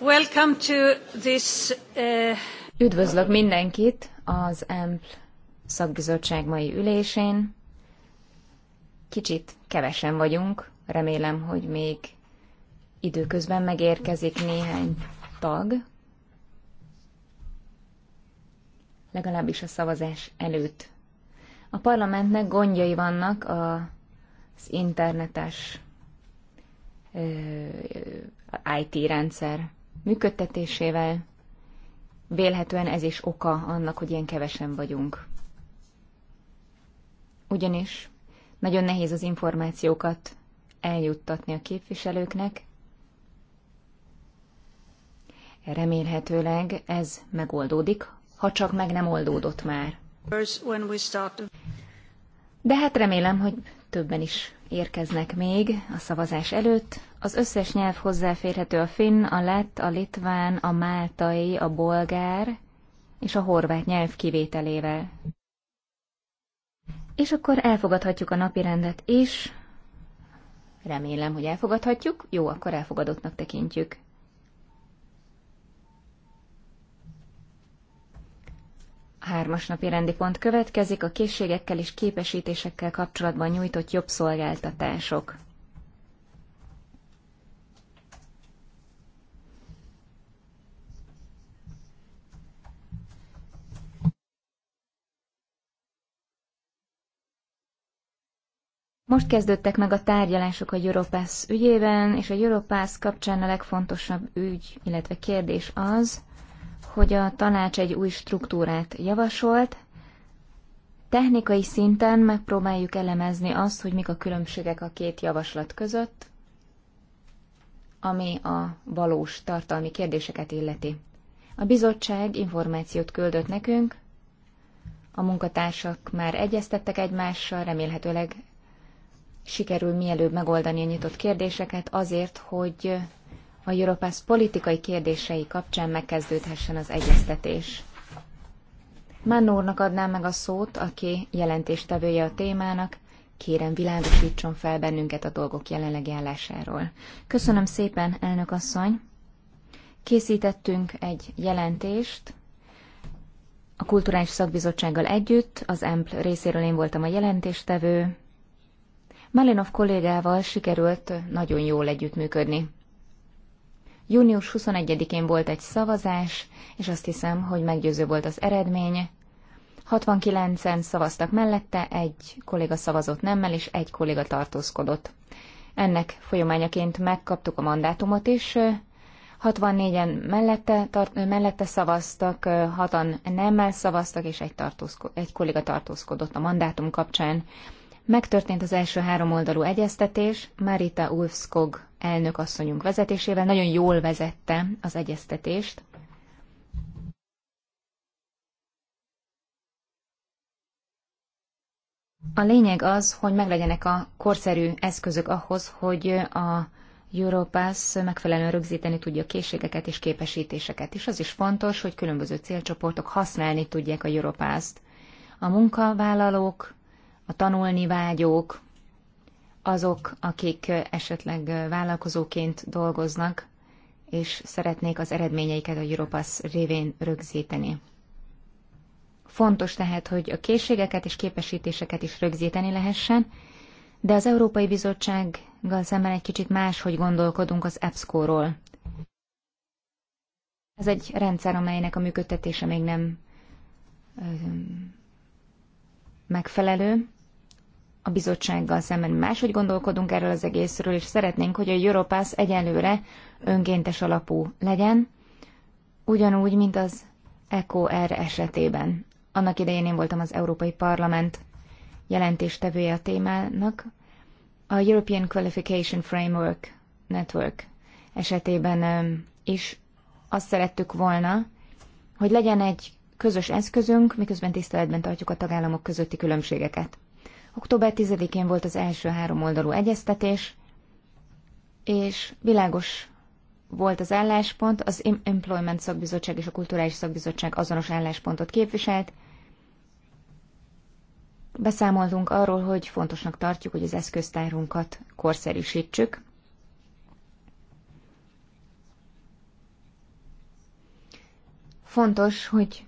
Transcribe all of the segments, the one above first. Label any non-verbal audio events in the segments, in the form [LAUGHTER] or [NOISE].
Welcome to this, uh... Üdvözlök mindenkit az EMP szakbizottság mai ülésén. Kicsit kevesen vagyunk, remélem, hogy még időközben megérkezik néhány tag. Legalábbis a szavazás előtt. A parlamentnek gondjai vannak az internetes IT rendszer működtetésével. Vélhetően ez is oka annak, hogy ilyen kevesen vagyunk. Ugyanis nagyon nehéz az információkat eljuttatni a képviselőknek. Remélhetőleg ez megoldódik, ha csak meg nem oldódott már. De hát remélem, hogy többen is érkeznek még a szavazás előtt. Az összes nyelv hozzáférhető a finn, a lett, a litván, a máltai, a bolgár és a horvát nyelv kivételével. És akkor elfogadhatjuk a napi rendet is. Remélem, hogy elfogadhatjuk. Jó, akkor elfogadottnak tekintjük. Hármas napi rendi pont következik a készségekkel és képesítésekkel kapcsolatban nyújtott jobb szolgáltatások. Most kezdődtek meg a tárgyalások a Europass ügyében, és a Europass kapcsán a legfontosabb ügy, illetve kérdés az, hogy a tanács egy új struktúrát javasolt. Technikai szinten megpróbáljuk elemezni azt, hogy mik a különbségek a két javaslat között, ami a valós tartalmi kérdéseket illeti. A bizottság információt küldött nekünk, a munkatársak már egyeztettek egymással, remélhetőleg sikerül mielőbb megoldani a nyitott kérdéseket azért, hogy hogy Európász politikai kérdései kapcsán megkezdődhessen az egyeztetés. Mannórnak adnám meg a szót, aki jelentéstevője a témának, kérem világosítson fel bennünket a dolgok jelenlegi állásáról. Köszönöm szépen, elnök asszony! Készítettünk egy jelentést a Kulturális Szakbizottsággal együtt, az EMPL részéről én voltam a jelentéstevő. Malinov kollégával sikerült nagyon jól együttműködni. Június 21-én volt egy szavazás, és azt hiszem, hogy meggyőző volt az eredmény. 69-en szavaztak mellette, egy kolléga szavazott nemmel, és egy kolléga tartózkodott. Ennek folyamányaként megkaptuk a mandátumot is. 64-en mellette, tart, mellette szavaztak, 6-an nemmel szavaztak, és egy, tartózko, egy kolléga tartózkodott a mandátum kapcsán. Megtörtént az első három oldalú egyeztetés, Marita Ulfskog elnök asszonyunk vezetésével nagyon jól vezette az egyeztetést. A lényeg az, hogy meglegyenek a korszerű eszközök ahhoz, hogy a Europass megfelelően rögzíteni tudja készségeket és képesítéseket és Az is fontos, hogy különböző célcsoportok használni tudják a Europass-t. A munkavállalók, a tanulni vágyók, azok, akik esetleg vállalkozóként dolgoznak, és szeretnék az eredményeiket a Europass révén rögzíteni. Fontos tehát, hogy a készségeket és képesítéseket is rögzíteni lehessen, de az Európai Bizottsággal szemben egy kicsit más, hogy gondolkodunk az EBSCO-ról. Ez egy rendszer, amelynek a működtetése még nem megfelelő a bizottsággal szemben máshogy gondolkodunk erről az egészről, és szeretnénk, hogy a Europass egyelőre önkéntes alapú legyen, ugyanúgy, mint az ECOR esetében. Annak idején én voltam az Európai Parlament jelentéstevője a témának. A European Qualification Framework Network esetében is azt szerettük volna, hogy legyen egy közös eszközünk, miközben tiszteletben tartjuk a tagállamok közötti különbségeket. Október 10-én volt az első három oldalú egyeztetés, és világos volt az álláspont, az Employment Szakbizottság és a Kulturális Szakbizottság azonos álláspontot képviselt. Beszámoltunk arról, hogy fontosnak tartjuk, hogy az eszköztárunkat korszerűsítsük. Fontos, hogy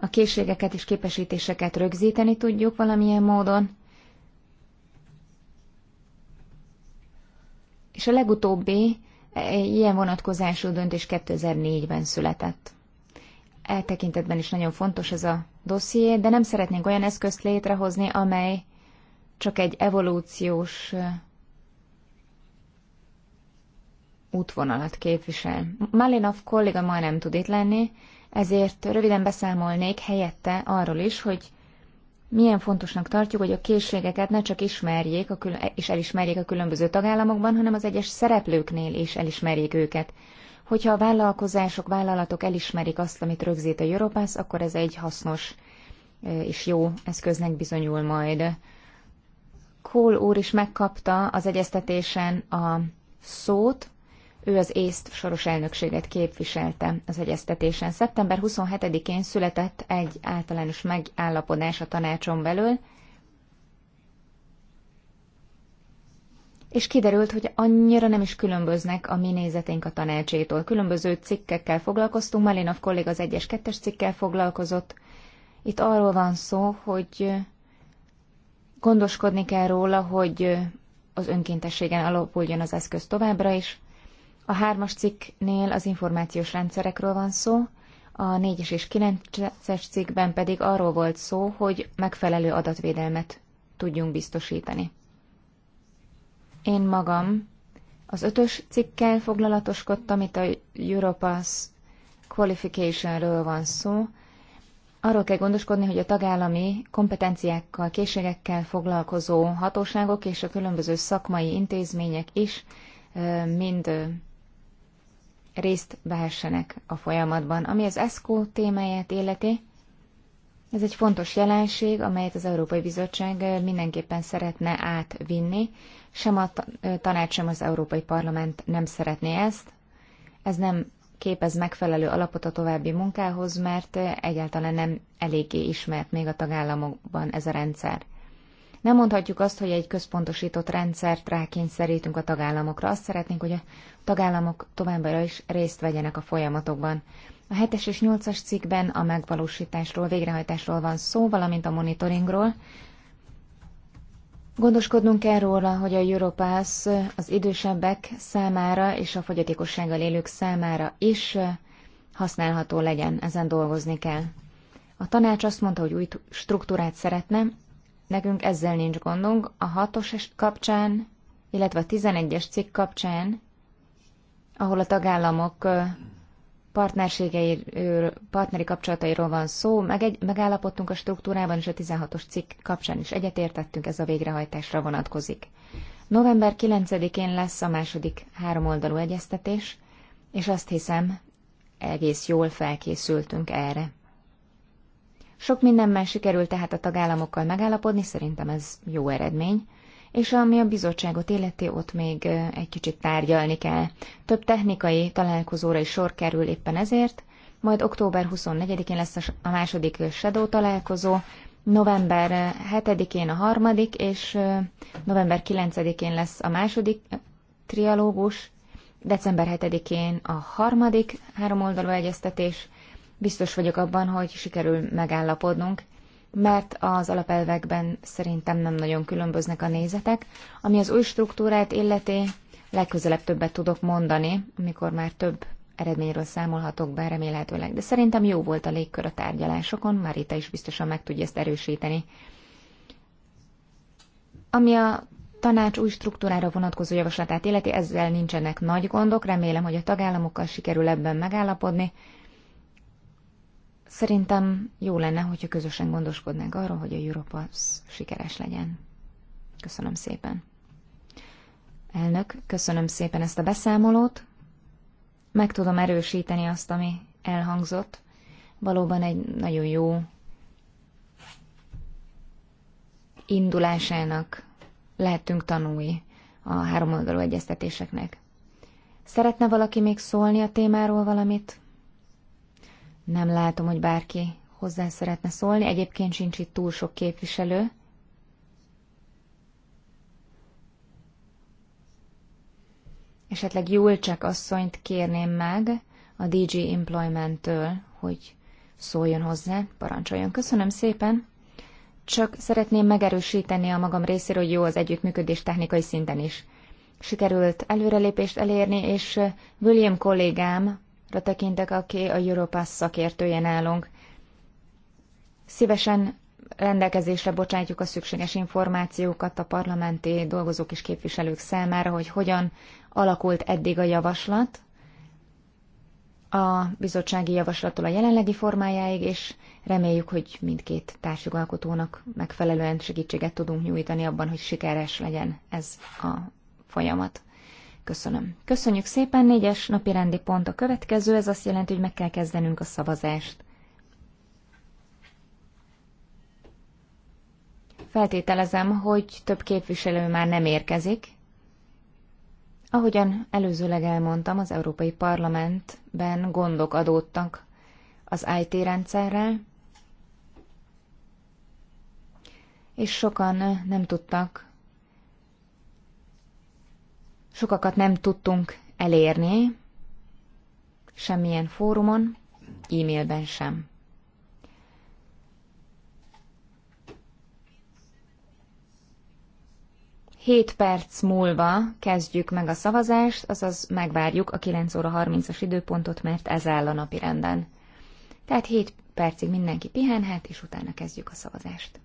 a készségeket és képesítéseket rögzíteni tudjuk valamilyen módon, és a legutóbbi eh, ilyen vonatkozású döntés 2004-ben született. E tekintetben is nagyon fontos ez a dosszié, de nem szeretnénk olyan eszközt létrehozni, amely csak egy evolúciós eh, útvonalat képvisel. Malinov kolléga ma nem tud itt lenni, ezért röviden beszámolnék helyette arról is, hogy milyen fontosnak tartjuk, hogy a készségeket ne csak ismerjék a kül- és elismerjék a különböző tagállamokban, hanem az egyes szereplőknél is elismerjék őket. Hogyha a vállalkozások, vállalatok elismerik azt, amit rögzít a Europass, akkor ez egy hasznos és jó eszköznek bizonyul majd. Kohl úr is megkapta az egyeztetésen a szót, ő az észt soros elnökséget képviselte az egyeztetésen. Szeptember 27-én született egy általános megállapodás a tanácson belül, és kiderült, hogy annyira nem is különböznek a mi a tanácsétól. Különböző cikkekkel foglalkoztunk, Malinov kolléga az 1-es, 2-es cikkkel foglalkozott. Itt arról van szó, hogy gondoskodni kell róla, hogy az önkéntességen alapuljon az eszköz továbbra is, a hármas cikknél az információs rendszerekről van szó, a négyes és kilences cikkben pedig arról volt szó, hogy megfelelő adatvédelmet tudjunk biztosítani. Én magam az ötös cikkkel foglalatoskodtam, itt a Europass Qualificationről van szó. Arról kell gondoskodni, hogy a tagállami kompetenciákkal, készségekkel foglalkozó hatóságok és a különböző szakmai intézmények is mind részt vehessenek a folyamatban. Ami az ESCO témáját életi, ez egy fontos jelenség, amelyet az Európai Bizottság mindenképpen szeretne átvinni. Sem a tanács, sem az Európai Parlament nem szeretné ezt. Ez nem képez megfelelő alapot a további munkához, mert egyáltalán nem eléggé ismert még a tagállamokban ez a rendszer. Nem mondhatjuk azt, hogy egy központosított rendszert rákényszerítünk a tagállamokra. Azt szeretnénk, hogy a tagállamok továbbra is részt vegyenek a folyamatokban. A 7-es és 8-as cikkben a megvalósításról, végrehajtásról van szó, valamint a monitoringról. Gondoskodnunk kell róla, hogy a Europass az idősebbek számára és a fogyatékossággal élők számára is használható legyen, ezen dolgozni kell. A tanács azt mondta, hogy új struktúrát szeretne, nekünk ezzel nincs gondunk. A 6-os kapcsán, illetve a 11-es cikk kapcsán ahol a tagállamok partneri kapcsolatairól van szó, meg egy, megállapodtunk a struktúrában, és a 16-os cikk kapcsán is egyetértettünk, ez a végrehajtásra vonatkozik. November 9-én lesz a második háromoldalú egyeztetés, és azt hiszem, egész jól felkészültünk erre. Sok mindenben sikerült tehát a tagállamokkal megállapodni, szerintem ez jó eredmény, és ami a bizottságot illeti, ott még egy kicsit tárgyalni kell. Több technikai találkozóra is sor kerül éppen ezért, majd október 24-én lesz a második Shadow találkozó, november 7-én a harmadik, és november 9-én lesz a második trialógus, december 7-én a harmadik háromoldalú egyeztetés. Biztos vagyok abban, hogy sikerül megállapodnunk, mert az alapelvekben szerintem nem nagyon különböznek a nézetek. Ami az új struktúrát illeti, legközelebb többet tudok mondani, amikor már több eredményről számolhatok be remélhetőleg. De szerintem jó volt a légkör a tárgyalásokon, már itt is biztosan meg tudja ezt erősíteni. Ami a tanács új struktúrára vonatkozó javaslatát illeti, ezzel nincsenek nagy gondok, remélem, hogy a tagállamokkal sikerül ebben megállapodni, Szerintem jó lenne, hogyha közösen gondoskodnánk arról, hogy a Európa sikeres legyen. Köszönöm szépen. Elnök, köszönöm szépen ezt a beszámolót. Meg tudom erősíteni azt, ami elhangzott. Valóban egy nagyon jó indulásának lehetünk tanulni a háromoldalú egyeztetéseknek. Szeretne valaki még szólni a témáról valamit? Nem látom, hogy bárki hozzá szeretne szólni. Egyébként sincs itt túl sok képviselő. Esetleg Julcsek asszonyt kérném meg a DG Employment-től, hogy szóljon hozzá, parancsoljon. Köszönöm szépen! Csak szeretném megerősíteni a magam részéről, hogy jó az együttműködés technikai szinten is. Sikerült előrelépést elérni, és uh, William kollégám tekintek, aki a Europass szakértője nálunk. Szívesen rendelkezésre bocsátjuk a szükséges információkat a parlamenti dolgozók és képviselők számára, hogy hogyan alakult eddig a javaslat, a bizottsági javaslattól a jelenlegi formájáig, és reméljük, hogy mindkét társjogalkotónak megfelelően segítséget tudunk nyújtani abban, hogy sikeres legyen ez a folyamat. Köszönöm. Köszönjük szépen, négyes napi rendi pont a következő, ez azt jelenti, hogy meg kell kezdenünk a szavazást. Feltételezem, hogy több képviselő már nem érkezik. Ahogyan előzőleg elmondtam, az Európai Parlamentben gondok adódtak az IT rendszerrel, és sokan nem tudtak Sokakat nem tudtunk elérni, semmilyen fórumon, e-mailben sem. Hét perc múlva kezdjük meg a szavazást, azaz megvárjuk a 9 óra 30-as időpontot, mert ez áll a napi renden. Tehát hét percig mindenki pihenhet, és utána kezdjük a szavazást.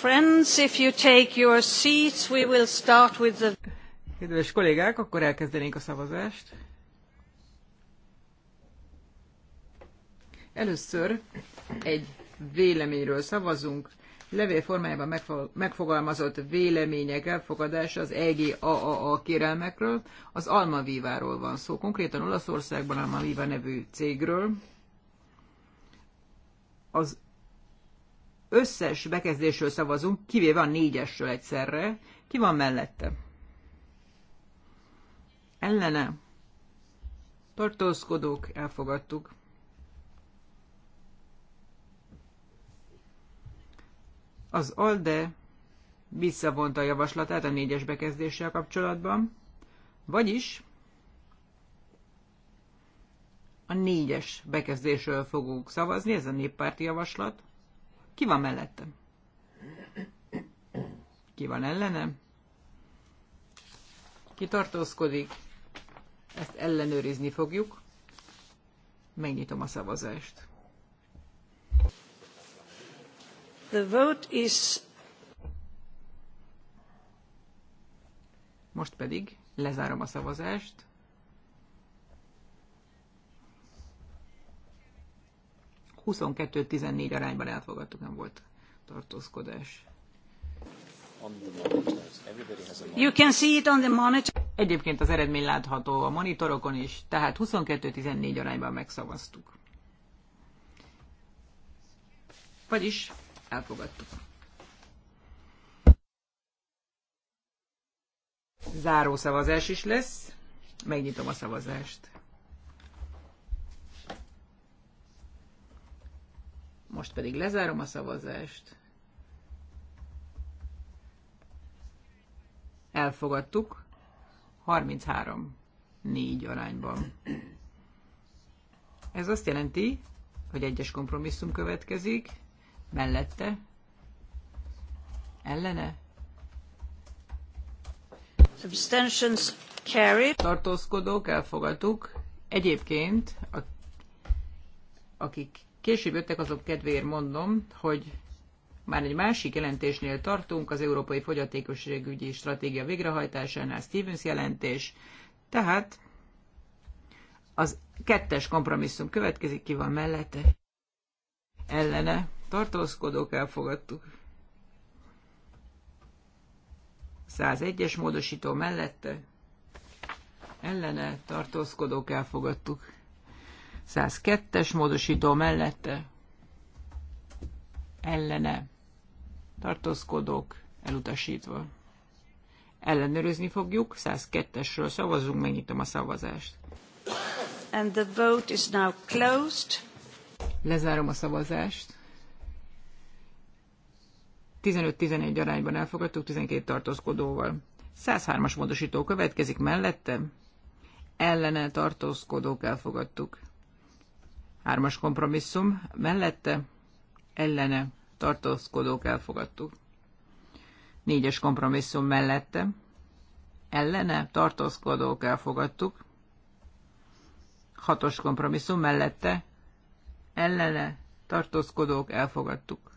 Friends, if you take your seats, we will start with the... Kedves kollégák, akkor elkezdenénk a szavazást. Először egy véleményről szavazunk. Levél formájában megfogalmazott vélemények elfogadása az EGAAA kérelmekről. Az Almavíváról van szó, konkrétan Olaszországban Almavíva nevű cégről. összes bekezdésről szavazunk, kivéve a négyesről egyszerre. Ki van mellette? Ellene. Tartózkodók, elfogadtuk. Az ALDE visszavonta a javaslatát a négyes bekezdéssel kapcsolatban, vagyis a négyes bekezdésről fogunk szavazni, ez a néppárti javaslat. Ki van mellette? Ki van ellenem? Ki tartózkodik? Ezt ellenőrizni fogjuk. Megnyitom a szavazást. The vote is... Most pedig lezárom a szavazást. 22-14 arányban elfogadtuk, nem volt tartózkodás. You can see it on the monitor. Egyébként az eredmény látható a monitorokon is, tehát 22-14 arányban megszavaztuk. Vagyis elfogadtuk. Záró szavazás is lesz. Megnyitom a szavazást. Most pedig lezárom a szavazást. Elfogadtuk. 33 4 arányban. Ez azt jelenti, hogy egyes kompromisszum következik, mellette, ellene. Abstentions carried. Tartózkodók, elfogadtuk. Egyébként, akik Később jöttek azok kedvéért mondom, hogy már egy másik jelentésnél tartunk, az Európai Fogyatékosságügyi Stratégia végrehajtásánál Stevens jelentés, tehát az kettes kompromisszum következik, ki van mellette, ellene, tartózkodók elfogadtuk. 101-es módosító mellette, ellene, tartózkodók elfogadtuk. 102-es módosító mellette ellene tartózkodók elutasítva. Ellenőrizni fogjuk, 102-esről szavazunk, megnyitom a szavazást. And the vote is now closed. Lezárom a szavazást. 15-11 arányban elfogadtuk, 12 tartózkodóval. 103-as módosító következik mellette. Ellene tartózkodók elfogadtuk. Hármas kompromisszum mellette ellene tartózkodók elfogadtuk. Négyes kompromisszum mellette ellene tartózkodók elfogadtuk. Hatos kompromisszum mellette ellene tartózkodók elfogadtuk.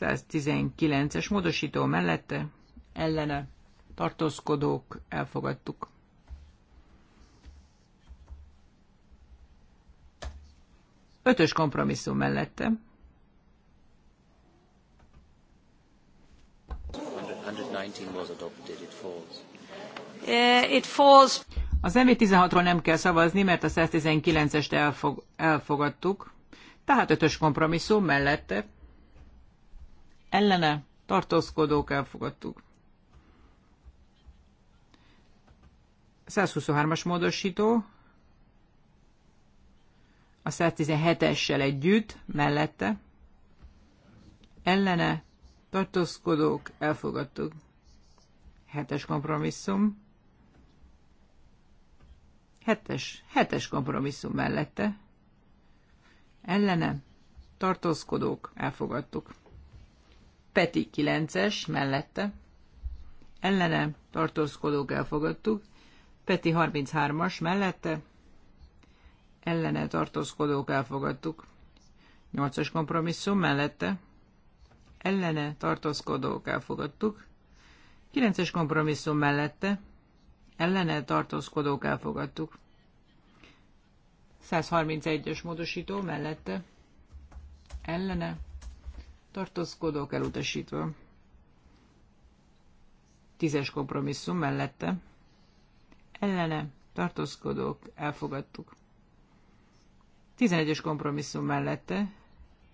119-es módosító mellette ellene tartózkodók elfogadtuk. Ötös kompromisszum mellette. Eh, it falls. Az MV16-ról nem kell szavazni, mert a 119-est elfog, elfogadtuk. Tehát ötös kompromisszum mellette. Ellene tartózkodók elfogadtuk. 123-as módosító a 117-essel együtt, mellette, ellene, tartózkodók, elfogadtuk. Hetes kompromisszum. Hetes, hetes kompromisszum mellette. Ellene, tartózkodók, elfogadtuk. Peti 9-es mellette. Ellene, tartózkodók, elfogadtuk. Peti 33-as mellette ellene tartózkodók elfogadtuk. Nyolcas kompromisszum mellette ellene tartózkodók elfogadtuk. Kilences kompromisszum mellette ellene tartózkodók elfogadtuk. 131-es módosító mellette ellene tartózkodók elutasítva. Tízes kompromisszum mellette ellene tartózkodók elfogadtuk. 11-es kompromisszum mellette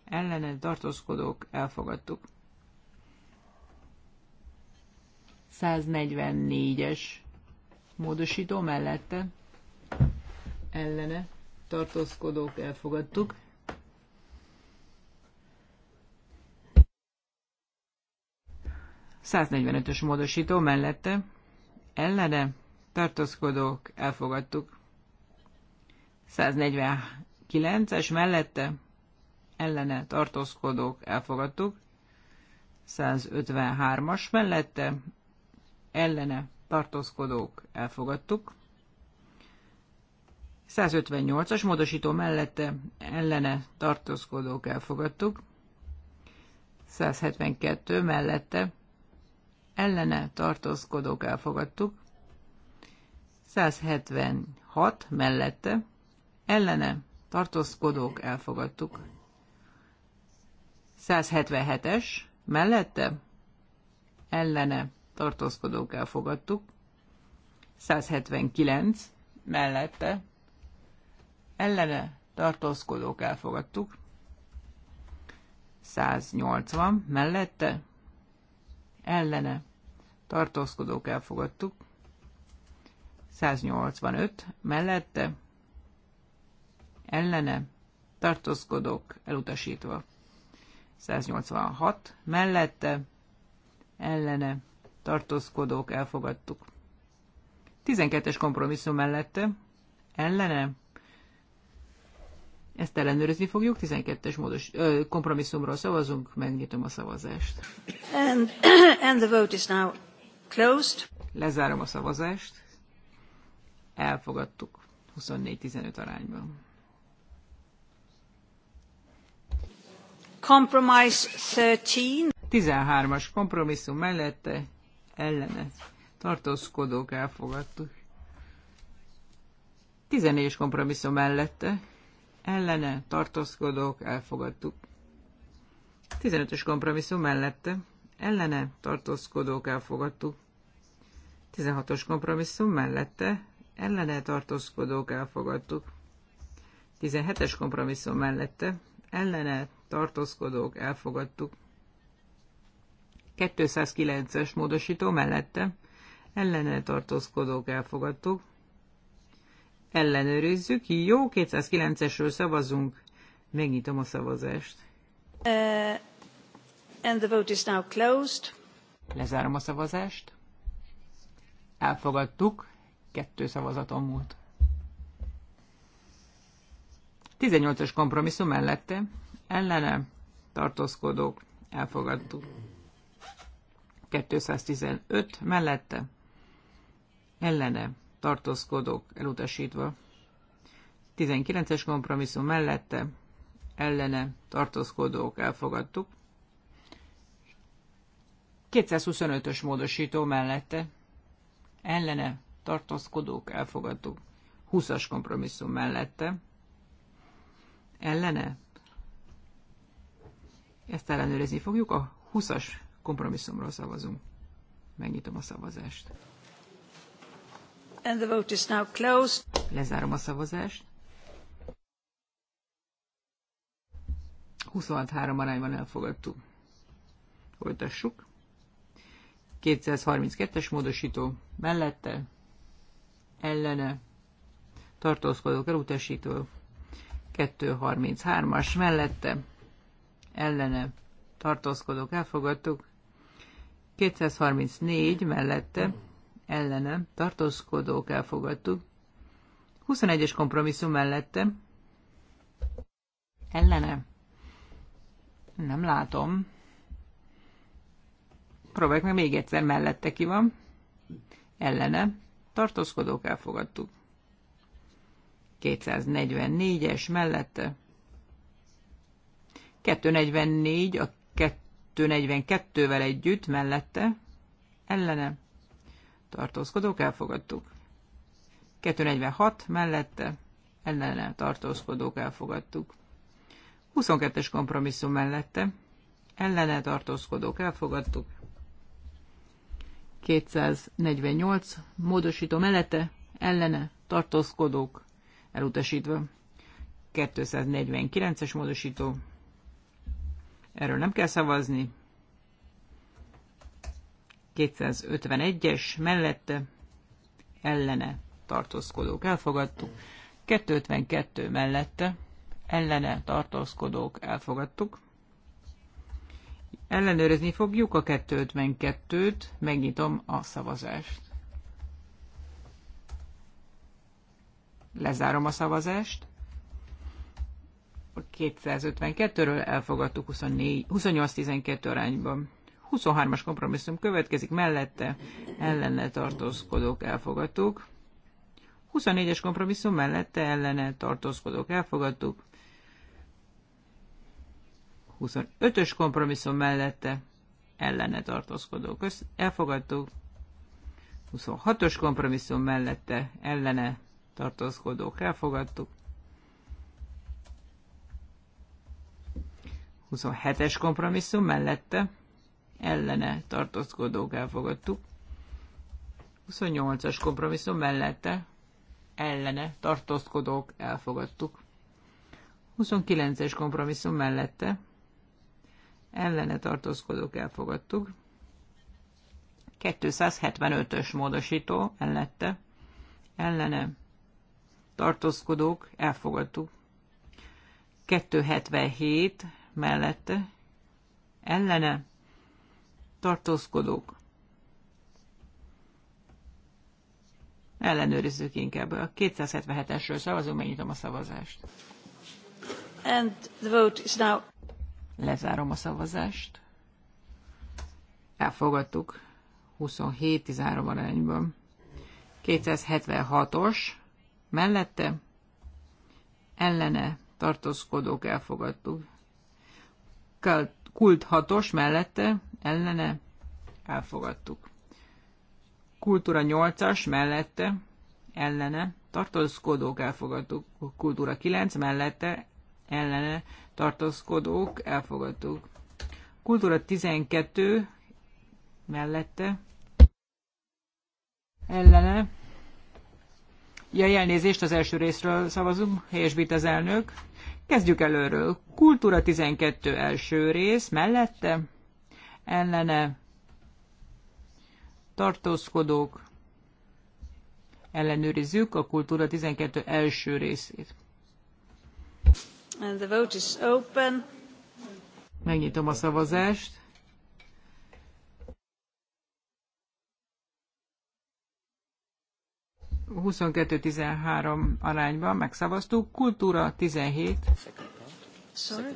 ellene tartózkodók elfogadtuk. 144-es módosító mellette ellene tartózkodók elfogadtuk. ös módosító mellette ellene tartózkodók elfogadtuk. 143 9-es mellette ellene tartózkodók elfogadtuk, 153-as mellette ellene tartózkodók elfogadtuk, 158-as módosító mellette ellene tartózkodók elfogadtuk, 172 mellette ellene tartózkodók elfogadtuk, 176 mellette ellene tartózkodók elfogadtuk. 177-es mellette ellene tartózkodók elfogadtuk. 179 mellette ellene tartózkodók elfogadtuk. 180 mellette ellene tartózkodók elfogadtuk. 185 mellette ellene tartózkodok elutasítva. 186 mellette ellene tartózkodók elfogadtuk. 12-es kompromisszum mellette ellene ezt ellenőrizni fogjuk, 12-es módos, ö, kompromisszumról szavazunk, megnyitom a szavazást. And, [COUGHS] and the vote is now closed. Lezárom a szavazást. Elfogadtuk 24-15 arányban. Compromise 13. 13-as kompromisszum mellette ellene tartózkodók elfogadtuk. 14-es kompromisszum mellette ellene tartózkodók elfogadtuk. 15-ös kompromisszum mellette ellene tartózkodók elfogadtuk. 16-os kompromisszum mellette ellene tartózkodók elfogadtuk. 17-es kompromisszum mellette ellene tartózkodók elfogadtuk. 209-es módosító mellette ellene tartózkodók elfogadtuk. Ellenőrizzük. Jó, 209-esről szavazunk. Megnyitom a szavazást. Uh, and the vote is now closed. Lezárom a szavazást. Elfogadtuk. Kettő szavazaton múlt. 18-as kompromisszum mellette ellene tartózkodók elfogadtuk. 215 mellette ellene tartózkodók elutasítva. 19-es kompromisszum mellette ellene tartózkodók elfogadtuk. 225-ös módosító mellette ellene tartózkodók elfogadtuk. 20-as kompromisszum mellette ellene ezt ellenőrizni fogjuk. A 20-as kompromisszumról szavazunk. Megnyitom a szavazást. And the vote is now closed. Lezárom a szavazást. 23 arányban elfogadtuk. Folytassuk. 232-es módosító mellette, ellene, tartózkodók elutasító, 233-as mellette, ellene tartózkodók elfogadtuk, 234 mellette ellene tartózkodók elfogadtuk, 21-es kompromisszum mellette ellene nem látom. Próbáljuk meg még egyszer, mellette ki van. Ellene. Tartózkodók elfogadtuk. 244-es mellette 244 a 242-vel együtt mellette ellene tartózkodók elfogadtuk. 246 mellette ellene tartózkodók elfogadtuk. 22-es kompromisszum mellette ellene tartózkodók elfogadtuk. 248 módosító mellette ellene tartózkodók elutasítva. 249-es módosító Erről nem kell szavazni. 251-es mellette ellene tartózkodók elfogadtuk. 252 mellette ellene tartózkodók elfogadtuk. Ellenőrizni fogjuk a 252-t, megnyitom a szavazást. Lezárom a szavazást. 252-ről elfogadtuk 28-12 arányban. 23-as kompromisszum következik, mellette ellene tartózkodók elfogadtuk. 24-es kompromisszum mellette ellene tartózkodók elfogadtuk. 25-ös kompromisszum mellette ellene tartózkodók elfogadtuk. 26-os kompromisszum mellette ellene tartózkodók elfogadtuk. 27-es kompromisszum mellette ellene tartózkodók elfogadtuk. 28-as kompromisszum mellette ellene tartózkodók elfogadtuk. 29-es kompromisszum mellette ellene tartózkodók elfogadtuk. 275-ös módosító mellette ellene tartózkodók elfogadtuk. 277 mellette, ellene, tartózkodók. Ellenőrizzük inkább. A 277-esről szavazunk, megnyitom a szavazást. And the vote is now... Lezárom a szavazást. Elfogadtuk 27-13 arányban. 276-os mellette ellene tartózkodók elfogadtuk kult hatos mellette, ellene, elfogadtuk. Kultúra nyolcas mellette, ellene, tartózkodók elfogadtuk. Kultúra kilenc mellette, ellene, tartózkodók elfogadtuk. Kultúra tizenkettő mellette, ellene, Jaj, elnézést, az első részről szavazunk, helyesbít az elnök. Kezdjük előről. Kultúra 12 első rész, mellette, ellene, tartózkodók, ellenőrizzük a Kultúra 12 első részét. And the vote is open. Megnyitom a szavazást. 22-13 arányban megszavaztuk, kultúra 17. Hmm.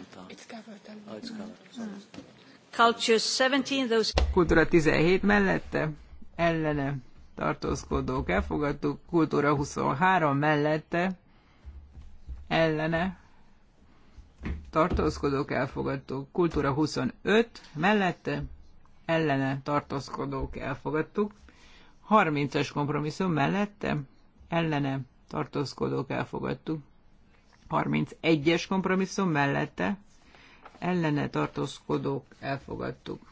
Kultúra 17 mellette, ellene tartózkodók elfogadtuk, kultúra 23 mellette, ellene tartózkodók elfogadtuk, kultúra 25 mellette, ellene tartózkodók elfogadtuk, 30-as kompromisszum mellette ellene tartózkodók elfogadtuk. 31-es kompromisszum mellette ellene tartózkodók elfogadtuk.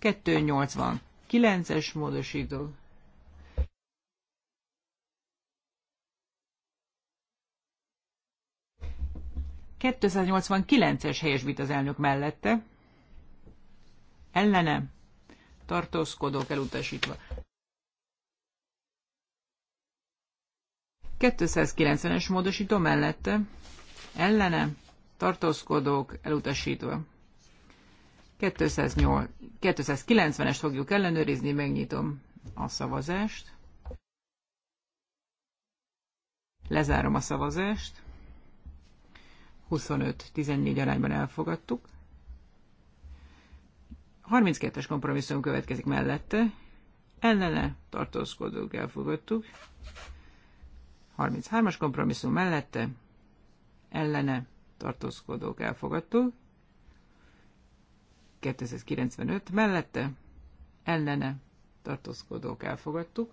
289-es módosító. es vit az elnök mellette, ellene tartózkodók elutasítva. 290-es módosító mellette ellene tartózkodók elutasítva. 290-est fogjuk ellenőrizni, megnyitom a szavazást. Lezárom a szavazást. 25-14 arányban elfogadtuk. 32-es kompromisszum következik mellette. Ellene tartózkodók elfogadtuk. 33-as kompromisszum mellette ellene tartózkodók elfogadtuk. 295 mellette ellene tartózkodók elfogadtuk.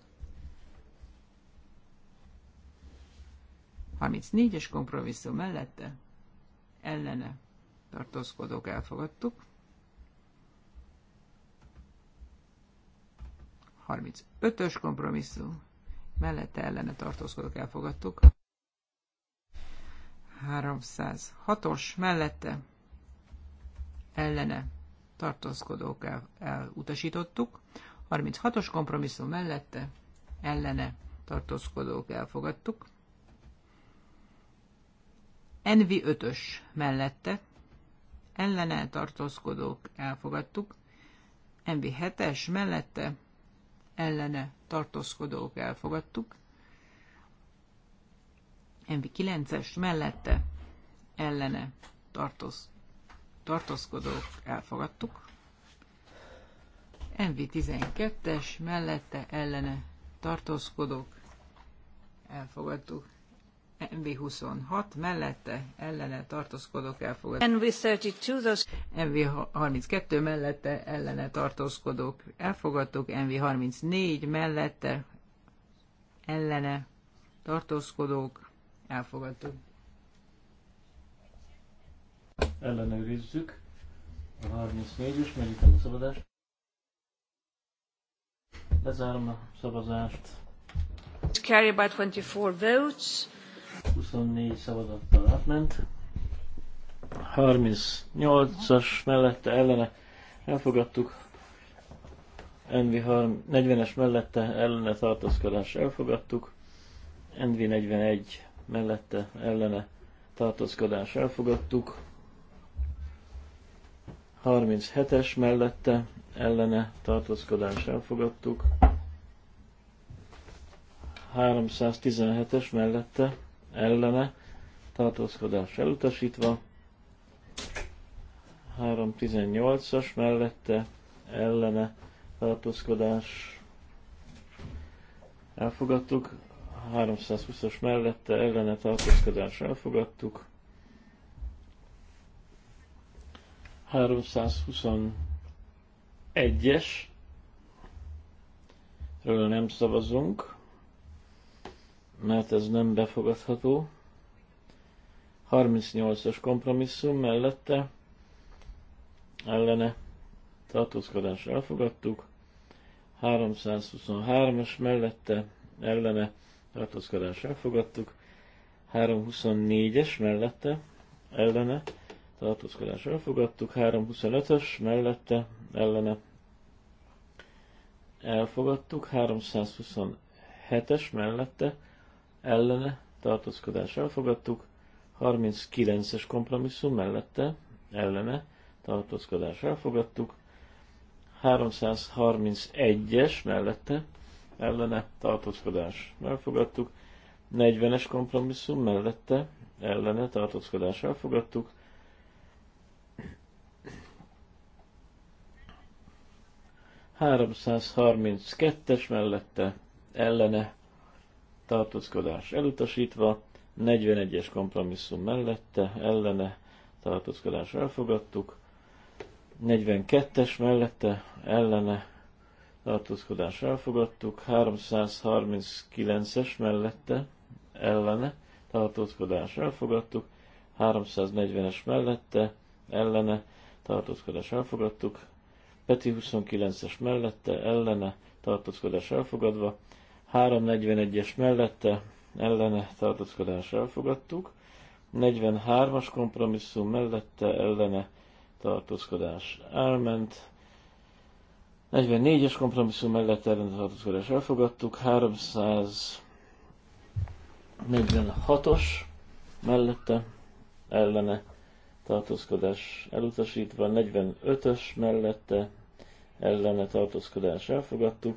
34-es kompromisszum mellette ellene tartózkodók elfogadtuk. 35-ös kompromisszum mellette ellene tartózkodok, elfogadtuk. 306-os mellette ellene tartózkodók el, elutasítottuk. 36-os kompromisszum mellette ellene tartózkodók elfogadtuk. Envi 5-ös mellette ellene tartózkodók elfogadtuk. Envi 7-es mellette ellene tartózkodók elfogadtuk. MV9-es mellette ellene tartoz, tartózkodók elfogadtuk. MV12-es mellette ellene tartózkodók elfogadtuk. MV26 mellette ellene tartózkodok elfogadtuk. MV32, MV32 mellette ellene tartózkodok elfogadtuk. MV34 mellette ellene tartózkodók elfogadtuk. Ellenőrizzük a 34 es megnyitom a szavazást. Lezárom a szavazást. Carry by 24 votes. 24 szavazattal átment. 38-as mellette ellene elfogadtuk. Envi 40-es mellette ellene tartózkodás elfogadtuk. Envi 41 mellette ellene tartózkodás elfogadtuk. 37-es mellette ellene tartózkodás elfogadtuk. 317-es mellette ellene, tartózkodás elutasítva, 318-as mellette, ellene, tartózkodás elfogadtuk, 320-as mellette, ellene, tartózkodás elfogadtuk, 321-es, ről nem szavazunk, mert ez nem befogadható. 38-as kompromisszum mellette ellene tartózkodás elfogadtuk, 323-as mellette ellene tartózkodás elfogadtuk, 324-es mellette ellene tartózkodás elfogadtuk, 325-ös mellette ellene elfogadtuk, 327-es mellette ellene tartózkodás elfogadtuk, 39-es kompromisszum mellette ellene tartózkodás elfogadtuk, 331-es mellette ellene tartózkodás elfogadtuk, 40-es kompromisszum mellette ellene tartózkodás elfogadtuk, 332-es mellette ellene tartózkodás elutasítva, 41-es kompromisszum mellette, ellene tartózkodás elfogadtuk, 42-es mellette, ellene tartózkodás elfogadtuk, 339-es mellette, ellene tartózkodás elfogadtuk, 340-es mellette, ellene tartózkodás elfogadtuk, Peti 29-es mellette, ellene tartózkodás elfogadva, 341-es mellette ellene tartózkodás elfogadtuk, 43-as kompromisszum mellette ellene tartózkodás elment, 44-es kompromisszum mellett ellene tartózkodás elfogadtuk, 346-os mellette ellene tartózkodás elutasítva, 45-ös mellette ellene tartózkodás elfogadtuk,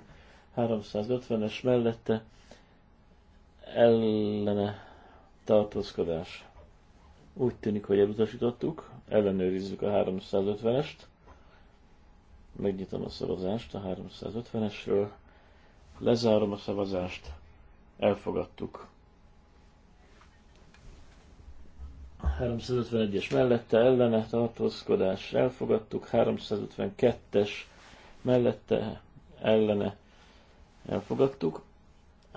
350-es mellette ellene tartózkodás. Úgy tűnik, hogy elutasítottuk, ellenőrizzük a 350-est. Megnyitom a szavazást a 350-esről, lezárom a szavazást, elfogadtuk. 351-es mellette ellene tartózkodás, elfogadtuk, 352-es mellette ellene elfogadtuk.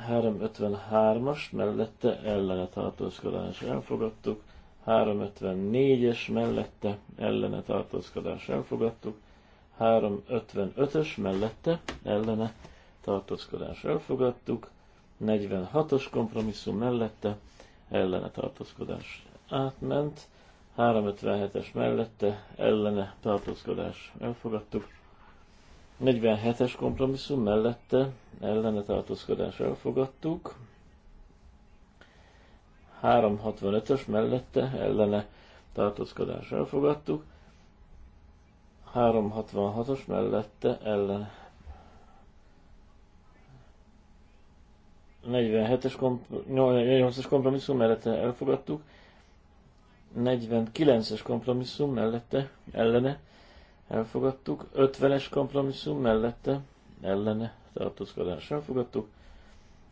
353-as mellette ellene tartózkodás elfogadtuk. 354-es mellette ellene tartózkodás elfogadtuk. 355-ös mellette ellene tartózkodás elfogadtuk. 46-os kompromisszum mellette ellene tartózkodás átment. 357-es mellette ellene tartózkodás elfogadtuk. 47-es kompromisszum mellette ellene tartózkodás elfogadtuk. 365-ös mellette ellene tartózkodás elfogadtuk. 366-os mellette ellen. 47-es komp- 48-as kompromisszum mellette elfogadtuk. 49-es kompromisszum mellette ellene elfogadtuk. 50-es kompromisszum mellette, ellene tartózkodás elfogadtuk.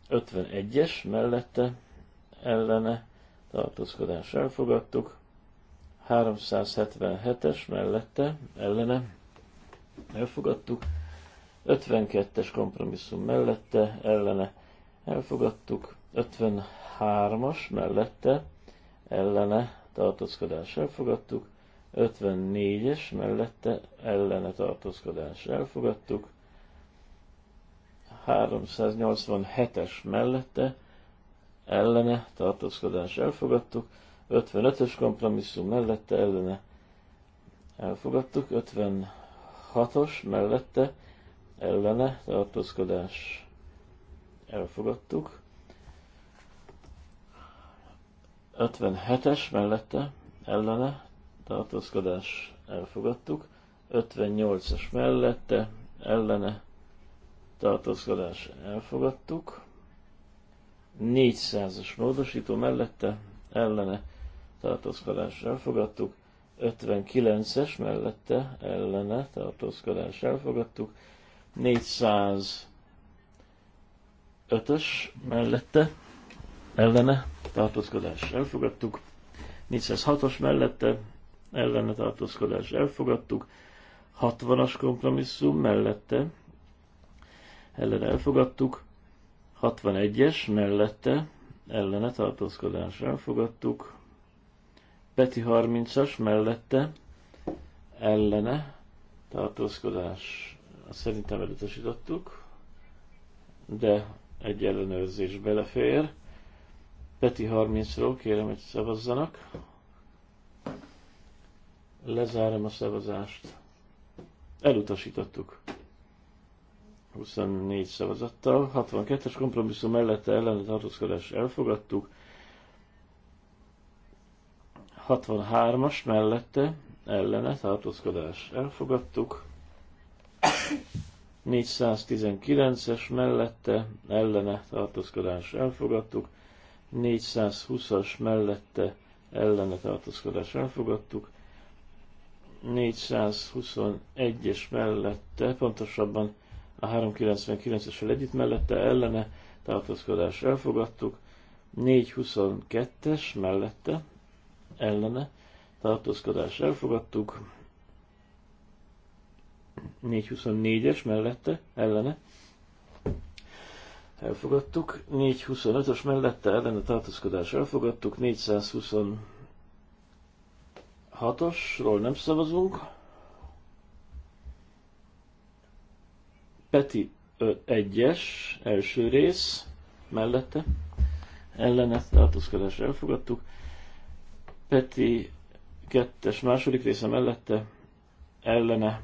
51-es mellette, ellene tartózkodás elfogadtuk. 377-es mellette, ellene elfogadtuk. 52-es kompromisszum mellette, ellene elfogadtuk. 53-as mellette, ellene tartózkodás elfogadtuk. 54-es mellette ellene tartózkodás elfogadtuk, 387-es mellette ellene tartózkodás elfogadtuk, 55-ös kompromisszum mellette ellene elfogadtuk, 56-os mellette ellene tartózkodás elfogadtuk, 57-es mellette ellene tartózkodás elfogadtuk, 58-as mellette, ellene tartózkodás elfogadtuk, 400-as módosító mellette, ellene tartózkodás elfogadtuk, 59-es mellette, ellene tartózkodás elfogadtuk, 405-ös mellette, ellene tartózkodás elfogadtuk, 406-os mellette, ellene tartózkodás elfogadtuk, 60-as kompromisszum mellette ellene elfogadtuk, 61-es mellette ellene tartózkodás elfogadtuk, Peti 30-as mellette ellene tartózkodás szerintem elutasítottuk, de egy ellenőrzés belefér. Peti 30-ról kérem, hogy szavazzanak. Lezárom a szavazást. Elutasítottuk. 24 szavazattal. 62-es kompromisszum mellette ellene tartózkodás elfogadtuk. 63-as mellette ellene tartózkodás elfogadtuk. 419-es mellette ellene tartózkodás elfogadtuk. 420-as mellette ellene tartózkodás elfogadtuk. 421-es mellette, pontosabban a 399-esel együtt mellette ellene tartózkodás elfogadtuk, 422-es mellette ellene tartózkodás elfogadtuk, 424-es mellette ellene elfogadtuk, 425-ös mellette ellene tartózkodás elfogadtuk, 420 6-osról nem szavazunk. Peti 1-es, első rész, mellette, ellene tartózkodásra elfogadtuk. Peti 2-es második része mellette, ellene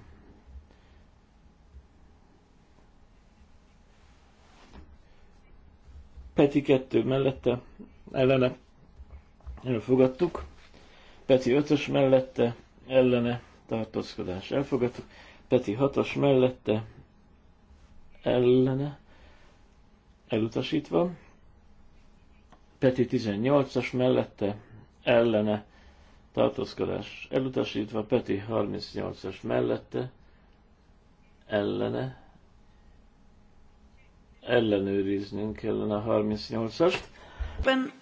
Peti 2 mellette, ellene elfogadtuk. Peti 5-ös mellette, ellene, tartózkodás elfogadható. Peti 6-os mellette, ellene, elutasítva. Peti 18-as mellette, ellene, tartózkodás elutasítva. Peti 38-as mellette, ellene, ellenőriznünk kellene a 38-ast. Ben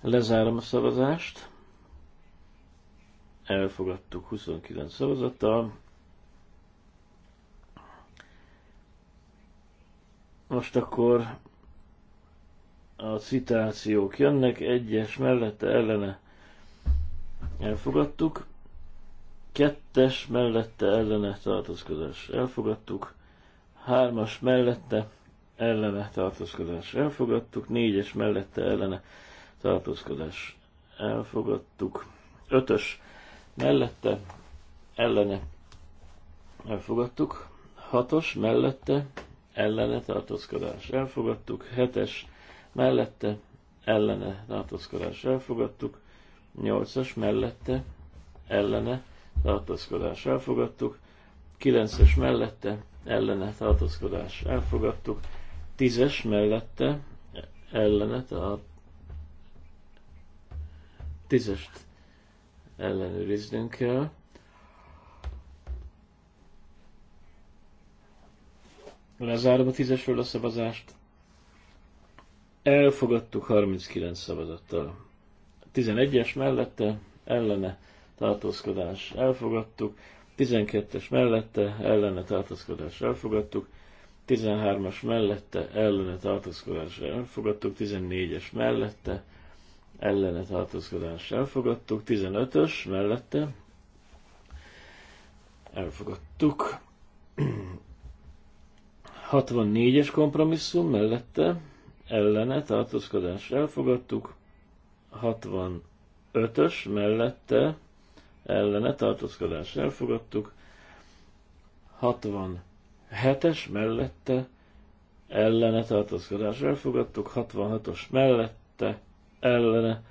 Lezárom a szavazást. Elfogadtuk 29 szavazattal. Most akkor a citációk jönnek, egyes mellette ellene elfogadtuk, kettes mellette ellene tartózkodás elfogadtuk, hármas mellette ellene tartózkodás elfogadtuk, négyes mellette ellene tartózkodás elfogadtuk. Ötös mellette, ellene elfogadtuk. Hatos mellette, ellene tartózkodás elfogadtuk. Hetes mellette, ellene tartózkodás elfogadtuk. Nyolcas mellette, ellene tartózkodás elfogadtuk. Kilences mellette, ellene tartózkodás elfogadtuk. Tízes mellette, ellene tartózkodás tízest ellenőriznünk kell. Lezárom a tízesről a szavazást. Elfogadtuk 39 szavazattal. 11-es mellette ellene tartózkodás elfogadtuk. 12-es mellette ellene tartózkodás elfogadtuk. 13-as mellette ellene tartózkodás elfogadtuk. 14-es mellette ellene tartózkodás elfogadtuk, 15-ös mellette elfogadtuk, 64-es [CLEARS THROAT] kompromisszum mellette ellene tartózkodás elfogadtuk, 65-ös mellette ellene tartózkodás elfogadtuk, 67-es mellette ellene tartózkodás elfogadtuk, 66-os mellette ellene,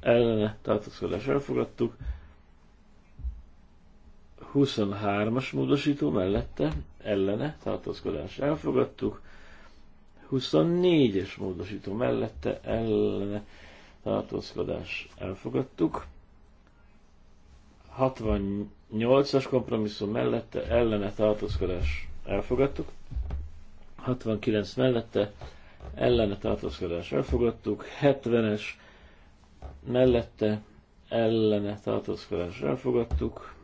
ellene tartózkodás elfogadtuk. 23-as módosító mellette, ellene tartózkodás elfogadtuk. 24-es módosító mellette, ellene tartózkodás elfogadtuk. 68-as kompromisszum mellette, ellene tartózkodás elfogadtuk. 69 mellette, ellene tartózkodás elfogadtuk, 70-es mellette ellene tartózkodás elfogadtuk,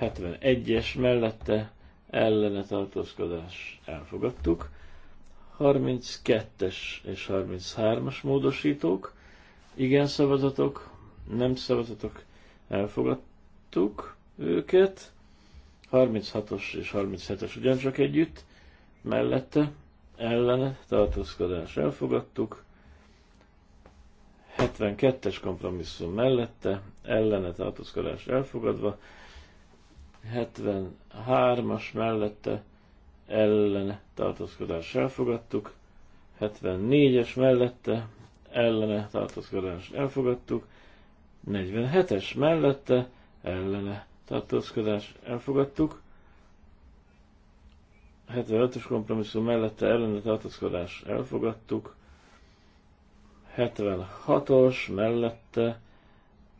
71-es mellette ellene tartózkodás elfogadtuk, 32-es és 33-as módosítók, igen szavazatok, nem szavazatok, elfogadtuk őket, 36-os és 37-es ugyancsak együtt, mellette, ellene, tartózkodás elfogadtuk, 72-es kompromisszum mellette, ellene tartózkodás elfogadva, 73-as mellette, ellene tartózkodás elfogadtuk, 74-es mellette, ellene tartózkodás elfogadtuk, 47-es mellette, ellene tartózkodás elfogadtuk, 75-ös kompromisszum mellette ellene tartózkodás elfogadtuk. 76-os mellette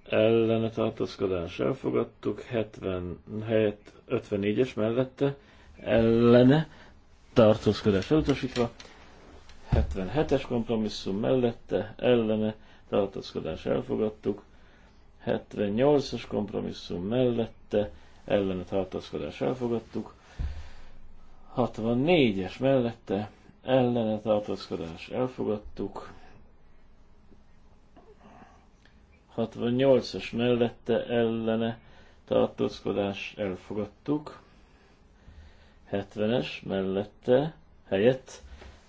ellene tartózkodás elfogadtuk. 77, 54-es mellette ellene tartózkodás elutasítva. 77-es kompromisszum mellette ellene tartózkodás elfogadtuk. 78-as kompromisszum mellette ellene tartózkodás elfogadtuk. 64-es mellette ellene tartózkodás elfogadtuk. 68-as mellette ellene tartózkodás elfogadtuk. 70-es mellette helyett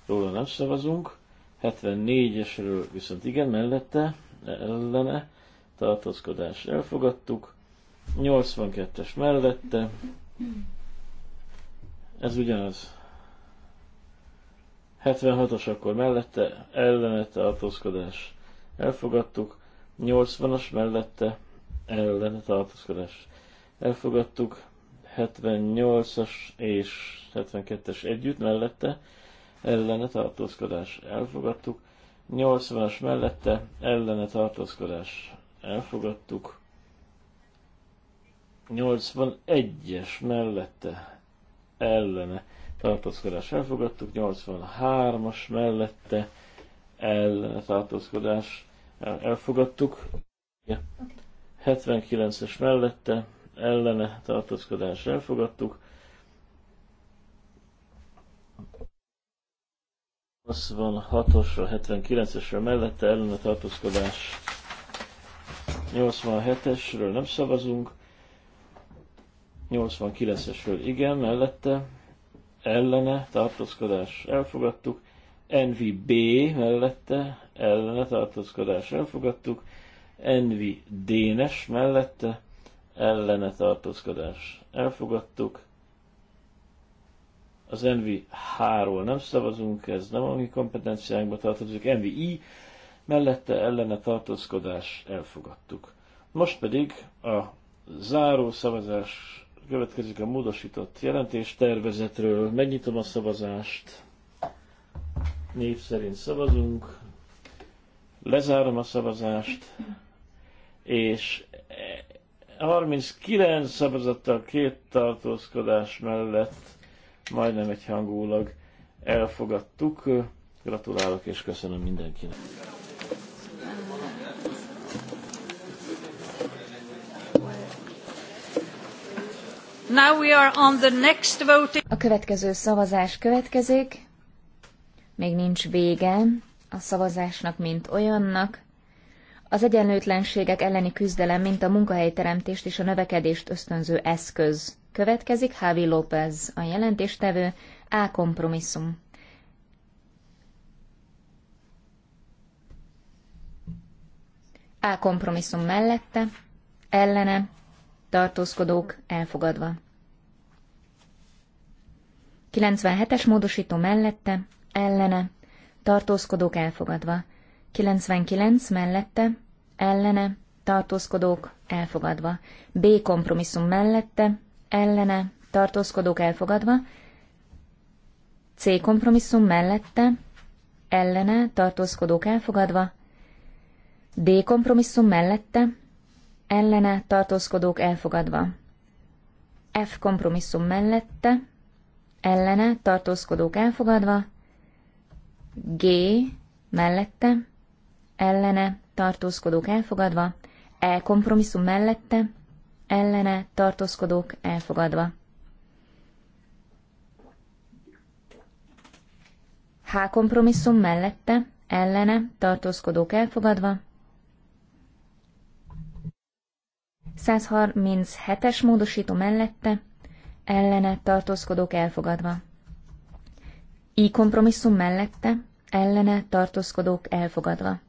róla nem szavazunk. 74-esről viszont igen, mellette ellene tartózkodás elfogadtuk. 82-es mellette ez ugyanaz. 76-os akkor mellette, ellene tartózkodás. Elfogadtuk. 80-as mellette, ellene tartózkodás. Elfogadtuk. 78-as és 72-es együtt mellette, ellene tartózkodás. Elfogadtuk. 80-as mellette, ellene tartózkodás. Elfogadtuk. 81-es mellette ellene tartózkodás elfogadtuk, 83-as mellette ellene tartózkodás elfogadtuk, 79-es mellette ellene tartózkodás elfogadtuk, 86-osra, 79-esre mellette ellene tartózkodás 87-esről nem szavazunk, 89-esről igen, mellette, ellene, tartózkodás, elfogadtuk. NVB mellette, ellene, tartózkodás, elfogadtuk. Envi Dénes mellette, ellene tartózkodás. Elfogadtuk. Az Envi H-ról nem szavazunk, ez nem a mi kompetenciánkba tartozik. Envi I mellette ellene tartózkodás elfogadtuk. Most pedig a záró szavazás Következik a módosított jelentés tervezetről. Megnyitom a szavazást. Név szerint szavazunk. Lezárom a szavazást. És 39 szavazattal két tartózkodás mellett majdnem egyhangulag elfogadtuk. Gratulálok és köszönöm mindenkinek. Now we are on the next voting. A következő szavazás következik. Még nincs vége a szavazásnak, mint olyannak. Az egyenlőtlenségek elleni küzdelem, mint a munkahelyteremtést és a növekedést ösztönző eszköz. Következik Hávi López, a jelentéstevő, A kompromisszum. A kompromisszum mellette, ellene, tartózkodók elfogadva. 97-es módosító mellette, ellene, tartózkodók elfogadva. 99 mellette, ellene, tartózkodók elfogadva. B kompromisszum mellette, ellene, tartózkodók elfogadva. C kompromisszum mellette, ellene, tartózkodók elfogadva. D kompromisszum mellette, ellene tartózkodók elfogadva. F kompromisszum mellette, ellene tartózkodók elfogadva, G mellette, ellene tartózkodók elfogadva, E kompromisszum mellette, ellene tartózkodók elfogadva. H kompromisszum mellette, ellene tartózkodók elfogadva, 137-es módosító mellette, ellene tartózkodók elfogadva. I kompromisszum mellette, ellene tartózkodók elfogadva.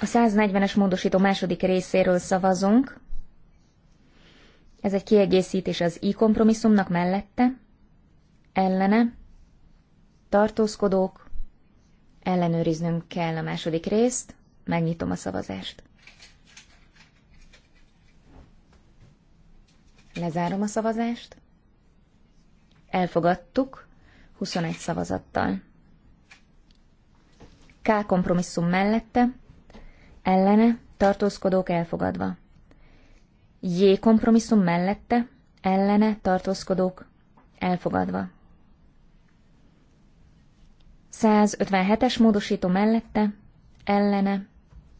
A 140-es módosító második részéről szavazunk. Ez egy kiegészítés az i kompromisszumnak mellette, ellene, tartózkodók, ellenőriznünk kell a második részt, megnyitom a szavazást. Lezárom a szavazást. Elfogadtuk 21 szavazattal. K kompromisszum mellette, ellene, tartózkodók elfogadva. J kompromisszum mellette, ellene, tartózkodók elfogadva. 157-es módosító mellette, ellene,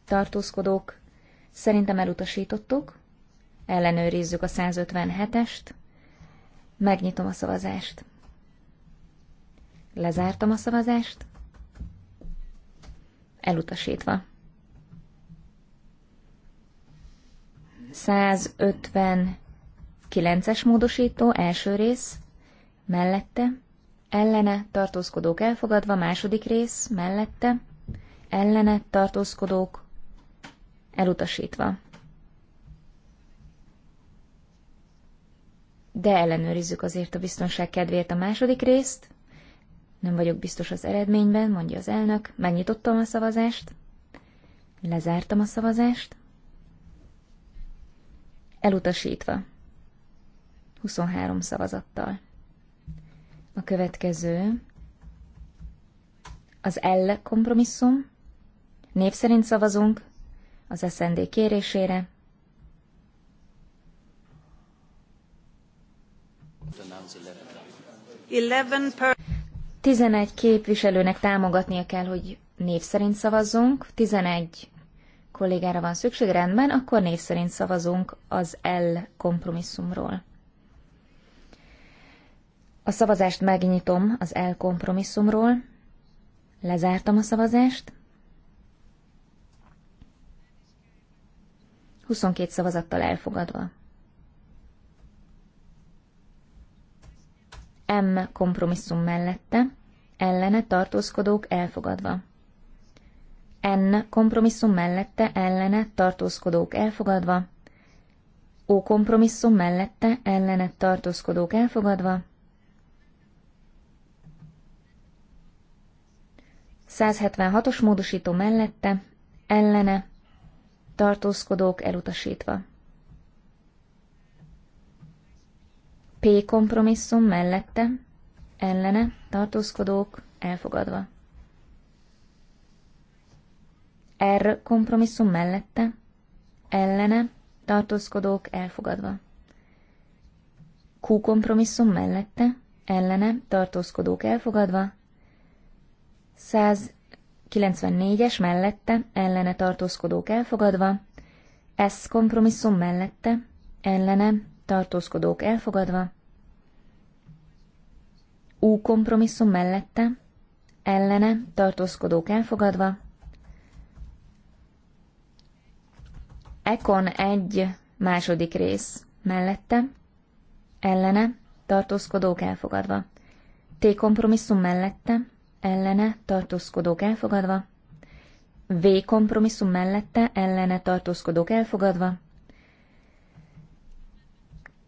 tartózkodók, szerintem elutasítottuk, ellenőrizzük a 157-est, megnyitom a szavazást. Lezártam a szavazást, elutasítva. 159-es módosító, első rész, mellette, ellene tartózkodók elfogadva, második rész mellette, ellene tartózkodók elutasítva. De ellenőrizzük azért a biztonság kedvéért a második részt. Nem vagyok biztos az eredményben, mondja az elnök. Megnyitottam a szavazást. Lezártam a szavazást. Elutasítva. 23 szavazattal. A következő az L kompromisszum. Név szerint szavazunk az SND kérésére. Tizenegy képviselőnek támogatnia kell, hogy név szerint szavazzunk. Tizenegy kollégára van szükség, rendben, akkor név szerint szavazunk az L kompromisszumról. A szavazást megnyitom az elkompromisszumról. Lezártam a szavazást. 22 szavazattal elfogadva. M kompromisszum mellette, ellene tartózkodók elfogadva. N kompromisszum mellette, ellene tartózkodók elfogadva. O kompromisszum mellette, ellene tartózkodók elfogadva. 176-os módosító mellette, ellene, tartózkodók elutasítva. P kompromisszum mellette, ellene, tartózkodók elfogadva. R kompromisszum mellette, ellene, tartózkodók elfogadva. Q kompromisszum mellette, ellene, tartózkodók elfogadva. 194-es mellette ellene tartózkodók elfogadva, S kompromisszum mellette ellene tartózkodók elfogadva, U kompromisszum mellette ellene tartózkodók elfogadva, Ekon egy második rész mellette ellene tartózkodók elfogadva, T kompromisszum mellette ellene tartózkodók elfogadva, V kompromisszum mellette ellene tartózkodók elfogadva,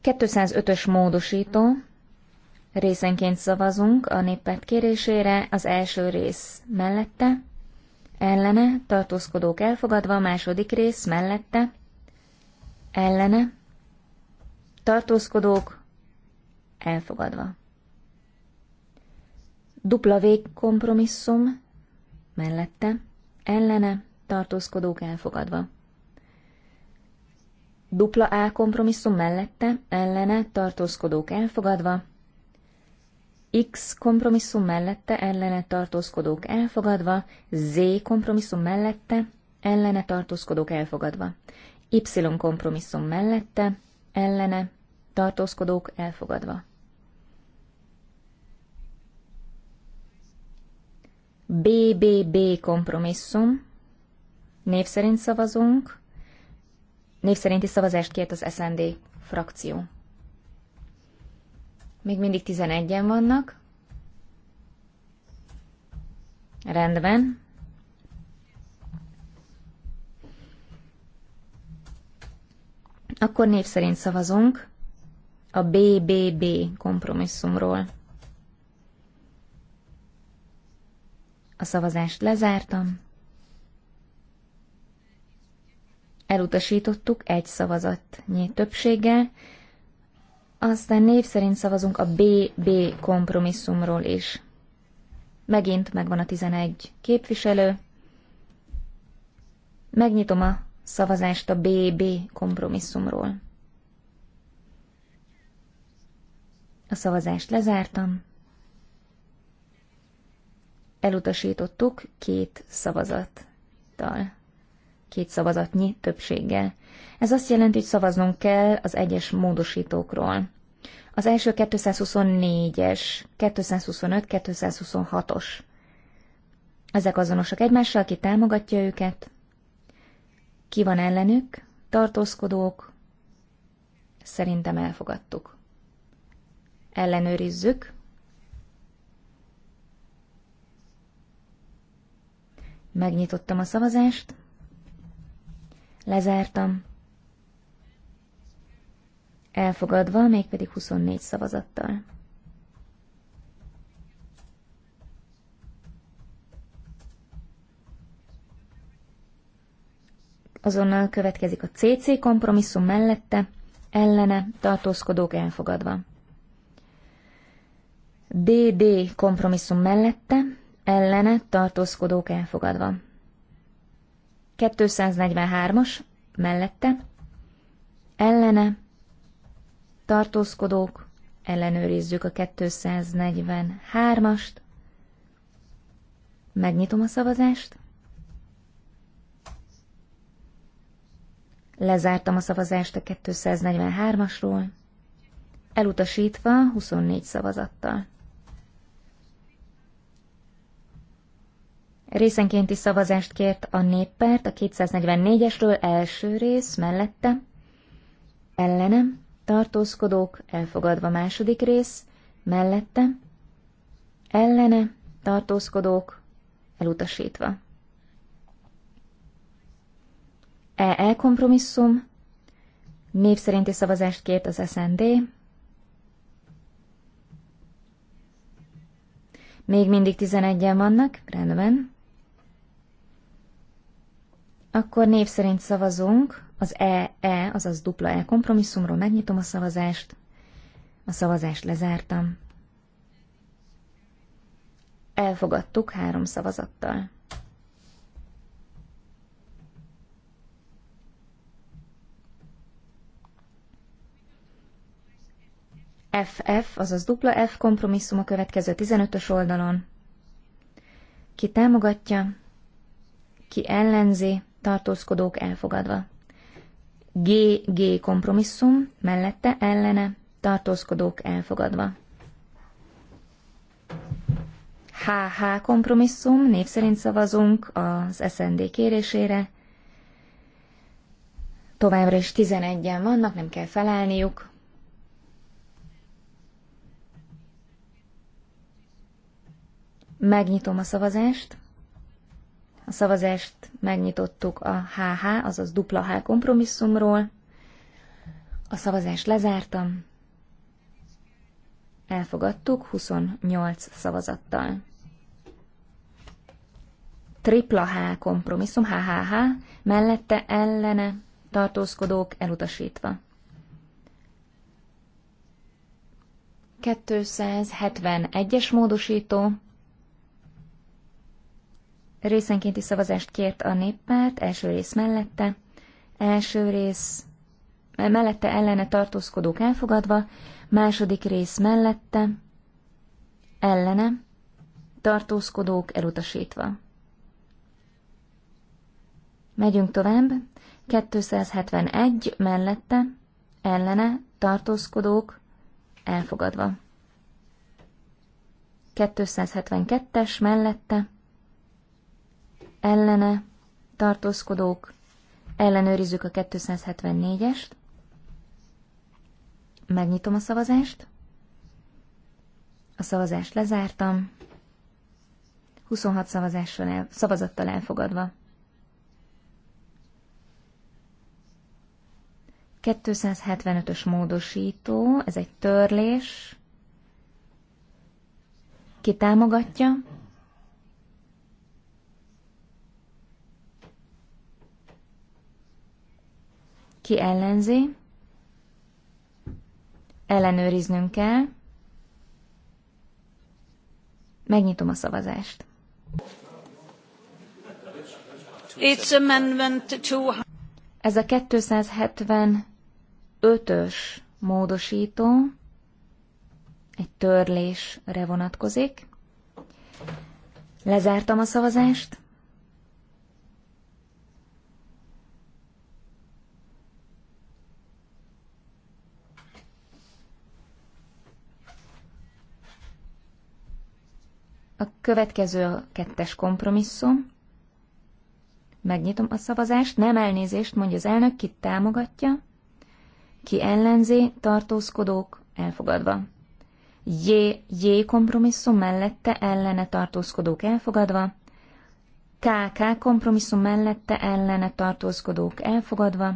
205-ös módosító, részenként szavazunk a néppárt kérésére, az első rész mellette, ellene tartózkodók elfogadva, a második rész mellette, ellene tartózkodók elfogadva dupla kompromisszum mellette, ellene tartózkodók elfogadva. Dupla A kompromisszum mellette, ellene tartózkodók elfogadva. X kompromisszum mellette, ellene tartózkodók elfogadva. Z kompromisszum mellette, ellene tartózkodók elfogadva. Y kompromisszum mellette, ellene tartózkodók elfogadva. BBB kompromisszum. Név szerint szavazunk. Név szerinti szavazást kért az SND frakció. Még mindig 11-en vannak. Rendben. Akkor név szerint szavazunk a BBB kompromisszumról. A szavazást lezártam. Elutasítottuk egy szavazatnyi többséggel. Aztán név szerint szavazunk a BB kompromisszumról is. Megint megvan a 11 képviselő. Megnyitom a szavazást a BB kompromisszumról. A szavazást lezártam elutasítottuk két szavazattal, két szavazatnyi többséggel. Ez azt jelenti, hogy szavaznunk kell az egyes módosítókról. Az első 224-es, 225, 226-os. Ezek azonosak egymással, ki támogatja őket, ki van ellenük, tartózkodók, szerintem elfogadtuk. Ellenőrizzük. Megnyitottam a szavazást. Lezártam. Elfogadva, mégpedig 24 szavazattal. Azonnal következik a CC kompromisszum mellette, ellene tartózkodók elfogadva. DD kompromisszum mellette, ellene tartózkodók elfogadva. 243-as mellette ellene tartózkodók ellenőrizzük a 243-ast. Megnyitom a szavazást. Lezártam a szavazást a 243-asról, elutasítva 24 szavazattal. Részenkénti szavazást kért a néppárt a 244-esről első rész mellette. Ellenem, tartózkodók, elfogadva második rész, mellette. Ellene, tartózkodók, elutasítva. E, e kompromisszum, név szerinti szavazást kért az SND, Még mindig 11-en vannak, rendben. Akkor név szerint szavazunk az EE, e, azaz dupla E kompromisszumról. Megnyitom a szavazást. A szavazást lezártam. Elfogadtuk három szavazattal. FF, azaz dupla F kompromisszum a következő 15-ös oldalon. Ki támogatja, ki ellenzi, tartózkodók elfogadva. GG kompromisszum, mellette ellene, tartózkodók elfogadva. HH kompromisszum, név szerint szavazunk az SND kérésére. Továbbra is 11-en vannak, nem kell felelniük. Megnyitom a szavazást. A szavazást megnyitottuk a HH, azaz dupla H kompromisszumról. A szavazást lezártam. Elfogadtuk 28 szavazattal. Tripla H kompromisszum, HHH, mellette ellene tartózkodók elutasítva. 271-es módosító, Részenkénti szavazást kért a néppárt, első rész mellette, első rész eh, mellette ellene tartózkodók elfogadva, második rész mellette, ellene, tartózkodók elutasítva. Megyünk tovább, 271 mellette, ellene, tartózkodók elfogadva. 272-es mellette, ellene tartózkodók, ellenőrizzük a 274-est, megnyitom a szavazást, a szavazást lezártam, 26 szavazással el, szavazattal elfogadva. 275-ös módosító, ez egy törlés. Ki támogatja? Ki ellenzi? Ellenőriznünk kell. Megnyitom a szavazást. It's amendment to... Ez a 275-ös módosító egy törlésre vonatkozik. Lezártam a szavazást. A következő a kettes kompromisszum. Megnyitom a szavazást, nem elnézést, mondja az elnök, ki támogatja, ki ellenzi, tartózkodók, elfogadva. J, J kompromisszum mellette ellene tartózkodók elfogadva, KK kompromisszum mellette ellene tartózkodók elfogadva,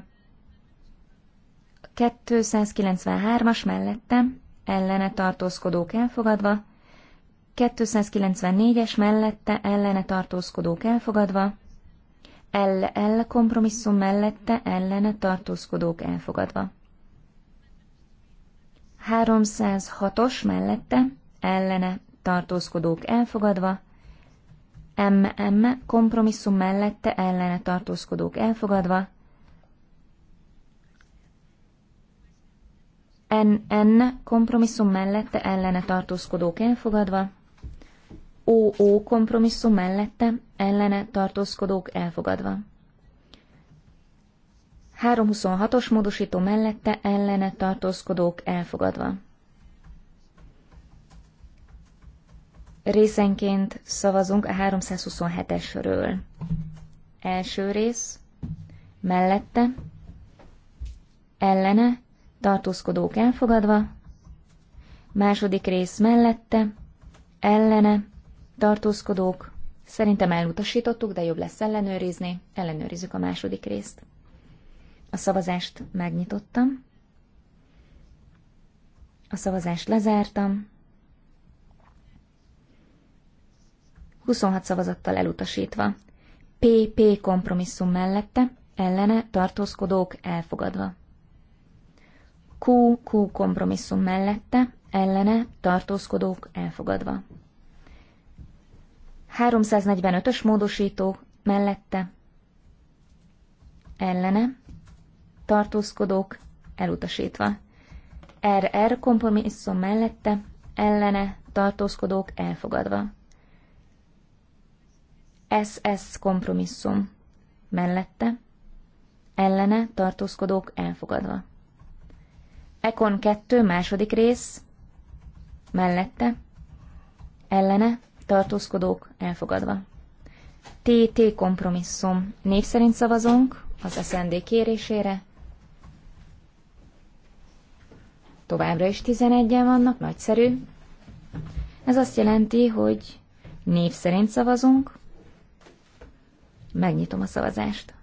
293-as mellette ellene tartózkodók elfogadva, 294-es mellette ellene tartózkodók elfogadva, LL kompromisszum mellette ellene tartózkodók elfogadva. 306-os mellette ellene tartózkodók elfogadva, MM kompromisszum mellette ellene tartózkodók elfogadva, NN kompromisszum mellette ellene tartózkodók elfogadva, OO kompromisszum mellette ellene tartózkodók elfogadva. 326-os módosító mellette ellene tartózkodók elfogadva. Részenként szavazunk a 327-esről. Első rész, mellette, ellene, tartózkodók elfogadva, második rész mellette, ellene, tartózkodók, szerintem elutasítottuk, de jobb lesz ellenőrizni, ellenőrizzük a második részt. A szavazást megnyitottam, a szavazást lezártam, 26 szavazattal elutasítva, PP kompromisszum mellette, ellene tartózkodók elfogadva. QQ kompromisszum mellette, ellene tartózkodók elfogadva. 345-ös módosító mellette ellene tartózkodók elutasítva. RR kompromisszum mellette ellene tartózkodók elfogadva. SS kompromisszum mellette ellene tartózkodók elfogadva. Ekon 2 második rész mellette ellene tartózkodók elfogadva. TT kompromisszum. Név szerint szavazunk az SND kérésére. Továbbra is 11-en vannak, nagyszerű. Ez azt jelenti, hogy név szerint szavazunk. Megnyitom a szavazást.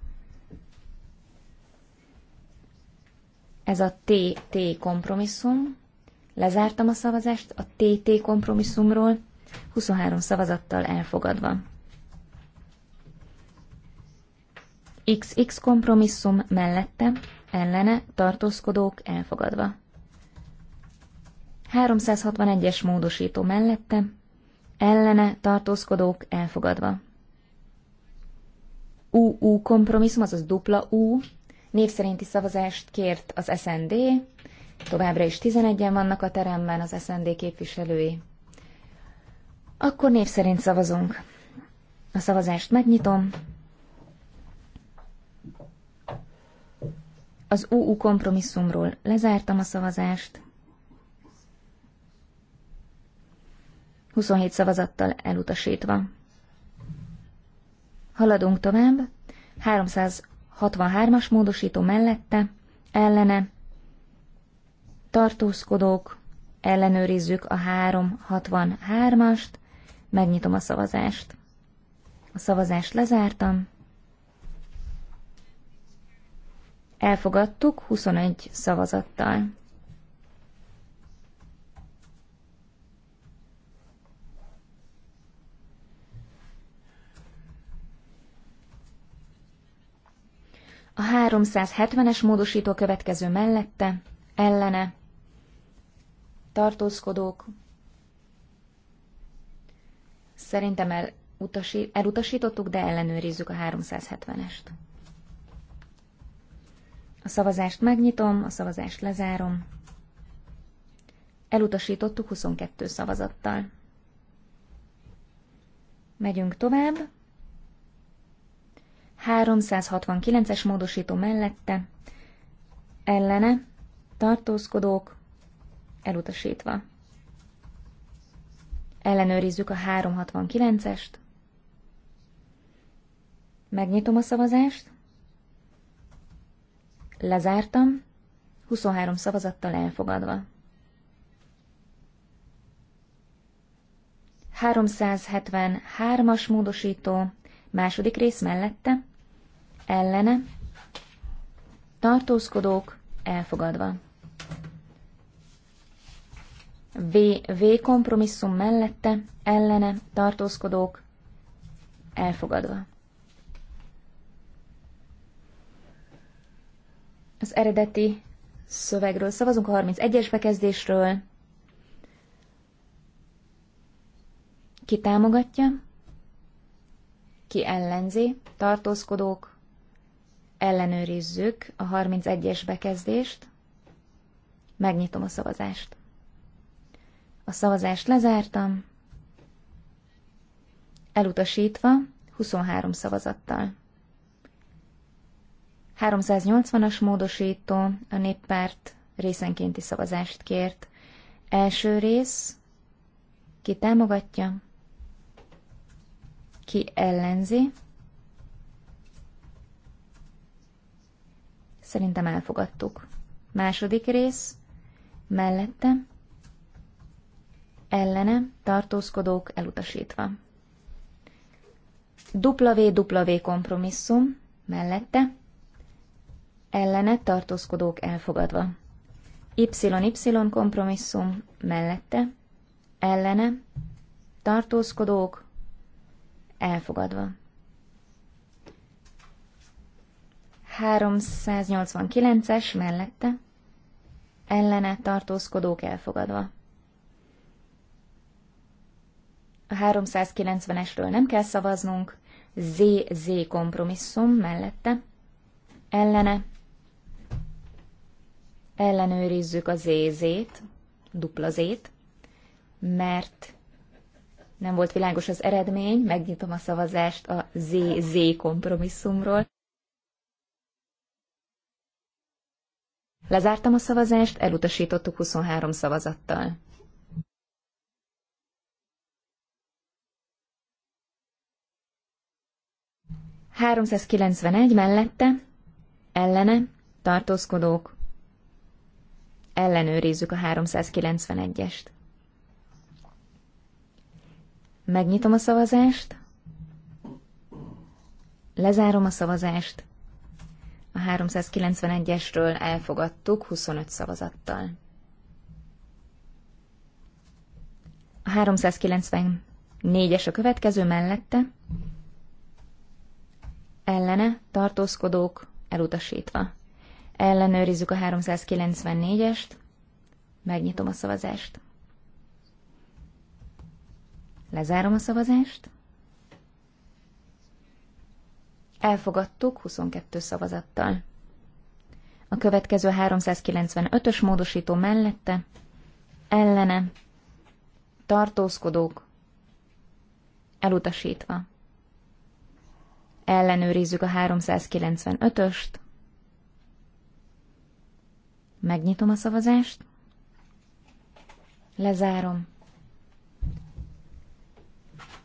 Ez a TT kompromisszum. Lezártam a szavazást a TT kompromisszumról. 23 szavazattal elfogadva. XX kompromisszum mellette, ellene tartózkodók elfogadva. 361-es módosító mellette, ellene tartózkodók elfogadva. UU kompromisszum, azaz dupla U, név szerinti szavazást kért az SND, továbbra is 11-en vannak a teremben az SND képviselői. Akkor név szerint szavazunk. A szavazást megnyitom. Az UU kompromisszumról lezártam a szavazást. 27 szavazattal elutasítva. Haladunk tovább. 363-as módosító mellette, ellene, tartózkodók, ellenőrizzük a 363-ast, Megnyitom a szavazást. A szavazást lezártam. Elfogadtuk 21 szavazattal. A 370-es módosító következő mellette, ellene, tartózkodók, Szerintem el utasi, elutasítottuk, de ellenőrizzük a 370-est. A szavazást megnyitom, a szavazást lezárom. Elutasítottuk 22 szavazattal. Megyünk tovább. 369-es módosító mellette, ellene, tartózkodók, elutasítva. Ellenőrizzük a 369-est. Megnyitom a szavazást. Lezártam. 23 szavazattal elfogadva. 373-as módosító, második rész mellette, ellene, tartózkodók, elfogadva. V, v kompromisszum mellette, ellene, tartózkodók, elfogadva. Az eredeti szövegről szavazunk a 31-es bekezdésről. Ki támogatja? Ki ellenzi? Tartózkodók? Ellenőrizzük a 31-es bekezdést. Megnyitom a szavazást. A szavazást lezártam. Elutasítva 23 szavazattal. 380-as módosító a néppárt részenkénti szavazást kért. Első rész, ki támogatja, ki ellenzi. Szerintem elfogadtuk. Második rész, mellette, ellene tartózkodók elutasítva. WW kompromisszum mellette ellene tartózkodók elfogadva. YY kompromisszum mellette ellene tartózkodók elfogadva. 389-es mellette ellene tartózkodók elfogadva. A 390-esről nem kell szavaznunk. ZZ kompromisszum mellette. Ellene. Ellenőrizzük a ZZ-t, dupla Z-t, mert nem volt világos az eredmény, megnyitom a szavazást a ZZ kompromisszumról. Lezártam a szavazást, elutasítottuk 23 szavazattal. 391 mellette, ellene, tartózkodók, ellenőrizzük a 391-est. Megnyitom a szavazást, lezárom a szavazást, a 391-esről elfogadtuk 25 szavazattal. A 394-es a következő mellette, ellene tartózkodók elutasítva. Ellenőrizzük a 394-est, megnyitom a szavazást. Lezárom a szavazást. Elfogadtuk 22 szavazattal. A következő 395-ös módosító mellette, ellene, tartózkodók, elutasítva. Ellenőrizzük a 395-öst. Megnyitom a szavazást. Lezárom.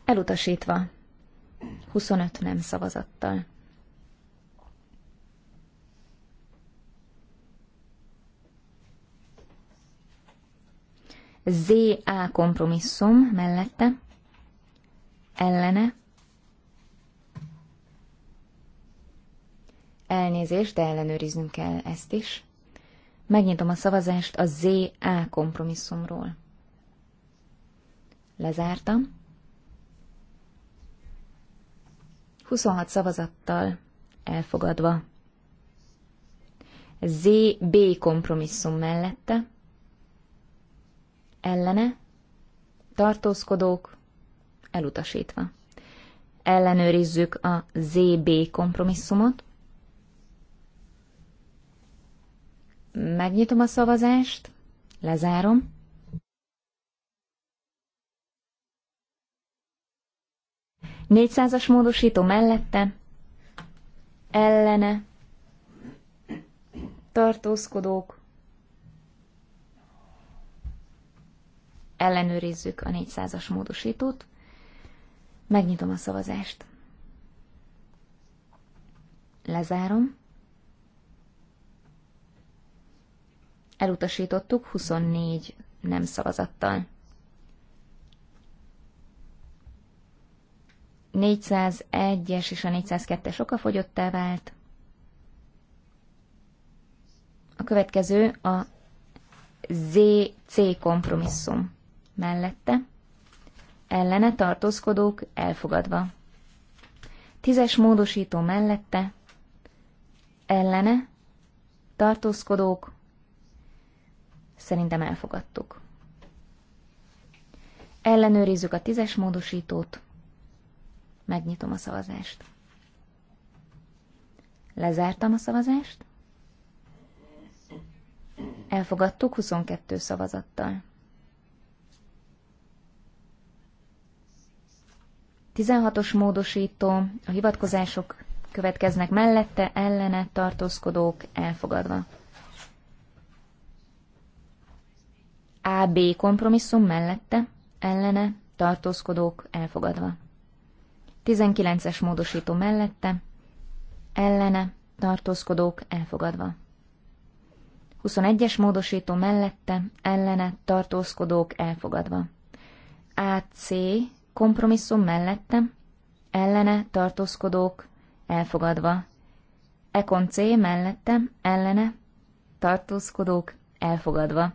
Elutasítva. 25 nem szavazattal. ZA kompromisszum mellette, ellene, Elnézést, de ellenőriznünk kell ezt is. Megnyitom a szavazást a ZA kompromisszumról. Lezártam. 26 szavazattal elfogadva. ZB kompromisszum mellette. Ellene. Tartózkodók. Elutasítva. Ellenőrizzük a ZB kompromisszumot. Megnyitom a szavazást, lezárom. Négyszázas módosító mellette, ellene, tartózkodók, ellenőrizzük a 400 módosítót, megnyitom a szavazást. Lezárom. Elutasítottuk 24 nem szavazattal. 401-es és a 402-es okafogyottá vált. A következő a ZC kompromisszum mellette. Ellene tartózkodók elfogadva. Tízes módosító mellette. Ellene tartózkodók Szerintem elfogadtuk. Ellenőrizzük a tízes módosítót. Megnyitom a szavazást. Lezártam a szavazást. Elfogadtuk 22 szavazattal. 16-os módosító, a hivatkozások következnek mellette, ellene tartózkodók elfogadva. AB kompromisszum mellette, ellene, tartózkodók elfogadva. 19-es módosító mellette, ellene, tartózkodók elfogadva. 21-es módosító mellette, ellene, tartózkodók elfogadva. AC kompromisszum mellette, ellene, tartózkodók elfogadva. Ekon C mellette, ellene, tartózkodók elfogadva.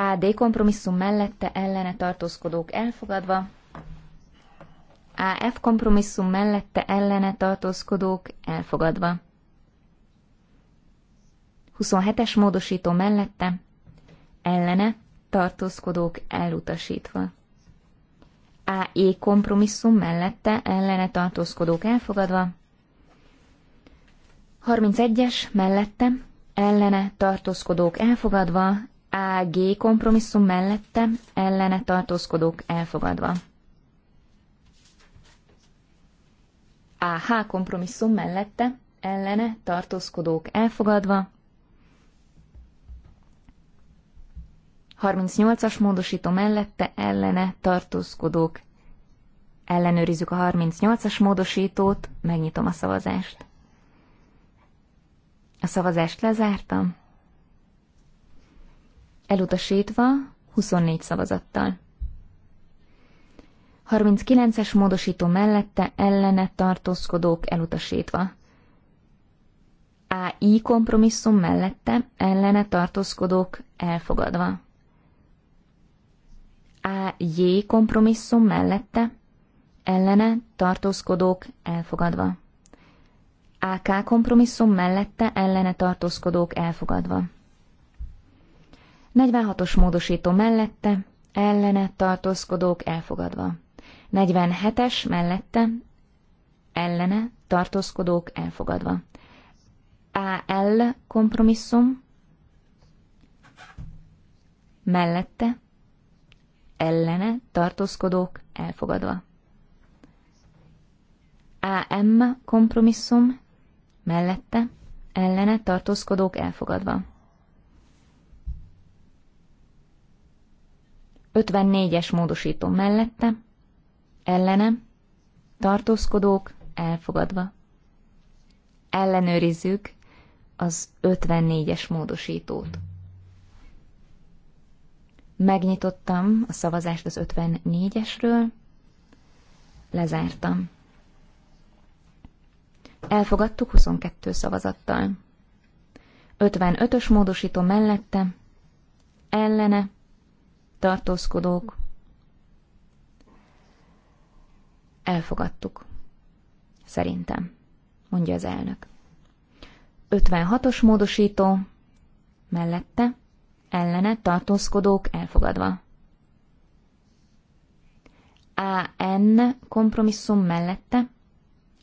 AD kompromisszum mellette ellene tartózkodók elfogadva, AF kompromisszum mellette ellene tartózkodók elfogadva. 27-es módosító mellette ellene tartózkodók elutasítva. AE kompromisszum mellette ellene tartózkodók elfogadva. 31-es mellette ellene tartózkodók elfogadva, AG kompromisszum mellette ellene tartózkodók elfogadva. AH kompromisszum mellette ellene tartózkodók elfogadva. 38-as módosító mellette ellene tartózkodók. Ellenőrizzük a 38-as módosítót, megnyitom a szavazást. A szavazást lezártam elutasítva 24 szavazattal. 39-es módosító mellette ellene tartózkodók elutasítva. AI kompromisszum mellette ellene tartózkodók elfogadva. AJ kompromisszum mellette ellene tartózkodók elfogadva. AK kompromisszum mellette ellene tartózkodók elfogadva. 46-os módosító mellette, ellene tartózkodók elfogadva. 47-es mellette, ellene tartózkodók elfogadva. AL kompromisszum mellette, ellene tartózkodók elfogadva. AM kompromisszum mellette, ellene tartózkodók elfogadva. 54-es módosító mellette, ellene, tartózkodók elfogadva. Ellenőrizzük az 54-es módosítót. Megnyitottam a szavazást az 54-esről, lezártam. Elfogadtuk 22 szavazattal. 55-ös módosító mellette, ellene, tartózkodók, elfogadtuk. Szerintem, mondja az elnök. 56-os módosító, mellette, ellene tartózkodók elfogadva. AN kompromisszum mellette,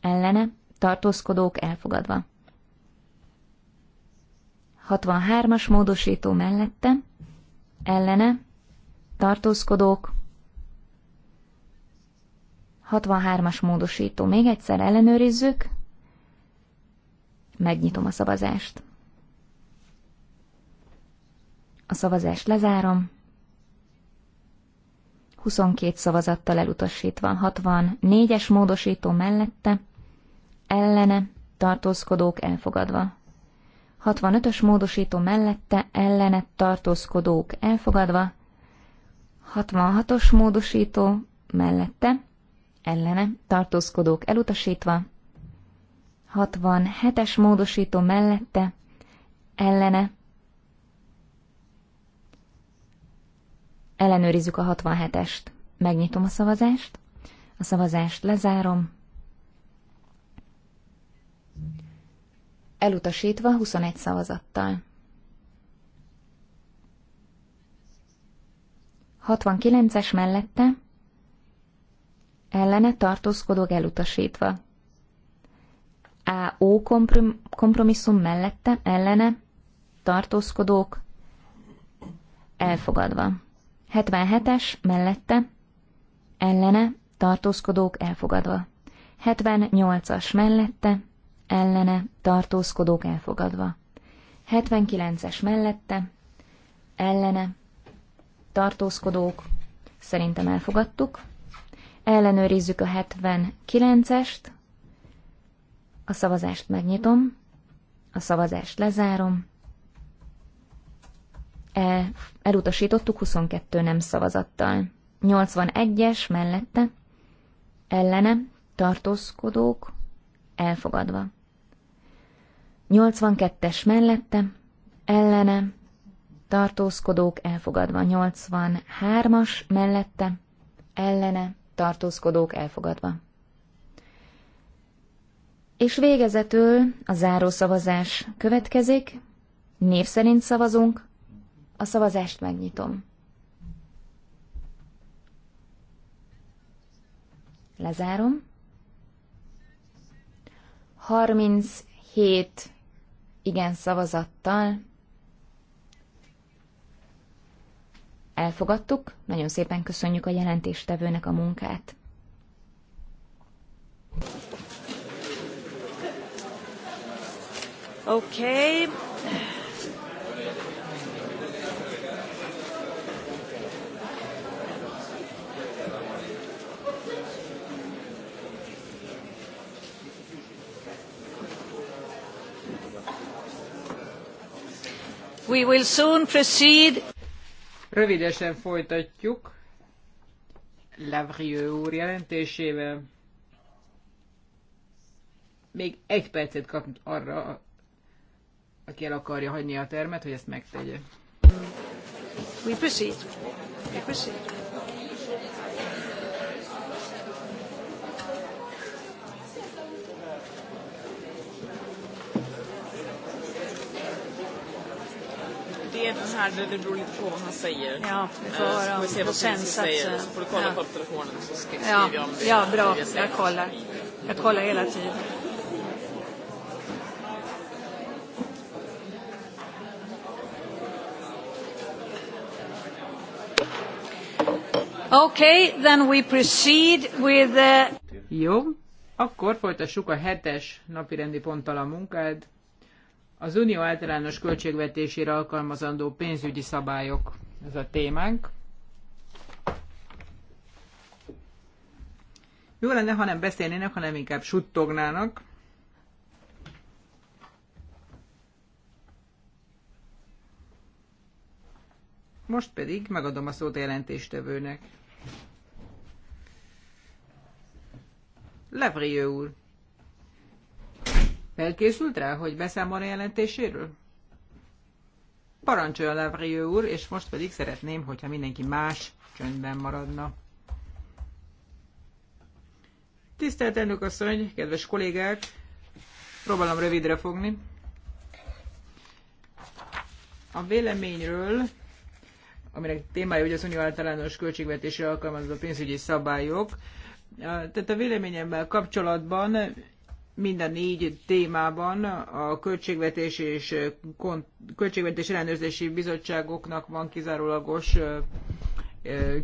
ellene tartózkodók elfogadva. 63-as módosító mellette, ellene tartózkodók, 63-as módosító. Még egyszer ellenőrizzük, megnyitom a szavazást. A szavazást lezárom. 22 szavazattal elutasítva, 64-es módosító mellette, ellene, tartózkodók elfogadva. 65-ös módosító mellette, ellene, tartózkodók elfogadva. 66-os módosító mellette, ellene, tartózkodók elutasítva, 67-es módosító mellette, ellene, ellenőrizzük a 67-est, megnyitom a szavazást, a szavazást lezárom, elutasítva 21 szavazattal. 69-es mellette, ellene tartózkodók elutasítva. a o kompromisszum mellette, ellene tartózkodók elfogadva. 77-es mellette, ellene tartózkodók elfogadva. 78-as mellette, ellene tartózkodók elfogadva. 79-es mellette, ellene tartózkodók, szerintem elfogadtuk. Ellenőrizzük a 79-est, a szavazást megnyitom, a szavazást lezárom. El, elutasítottuk 22 nem szavazattal. 81-es mellette, ellene, tartózkodók, elfogadva. 82-es mellette, ellene, tartózkodók elfogadva 83-as mellette, ellene tartózkodók elfogadva. És végezetül a záró szavazás következik, név szerint szavazunk, a szavazást megnyitom. Lezárom. 37 igen szavazattal Elfogadtuk, nagyon szépen köszönjük a jelentéstevőnek a munkát. Okay. We will soon proceed. Rövidesen folytatjuk Lavrieux úr jelentésével. Még egy percet kap arra, aki el akarja hagyni a termet, hogy ezt megtegye. We proceed. We proceed. här, det, det beror lite på vad han säger. Ja, vi får, höra eh, om får vi se vad polisen säger. Så får du kolla ja. på telefonen så skriver ja. jag om det. Ja, bra. Jag, jag kollar. Jag kollar hela tiden. Okay, then we proceed with the... Jó, akkor folytassuk a hetes napirendi ponttal a munkád. Az unió általános költségvetésére alkalmazandó pénzügyi szabályok, ez a témánk. Jó lenne, ha nem beszélnének, hanem inkább suttognának. Most pedig megadom a szót a jelentéstevőnek. Levrieux úr. Felkészült rá, hogy beszámol a jelentéséről? Parancsolja Lavrieux úr, és most pedig szeretném, hogyha mindenki más csöndben maradna. Tisztelt elnök asszony, kedves kollégák, próbálom rövidre fogni. A véleményről, aminek témája ugye az unió általános költségvetésre alkalmazott pénzügyi szabályok, tehát a véleményemmel kapcsolatban mind a négy témában a költségvetés és kont- költségvetés ellenőrzési bizottságoknak van kizárólagos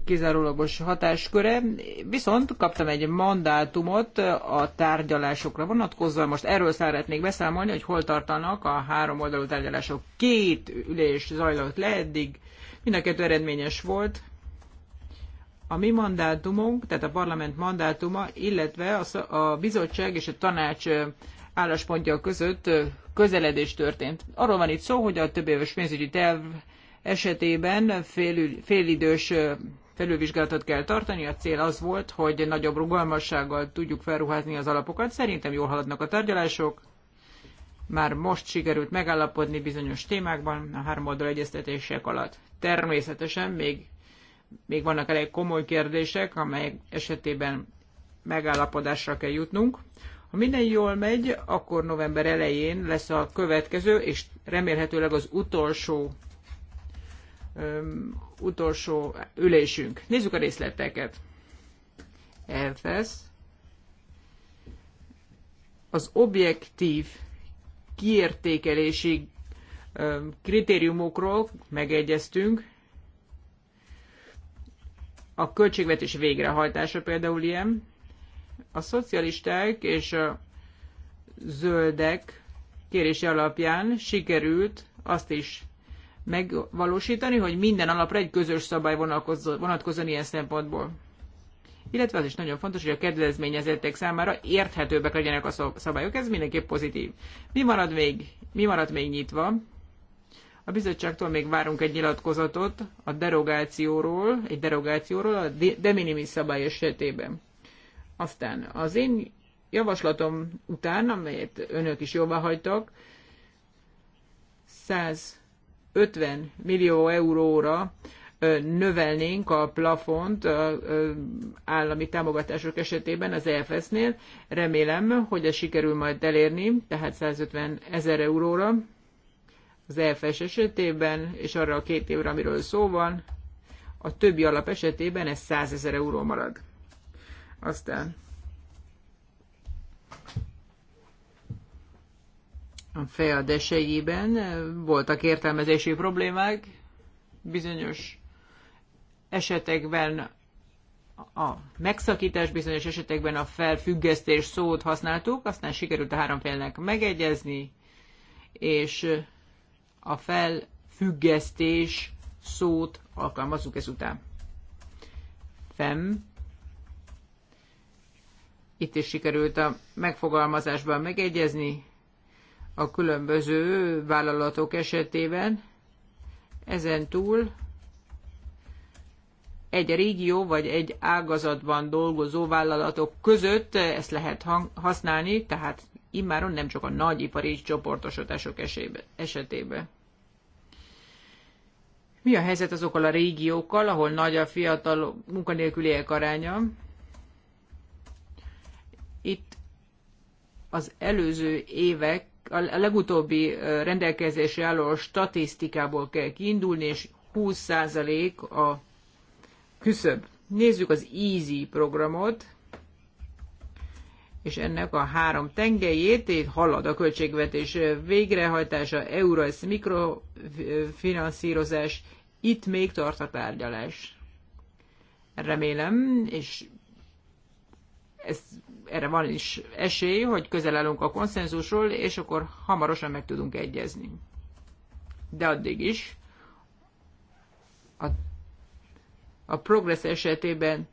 kizárólagos hatásköre, viszont kaptam egy mandátumot a tárgyalásokra vonatkozva. Most erről szeretnék beszámolni, hogy hol tartanak a három oldalú tárgyalások. Két ülés zajlott le eddig, mind a kettő eredményes volt a mi mandátumunk, tehát a parlament mandátuma, illetve a, bizottság és a tanács álláspontja között közeledés történt. Arról van itt szó, hogy a többéves pénzügyi terv esetében félidős felülvizsgálatot kell tartani. A cél az volt, hogy nagyobb rugalmassággal tudjuk felruházni az alapokat. Szerintem jól haladnak a tárgyalások. Már most sikerült megállapodni bizonyos témákban a három oldal egyeztetések alatt. Természetesen még még vannak elég komoly kérdések, amelyek esetében megállapodásra kell jutnunk. Ha minden jól megy, akkor november elején lesz a következő, és remélhetőleg az utolsó öm, utolsó ülésünk. Nézzük a részleteket. Elfesz. Az objektív kiértékelési kritériumokról megegyeztünk, a költségvetés végrehajtása például ilyen. A szocialisták és a zöldek kérése alapján sikerült azt is megvalósítani, hogy minden alapra egy közös szabály vonatkozzon ilyen szempontból. Illetve az is nagyon fontos, hogy a kedvezményezettek számára érthetőbbek legyenek a szabályok. Ez mindenképp pozitív. Mi marad még, mi marad még nyitva? A bizottságtól még várunk egy nyilatkozatot a derogációról, egy derogációról a de minimis szabály esetében. Aztán az én javaslatom után, amelyet önök is jóvá hagytak, 150 millió euróra növelnénk a plafont állami támogatások esetében az EFS-nél. Remélem, hogy ez sikerül majd elérni, tehát 150 ezer euróra az EFS esetében, és arra a két évre, amiről szó van, a többi alap esetében ez 100 ezer euró marad. Aztán a FEAD esélyében voltak értelmezési problémák, bizonyos esetekben a megszakítás, bizonyos esetekben a felfüggesztés szót használtuk, aztán sikerült a három félnek megegyezni, és a felfüggesztés szót alkalmazzuk ezután. Fem. Itt is sikerült a megfogalmazásban megegyezni a különböző vállalatok esetében. Ezen túl egy régió vagy egy ágazatban dolgozó vállalatok között ezt lehet használni, tehát immáron nem csak a nagyipari ipari csoportosodások esetében. Mi a helyzet azokkal a régiókkal, ahol nagy a fiatal munkanélküliek aránya? Itt az előző évek, a legutóbbi rendelkezésre álló statisztikából kell kiindulni, és 20% a küszöb. Nézzük az EASY programot, és ennek a három tengelyét itt halad a költségvetés végrehajtása, EURES mikrofinanszírozás, itt még tart a tárgyalás. Remélem, és ez, erre van is esély, hogy közel állunk a konszenzusról, és akkor hamarosan meg tudunk egyezni. De addig is a, a progress esetében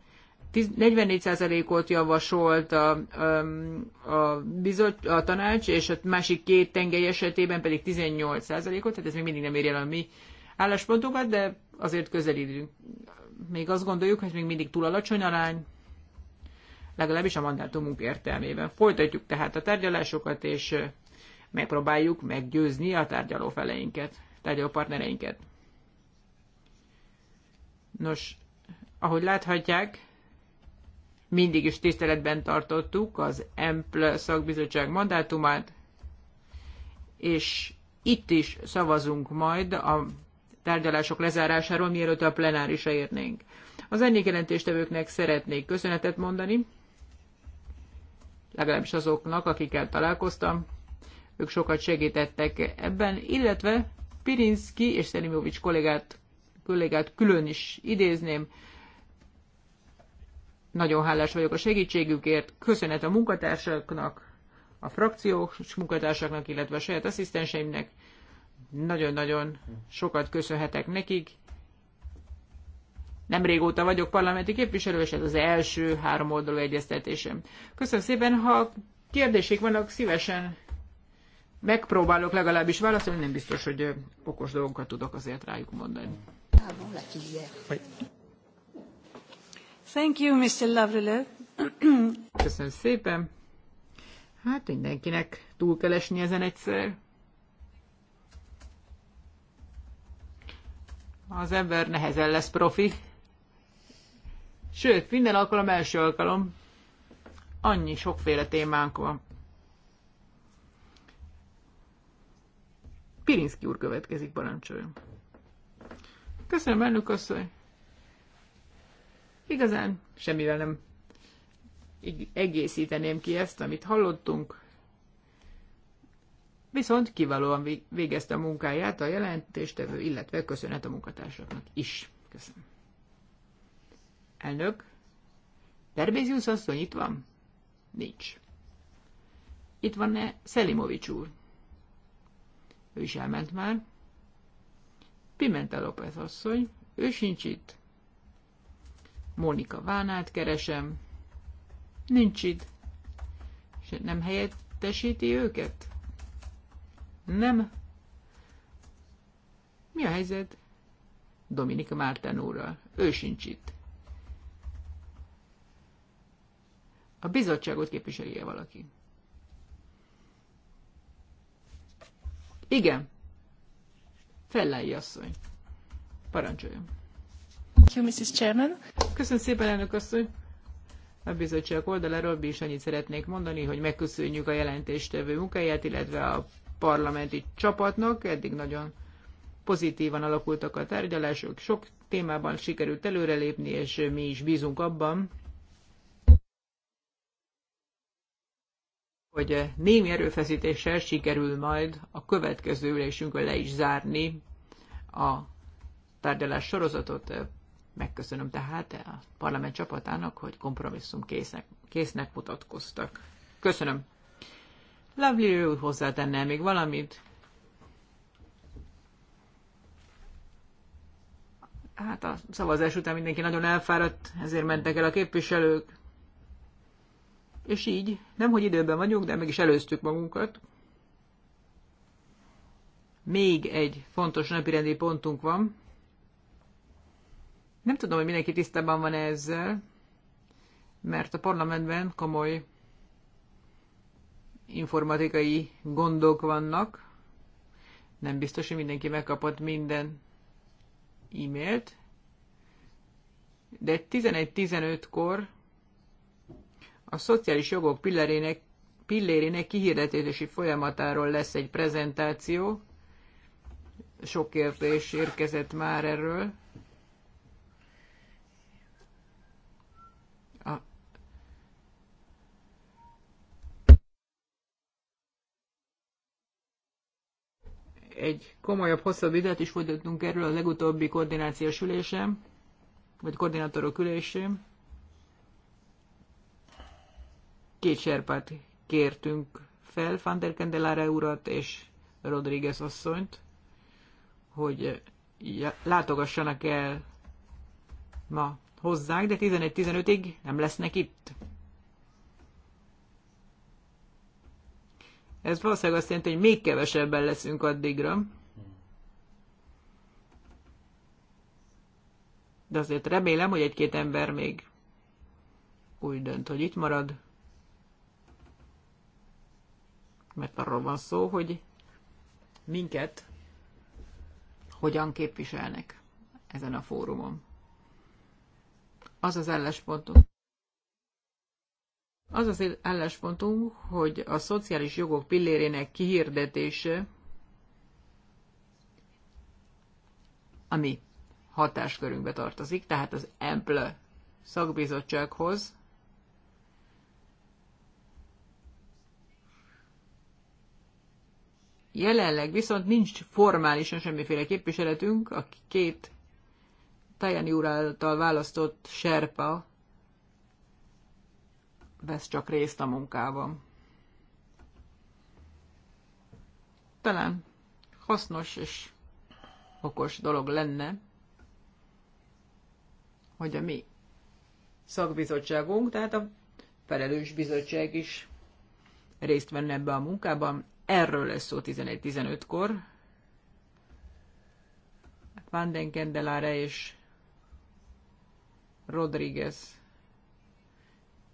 44%-ot javasolt a, a, um, a, bizot, a tanács, és a másik két tengely esetében pedig 18%-ot, tehát ez még mindig nem éri el a mi álláspontokat, de azért közelítünk. Még azt gondoljuk, hogy még mindig túl alacsony arány, legalábbis a mandátumunk értelmében. Folytatjuk tehát a tárgyalásokat, és megpróbáljuk meggyőzni a tárgyaló feleinket, tárgyaló partnereinket. Nos, ahogy láthatják, mindig is tiszteletben tartottuk az EMPL szakbizottság mandátumát, és itt is szavazunk majd a tárgyalások lezárásáról, mielőtt a plenárisra érnénk. Az ennyi jelentéstevőknek szeretnék köszönetet mondani, legalábbis azoknak, akikkel találkoztam. Ők sokat segítettek ebben, illetve Pirinski és Szelimovics kollégát, kollégát külön is idézném. Nagyon hálás vagyok a segítségükért, köszönet a munkatársaknak, a frakciós munkatársaknak, illetve a saját asszisztenseimnek, nagyon-nagyon sokat köszönhetek nekik. Nem régóta vagyok parlamenti képviselő, és ez az első három oldalú egyeztetésem. Köszönöm szépen, ha kérdések vannak, szívesen megpróbálok legalábbis válaszolni, nem biztos, hogy okos dolgokat tudok azért rájuk mondani. Thank you, Mr. Lavreleux. Köszönöm szépen. Hát mindenkinek túl kell esni ezen egyszer. az ember nehezen lesz profi. Sőt, minden alkalom első alkalom. Annyi sokféle témánk van. Pirinszki úr következik, barancsoljon. Köszönöm, elnök asszony. Igazán semmivel nem egészíteném ki ezt, amit hallottunk viszont kiválóan végezte a munkáját a jelentéstevő, illetve köszönet a munkatársaknak is. Köszönöm. Elnök, Terbéziusz asszony itt van? Nincs. Itt van-e Szelimovics úr? Ő is elment már. Pimente López asszony, ő sincs itt. Mónika Vánát keresem. Nincs itt. És nem helyettesíti őket? Nem. Mi a helyzet Dominika Márten úrral? Ő sincs itt. A bizottságot képviselje valaki. Igen. Fellei asszony. Parancsoljon. Köszönöm szépen, elnök asszony. A bizottság oldaláról mi is annyit szeretnék mondani, hogy megköszönjük a jelentéstevő munkáját, illetve a parlamenti csapatnak. Eddig nagyon pozitívan alakultak a tárgyalások, sok témában sikerült előrelépni, és mi is bízunk abban, hogy némi erőfeszítéssel sikerül majd a következő ülésünkön le is zárni a tárgyalás sorozatot. Megköszönöm tehát a parlament csapatának, hogy kompromisszum késznek, késznek mutatkoztak. Köszönöm. Lovely úr hozzátenne még valamit? Hát a szavazás után mindenki nagyon elfáradt, ezért mentek el a képviselők. És így, nem hogy időben vagyunk, de mégis előztük magunkat. Még egy fontos napirendi pontunk van. Nem tudom, hogy mindenki tisztában van -e ezzel, mert a parlamentben komoly informatikai gondok vannak. Nem biztos, hogy mindenki megkapott minden e-mailt, de 1115 15 kor a szociális jogok pillérének, pillérének kihirdetési folyamatáról lesz egy prezentáció. Sok kérdés érkezett már erről. egy komolyabb, hosszabb vitát is folytattunk erről a legutóbbi koordinációs ülésem, vagy koordinátorok ülésem. Két serpát kértünk fel, Van der Candelare urat és Rodriguez asszonyt, hogy látogassanak el ma hozzánk, de 11-15-ig nem lesznek itt. Ez valószínűleg azt jelenti, hogy még kevesebben leszünk addigra. De azért remélem, hogy egy-két ember még úgy dönt, hogy itt marad. Mert arról van szó, hogy minket hogyan képviselnek ezen a fórumon. Az az álláspontunk. Az az álláspontunk, hogy a szociális jogok pillérének kihirdetése, ami hatáskörünkbe tartozik, tehát az EMPLE szakbizottsághoz, Jelenleg viszont nincs formálisan semmiféle képviseletünk, a két Tajani úr által választott serpa vesz csak részt a munkában. Talán hasznos és okos dolog lenne, hogy a mi szakbizottságunk, tehát a felelős bizottság is részt venne ebbe a munkában. Erről lesz szó 11-15-kor. Van den Kendelare és Rodriguez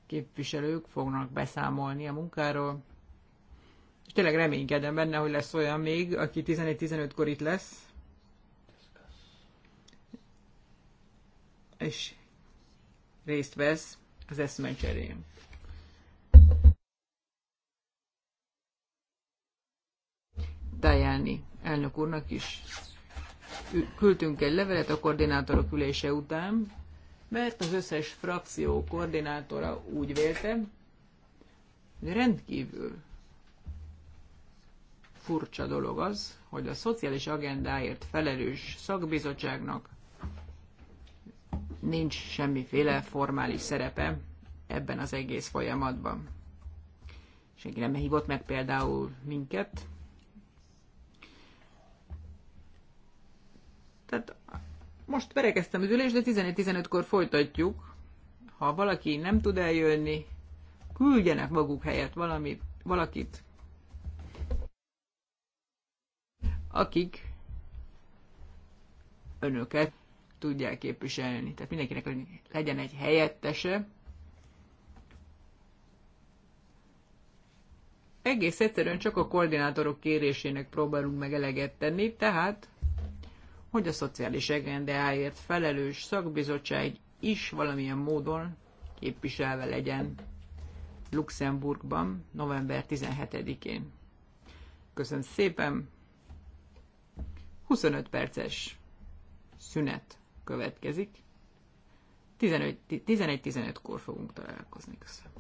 képviselők fognak beszámolni a munkáról. És tényleg reménykedem benne, hogy lesz olyan még, aki 11-15-kor itt lesz. És részt vesz az eszmecserén. Tajani elnök úrnak is küldtünk egy levelet a koordinátorok ülése után, mert az összes frakció koordinátora úgy vélte, hogy rendkívül furcsa dolog az, hogy a szociális agendáért felelős szakbizottságnak nincs semmiféle formális szerepe ebben az egész folyamatban. Senki nem hívott meg például minket. Tehát most perekeztem az ülés, de 11-15-kor folytatjuk. Ha valaki nem tud eljönni, küldjenek maguk helyett valami valakit, akik önöket tudják képviselni. Tehát mindenkinek legyen egy helyettese. Egész egyszerűen csak a koordinátorok kérésének próbálunk meg eleget tenni, tehát hogy a szociális agendáért felelős szakbizottság is valamilyen módon képviselve legyen Luxemburgban november 17-én. Köszönöm szépen! 25 perces szünet következik. 11-15-kor fogunk találkozni. Köszönöm.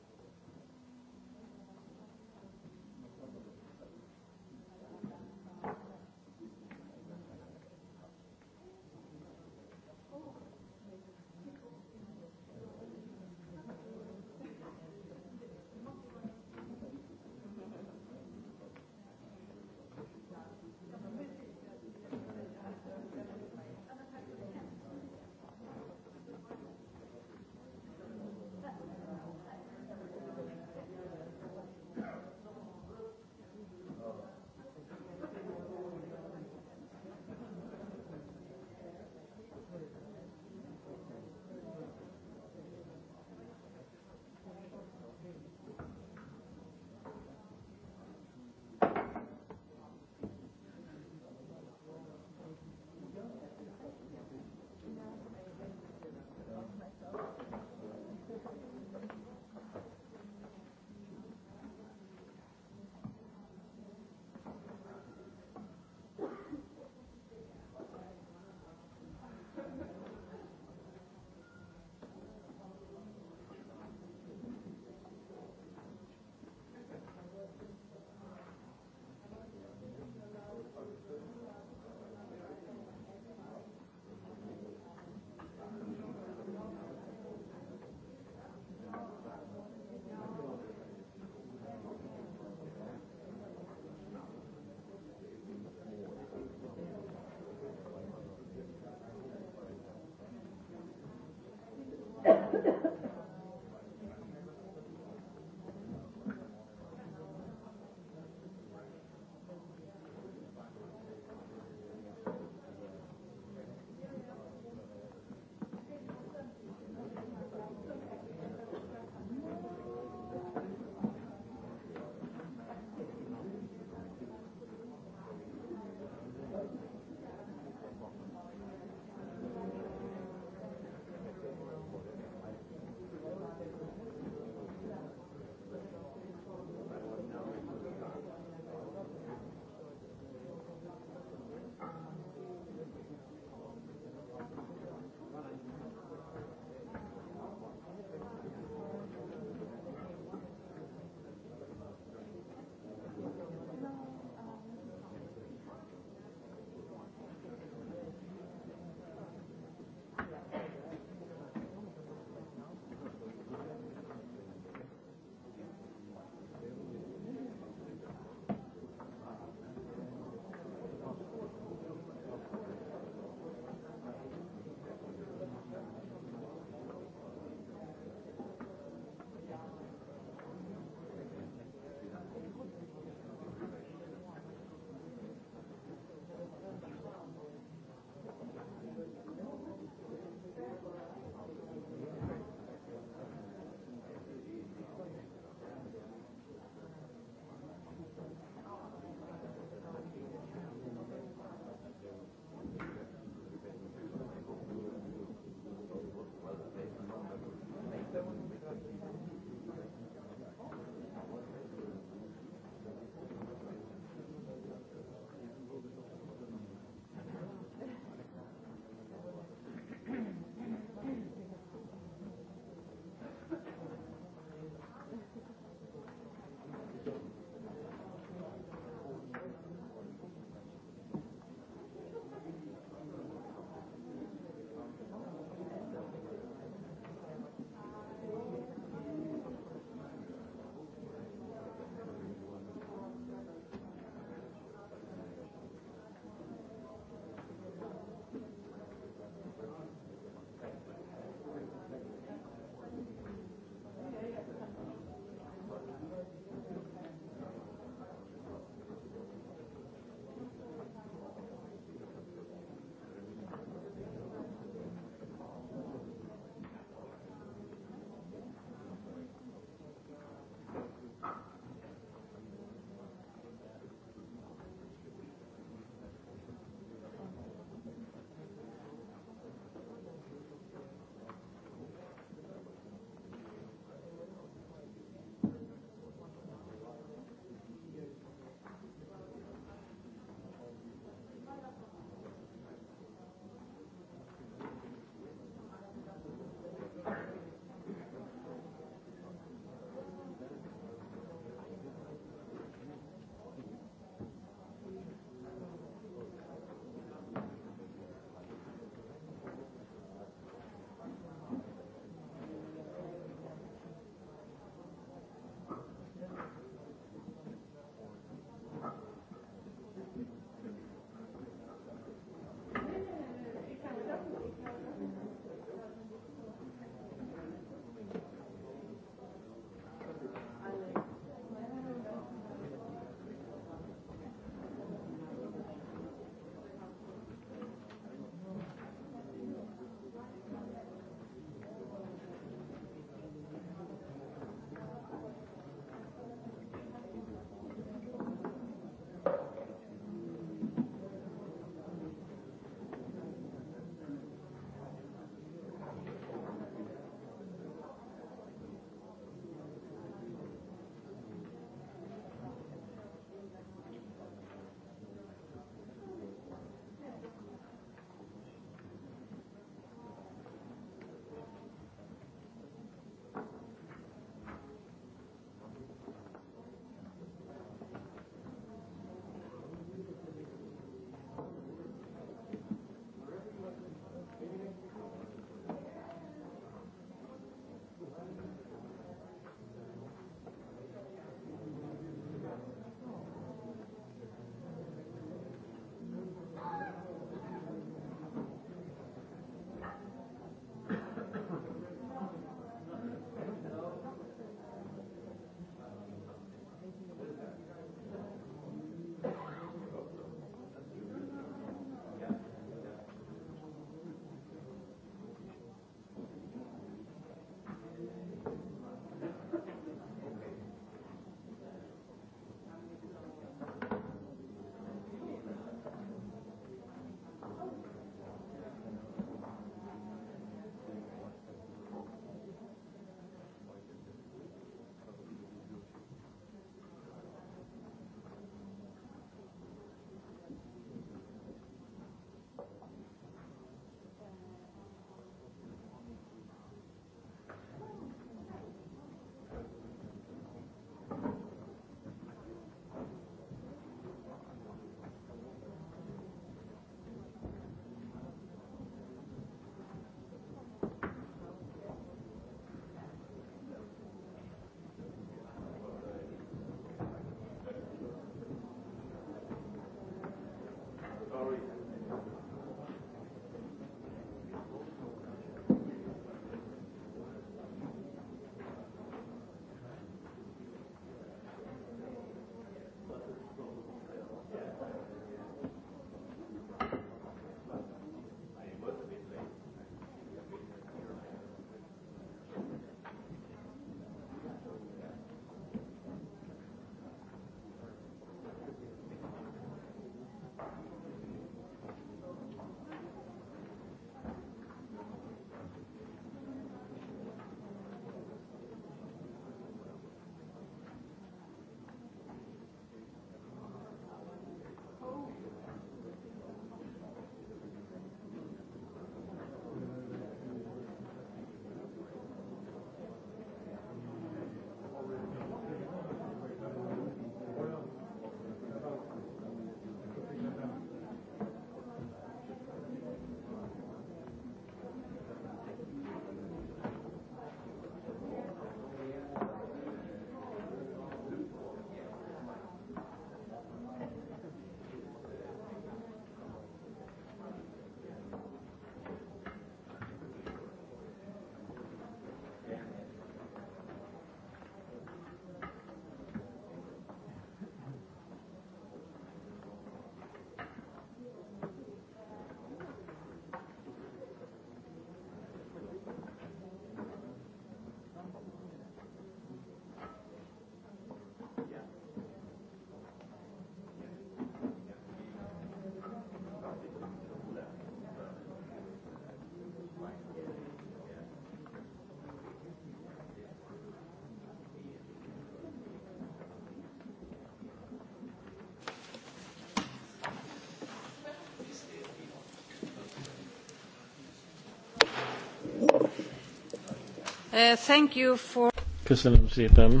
Uh, thank you for... Köszönöm szépen,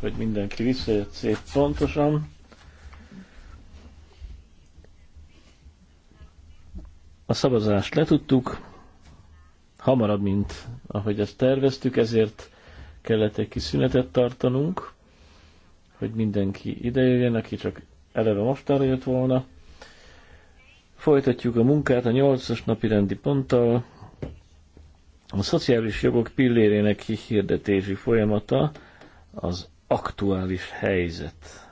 hogy mindenki visszajött szép pontosan. A szavazást letudtuk, hamarabb, mint ahogy ezt terveztük, ezért kellett egy kis szünetet tartanunk, hogy mindenki idejöjjön, aki csak eleve mostanra jött volna. Folytatjuk a munkát a 8-as napi rendi ponttal, a szociális jogok pillérének kihirdetési folyamata az aktuális helyzet.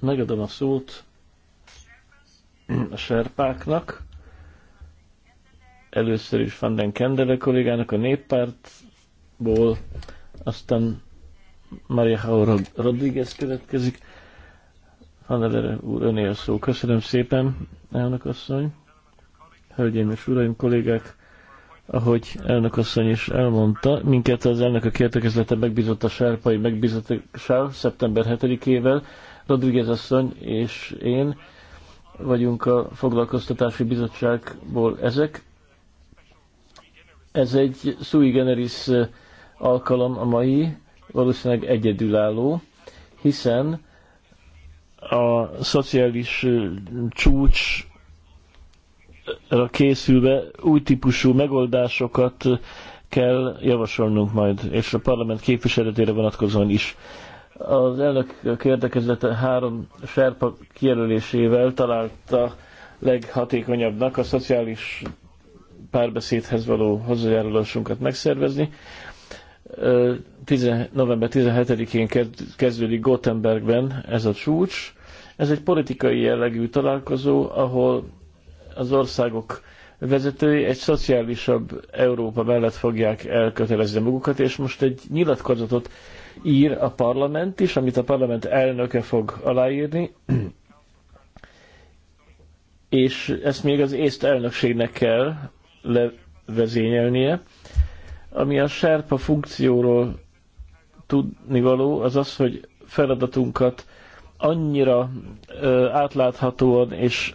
Megadom a szót a serpáknak, először is Van den Kendele kollégának a néppártból, aztán Maria Hau Rodriguez következik. Van úr, öné a szó. Köszönöm szépen, elnök asszony hölgyeim és uraim, kollégák, ahogy asszony is elmondta, minket az elnökök értekezlete megbízott a sárpai megbízottság szeptember 7-ével. Rodriguez asszony és én vagyunk a foglalkoztatási bizottságból ezek. Ez egy sui generis alkalom a mai, valószínűleg egyedülálló, hiszen a szociális csúcs készülve új típusú megoldásokat kell javasolnunk majd, és a parlament képviseletére vonatkozóan is. Az elnök kérdekezete három serpa kijelölésével találta leghatékonyabbnak a szociális párbeszédhez való hozzájárulásunkat megszervezni. 10, november 17-én kezdődik Gothenbergben ez a csúcs. Ez egy politikai jellegű találkozó, ahol az országok vezetői egy szociálisabb Európa mellett fogják elkötelezni magukat, és most egy nyilatkozatot ír a parlament is, amit a parlament elnöke fog aláírni, és ezt még az észt elnökségnek kell levezényelnie. Ami a serpa funkcióról tudnivaló, az az, hogy feladatunkat annyira ö, átláthatóan és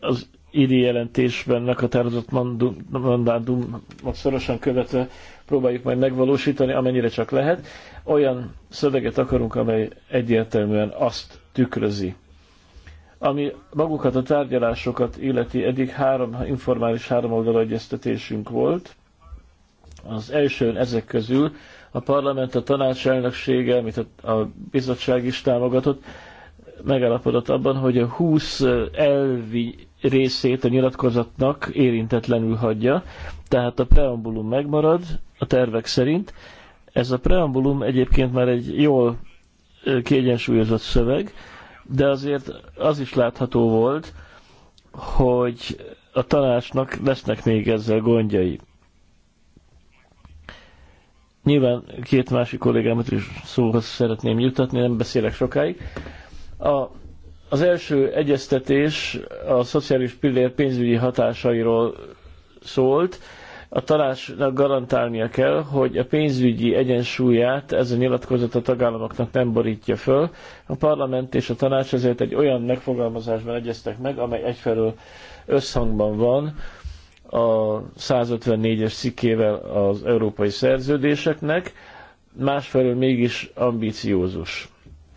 az idi jelentésben meghatározott mandátumot szorosan követve próbáljuk majd megvalósítani, amennyire csak lehet. Olyan szöveget akarunk, amely egyértelműen azt tükrözi. Ami magukat a tárgyalásokat illeti, eddig három informális háromoldalú egyeztetésünk volt. Az elsőn ezek közül a parlament, a tanács elnöksége, amit a bizottság is támogatott, megállapodott abban, hogy a 20 elvi részét a nyilatkozatnak érintetlenül hagyja, tehát a preambulum megmarad a tervek szerint. Ez a preambulum egyébként már egy jól kiegyensúlyozott szöveg, de azért az is látható volt, hogy a tanácsnak lesznek még ezzel gondjai. Nyilván két másik kollégámat is szóhoz szeretném jutatni, nem beszélek sokáig. A az első egyeztetés a szociális pillér pénzügyi hatásairól szólt. A tanácsnak garantálnia kell, hogy a pénzügyi egyensúlyát ez a nyilatkozat a tagállamoknak nem borítja föl. A parlament és a tanács ezért egy olyan megfogalmazásban egyeztek meg, amely egyfelől összhangban van a 154-es szikével az európai szerződéseknek, másfelől mégis ambíciózus,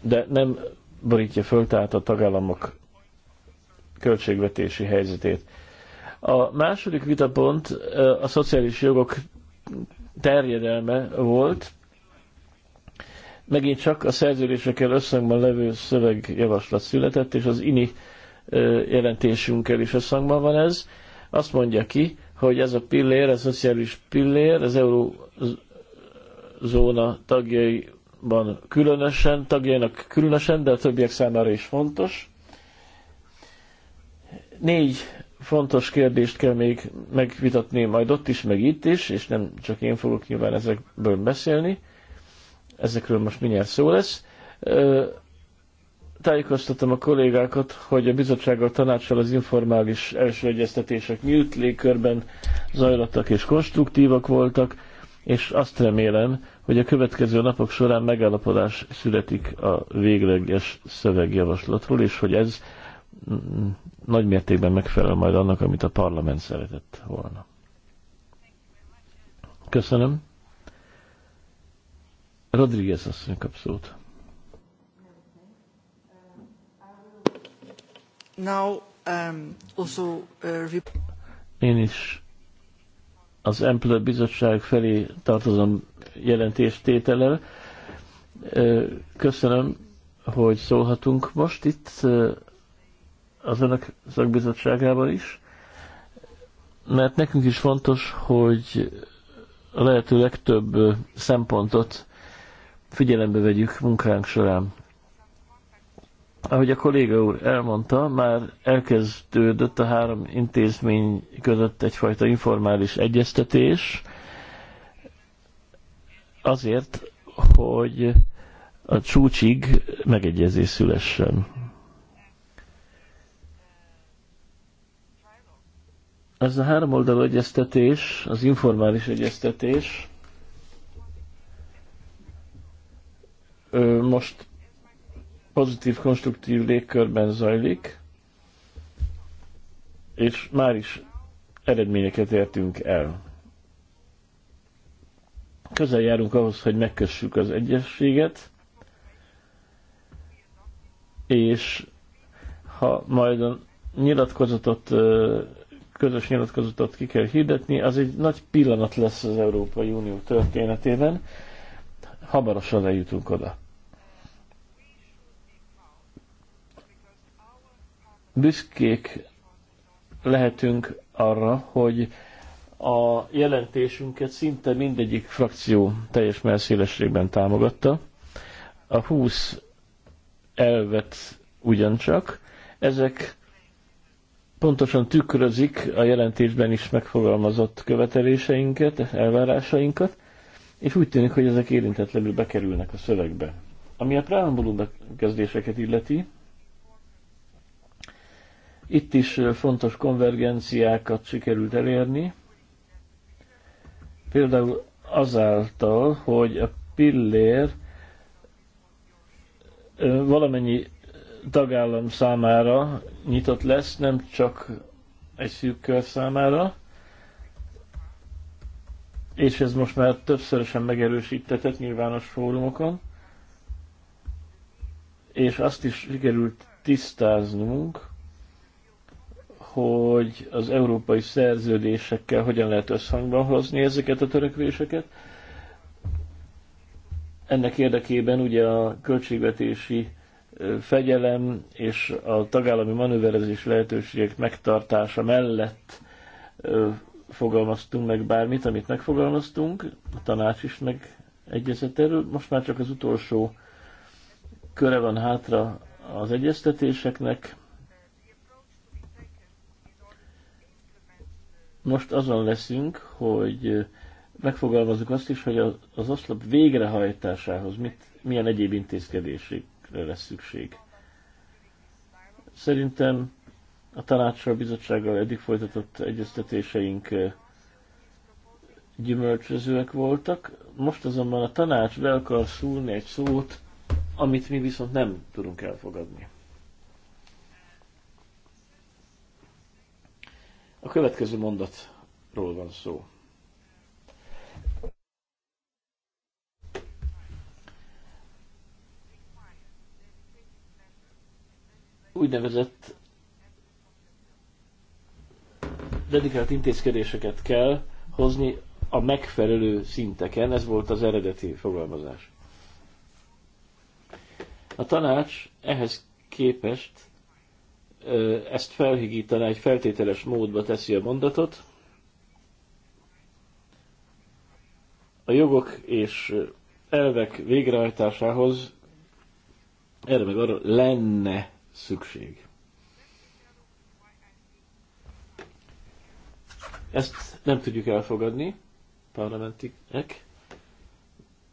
de nem borítja föl, tehát a tagállamok költségvetési helyzetét. A második vitapont a szociális jogok terjedelme volt, megint csak a szerződésekkel összhangban levő szövegjavaslat született, és az INI jelentésünkkel is összhangban van ez. Azt mondja ki, hogy ez a pillér, a szociális pillér az Eurózóna tagjai ban különösen, tagjainak különösen, de a többiek számára is fontos. Négy fontos kérdést kell még megvitatni majd ott is, meg itt is, és nem csak én fogok nyilván ezekből beszélni. Ezekről most mindjárt szó lesz. Tájékoztatom a kollégákat, hogy a bizottsággal tanácsal az informális első egyeztetések nyílt légkörben zajlottak és konstruktívak voltak, és azt remélem, hogy a következő napok során megállapodás születik a végleges szövegjavaslatról, és hogy ez mm, nagy mértékben megfelel majd annak, amit a parlament szeretett volna. Köszönöm. Rodríguez asszony kap szót. Now, um, also, uh, Én is az Emplő Bizottság felé tartozom jelentéstétellel. Köszönöm, hogy szólhatunk most itt az önök szakbizottságában is, mert nekünk is fontos, hogy a lehető legtöbb szempontot figyelembe vegyük munkánk során. Ahogy a kolléga úr elmondta, már elkezdődött a három intézmény között egyfajta informális egyeztetés, azért, hogy a csúcsig megegyezés szülessen. Ez a háromoldalú egyeztetés, az informális egyeztetés most pozitív, konstruktív légkörben zajlik, és már is eredményeket értünk el közel járunk ahhoz, hogy megkössük az egyességet, és ha majd a nyilatkozatot, közös nyilatkozatot ki kell hirdetni, az egy nagy pillanat lesz az Európai Unió történetében. Hamarosan eljutunk oda. Büszkék lehetünk arra, hogy a jelentésünket szinte mindegyik frakció teljes merszélességben támogatta. A 20 elvet ugyancsak. Ezek pontosan tükrözik a jelentésben is megfogalmazott követeléseinket, elvárásainkat, és úgy tűnik, hogy ezek érintetlenül bekerülnek a szövegbe. Ami a preambulum kezdéseket illeti, itt is fontos konvergenciákat sikerült elérni, Például azáltal, hogy a pillér valamennyi tagállam számára nyitott lesz, nem csak egy szűk kör számára, és ez most már többszörösen megerősítetett nyilvános fórumokon, és azt is sikerült tisztáznunk, hogy az európai szerződésekkel hogyan lehet összhangba hozni ezeket a törekvéseket. Ennek érdekében ugye a költségvetési fegyelem és a tagállami manőverezés lehetőségek megtartása mellett fogalmaztunk meg bármit, amit megfogalmaztunk, a tanács is megegyezett erről. Most már csak az utolsó köre van hátra az egyeztetéseknek, Most azon leszünk, hogy megfogalmazunk azt is, hogy az oszlop végrehajtásához mit, milyen egyéb intézkedésekre lesz szükség. Szerintem a tanácsra a bizottsággal eddig folytatott egyeztetéseink gyümölcsözőek voltak. Most azonban a tanács be akar szúrni egy szót, amit mi viszont nem tudunk elfogadni. A következő mondatról van szó. Úgynevezett dedikált intézkedéseket kell hozni a megfelelő szinteken, ez volt az eredeti fogalmazás. A tanács ehhez képest ezt felhigítaná, egy feltételes módba teszi a mondatot. A jogok és elvek végrehajtásához erre meg arra lenne szükség. Ezt nem tudjuk elfogadni, parlamentiek.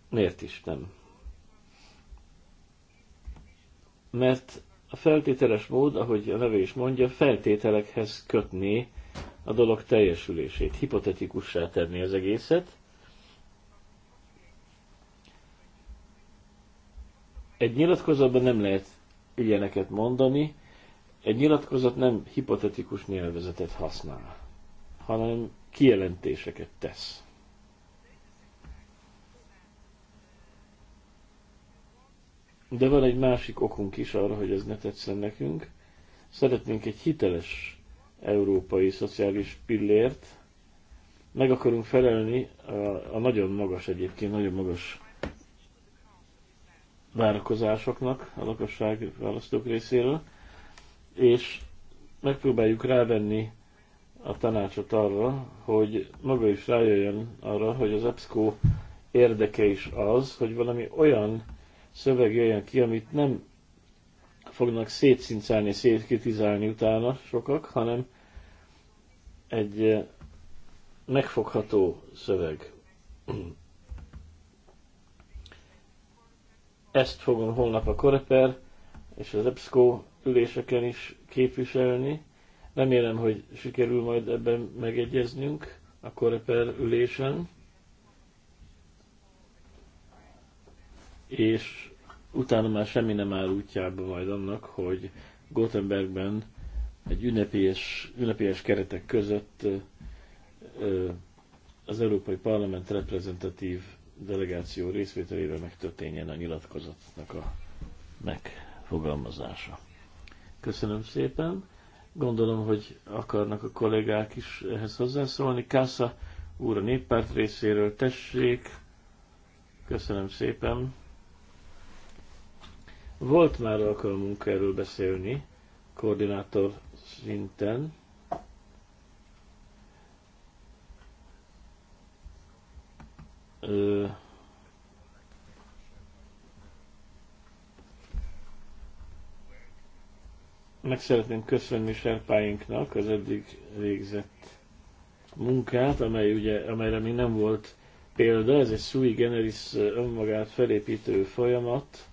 Miért is nem? Mert a feltételes mód, ahogy a neve is mondja, feltételekhez kötni a dolog teljesülését, hipotetikussá tenni az egészet. Egy nyilatkozatban nem lehet ilyeneket mondani, egy nyilatkozat nem hipotetikus nyelvezetet használ, hanem kijelentéseket tesz. De van egy másik okunk is arra, hogy ez ne tetszen nekünk. Szeretnénk egy hiteles európai szociális pillért. Meg akarunk felelni a, a nagyon magas egyébként, nagyon magas várakozásoknak a lakosság választók részéről, és megpróbáljuk rávenni a tanácsot arra, hogy maga is rájöjjön arra, hogy az EBSCO érdeke is az, hogy valami olyan szöveg jöjjön ki, amit nem fognak szétszincelni, szétkritizálni utána sokak, hanem egy eh, megfogható szöveg. Ezt fogom holnap a Koreper és az EBSCO üléseken is képviselni. Remélem, hogy sikerül majd ebben megegyeznünk a Koreper ülésen. és utána már semmi nem áll útjába majd annak, hogy Gothenburgben egy ünnepélyes, ünnepélyes keretek között az Európai Parlament reprezentatív delegáció részvételével megtörténjen a nyilatkozatnak a megfogalmazása. Köszönöm szépen. Gondolom, hogy akarnak a kollégák is ehhez hozzászólni. Kásza úr a néppárt részéről, tessék. Köszönöm szépen. Volt már alkalmunk erről beszélni, koordinátor szinten. Ö, meg szeretném köszönni serpáinknak az eddig végzett munkát, amely ugye, amelyre még nem volt példa, ez egy sui generis önmagát felépítő folyamat,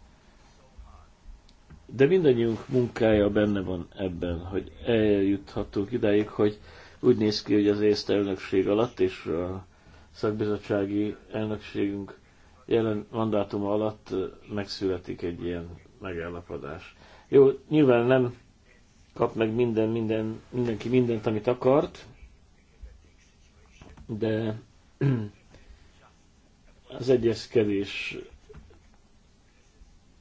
de mindannyiunk munkája benne van ebben, hogy eljuthatunk idáig, hogy úgy néz ki, hogy az észt elnökség alatt és a szakbizottsági elnökségünk jelen mandátuma alatt megszületik egy ilyen megállapodás. Jó, nyilván nem kap meg minden, minden, mindenki mindent, amit akart, de az egyezkedés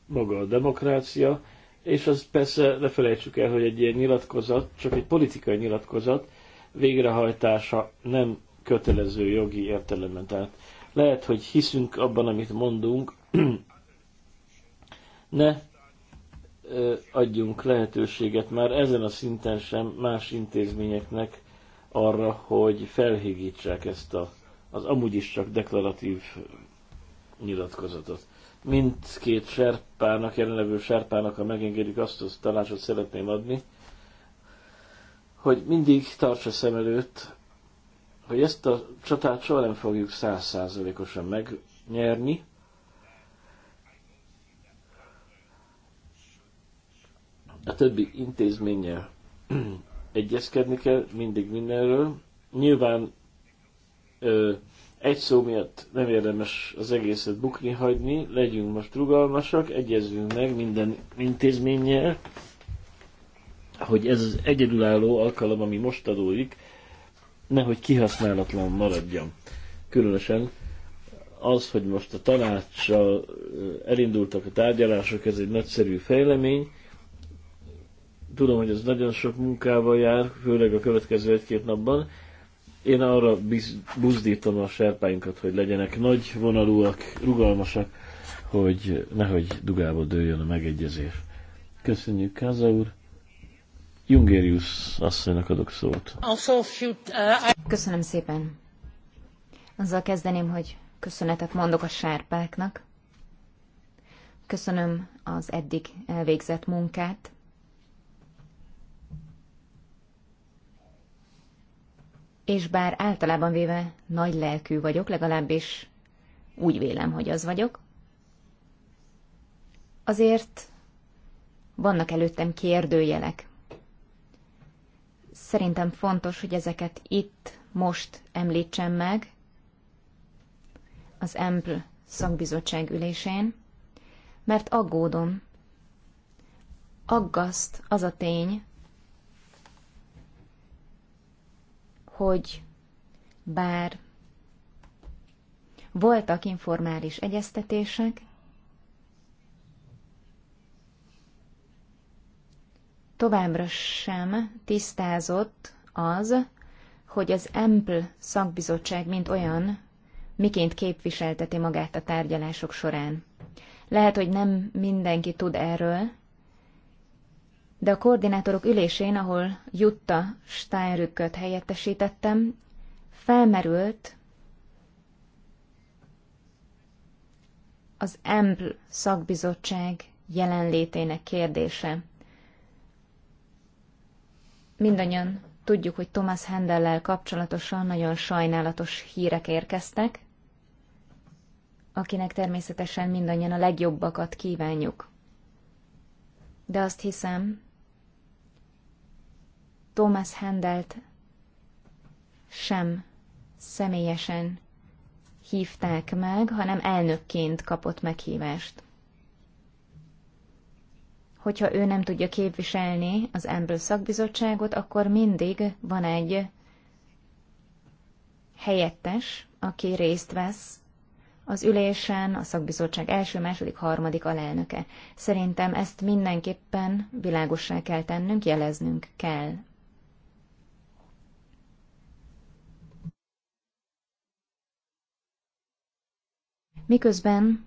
maga a demokrácia, és az persze ne felejtsük el, hogy egy ilyen nyilatkozat, csak egy politikai nyilatkozat végrehajtása nem kötelező jogi értelemben. Tehát lehet, hogy hiszünk abban, amit mondunk, [CLEARS THROAT] ne adjunk lehetőséget már ezen a szinten sem más intézményeknek arra, hogy felhigítsák ezt a, az amúgy is csak deklaratív nyilatkozatot mindkét serpának, jelenlevő serpának, ha megengedik, azt a tanácsot szeretném adni, hogy mindig tartsa szem előtt, hogy ezt a csatát soha nem fogjuk százszázalékosan megnyerni, a többi intézménnyel [CLEARS THROAT] egyezkedni kell mindig mindenről. Nyilván ö, egy szó miatt nem érdemes az egészet bukni hagyni, legyünk most rugalmasak, egyezzünk meg minden intézménnyel, hogy ez az egyedülálló alkalom, ami most adódik, nehogy kihasználatlan maradjon. Különösen az, hogy most a tanácssal eh, elindultak a tárgyalások, ez egy nagyszerű fejlemény. Tudom, hogy ez nagyon sok munkával jár, főleg a következő egy-két napban, én arra buzdítom a serpáinkat, hogy legyenek nagy vonalúak, rugalmasak, hogy nehogy dugába dőljön a megegyezés. Köszönjük, Káza úr! Jungérius asszonynak adok szót. Uh, Köszönöm szépen. Azzal kezdeném, hogy köszönetet mondok a sárpáknak. Köszönöm az eddig elvégzett munkát. és bár általában véve nagy lelkű vagyok, legalábbis úgy vélem, hogy az vagyok, azért vannak előttem kérdőjelek. Szerintem fontos, hogy ezeket itt, most említsem meg az EMPL szakbizottság ülésén, mert aggódom. Aggaszt az a tény, hogy bár voltak informális egyeztetések, továbbra sem tisztázott az, hogy az EMPL szakbizottság, mint olyan, miként képviselteti magát a tárgyalások során. Lehet, hogy nem mindenki tud erről, de a koordinátorok ülésén, ahol Jutta Steinrücköt helyettesítettem, felmerült az EMPL szakbizottság jelenlétének kérdése. Mindannyian tudjuk, hogy Thomas Hendellel kapcsolatosan nagyon sajnálatos hírek érkeztek, akinek természetesen mindannyian a legjobbakat kívánjuk. De azt hiszem, Thomas Handelt sem személyesen hívták meg, hanem elnökként kapott meghívást. Hogyha ő nem tudja képviselni az Amber szakbizottságot, akkor mindig van egy helyettes, aki részt vesz az ülésen, a szakbizottság első, második, harmadik alelnöke. Szerintem ezt mindenképpen világossá kell tennünk, jeleznünk kell Miközben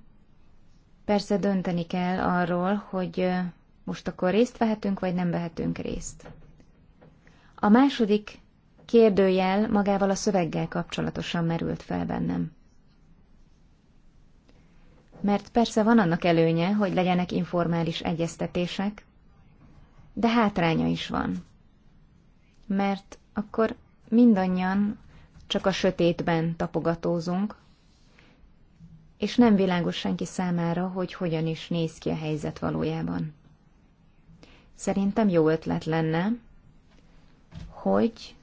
persze dönteni kell arról, hogy most akkor részt vehetünk, vagy nem vehetünk részt. A második kérdőjel magával a szöveggel kapcsolatosan merült fel bennem. Mert persze van annak előnye, hogy legyenek informális egyeztetések, de hátránya is van. Mert akkor mindannyian csak a sötétben tapogatózunk, és nem világos senki számára, hogy hogyan is néz ki a helyzet valójában. Szerintem jó ötlet lenne, hogy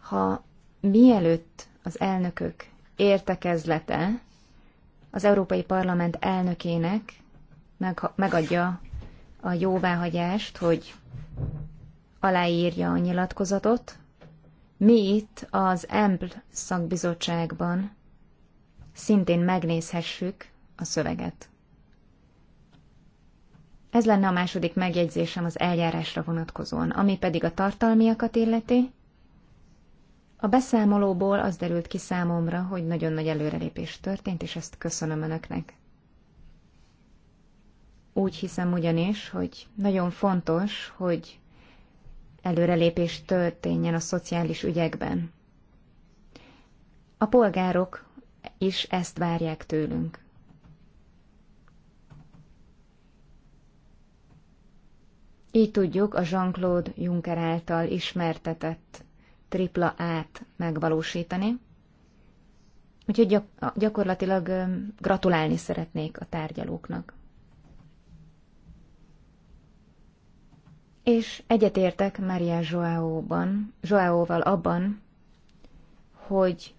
ha mielőtt az elnökök értekezlete az Európai Parlament elnökének megadja a jóváhagyást, hogy aláírja a nyilatkozatot, mi itt az EMPL szakbizottságban szintén megnézhessük a szöveget. Ez lenne a második megjegyzésem az eljárásra vonatkozóan, ami pedig a tartalmiakat illeti. A beszámolóból az derült ki számomra, hogy nagyon nagy előrelépés történt, és ezt köszönöm önöknek. Úgy hiszem ugyanis, hogy nagyon fontos, hogy előrelépés történjen a szociális ügyekben. A polgárok is ezt várják tőlünk. Így tudjuk a Jean-Claude Juncker által ismertetett tripla át megvalósítani. Úgyhogy gyakorlatilag gratulálni szeretnék a tárgyalóknak. És egyetértek Maria Joao-ban, Joao-val abban, hogy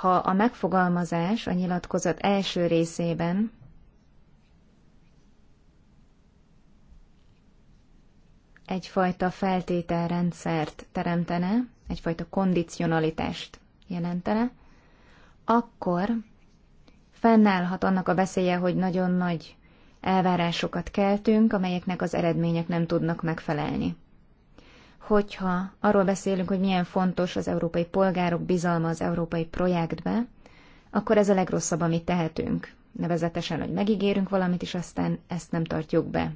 ha a megfogalmazás a nyilatkozat első részében egyfajta feltételrendszert teremtene, egyfajta kondicionalitást jelentene, akkor fennállhat annak a veszélye, hogy nagyon nagy elvárásokat keltünk, amelyeknek az eredmények nem tudnak megfelelni hogyha arról beszélünk, hogy milyen fontos az európai polgárok bizalma az európai projektbe, akkor ez a legrosszabb, amit tehetünk. Nevezetesen, hogy megígérünk valamit, és aztán ezt nem tartjuk be.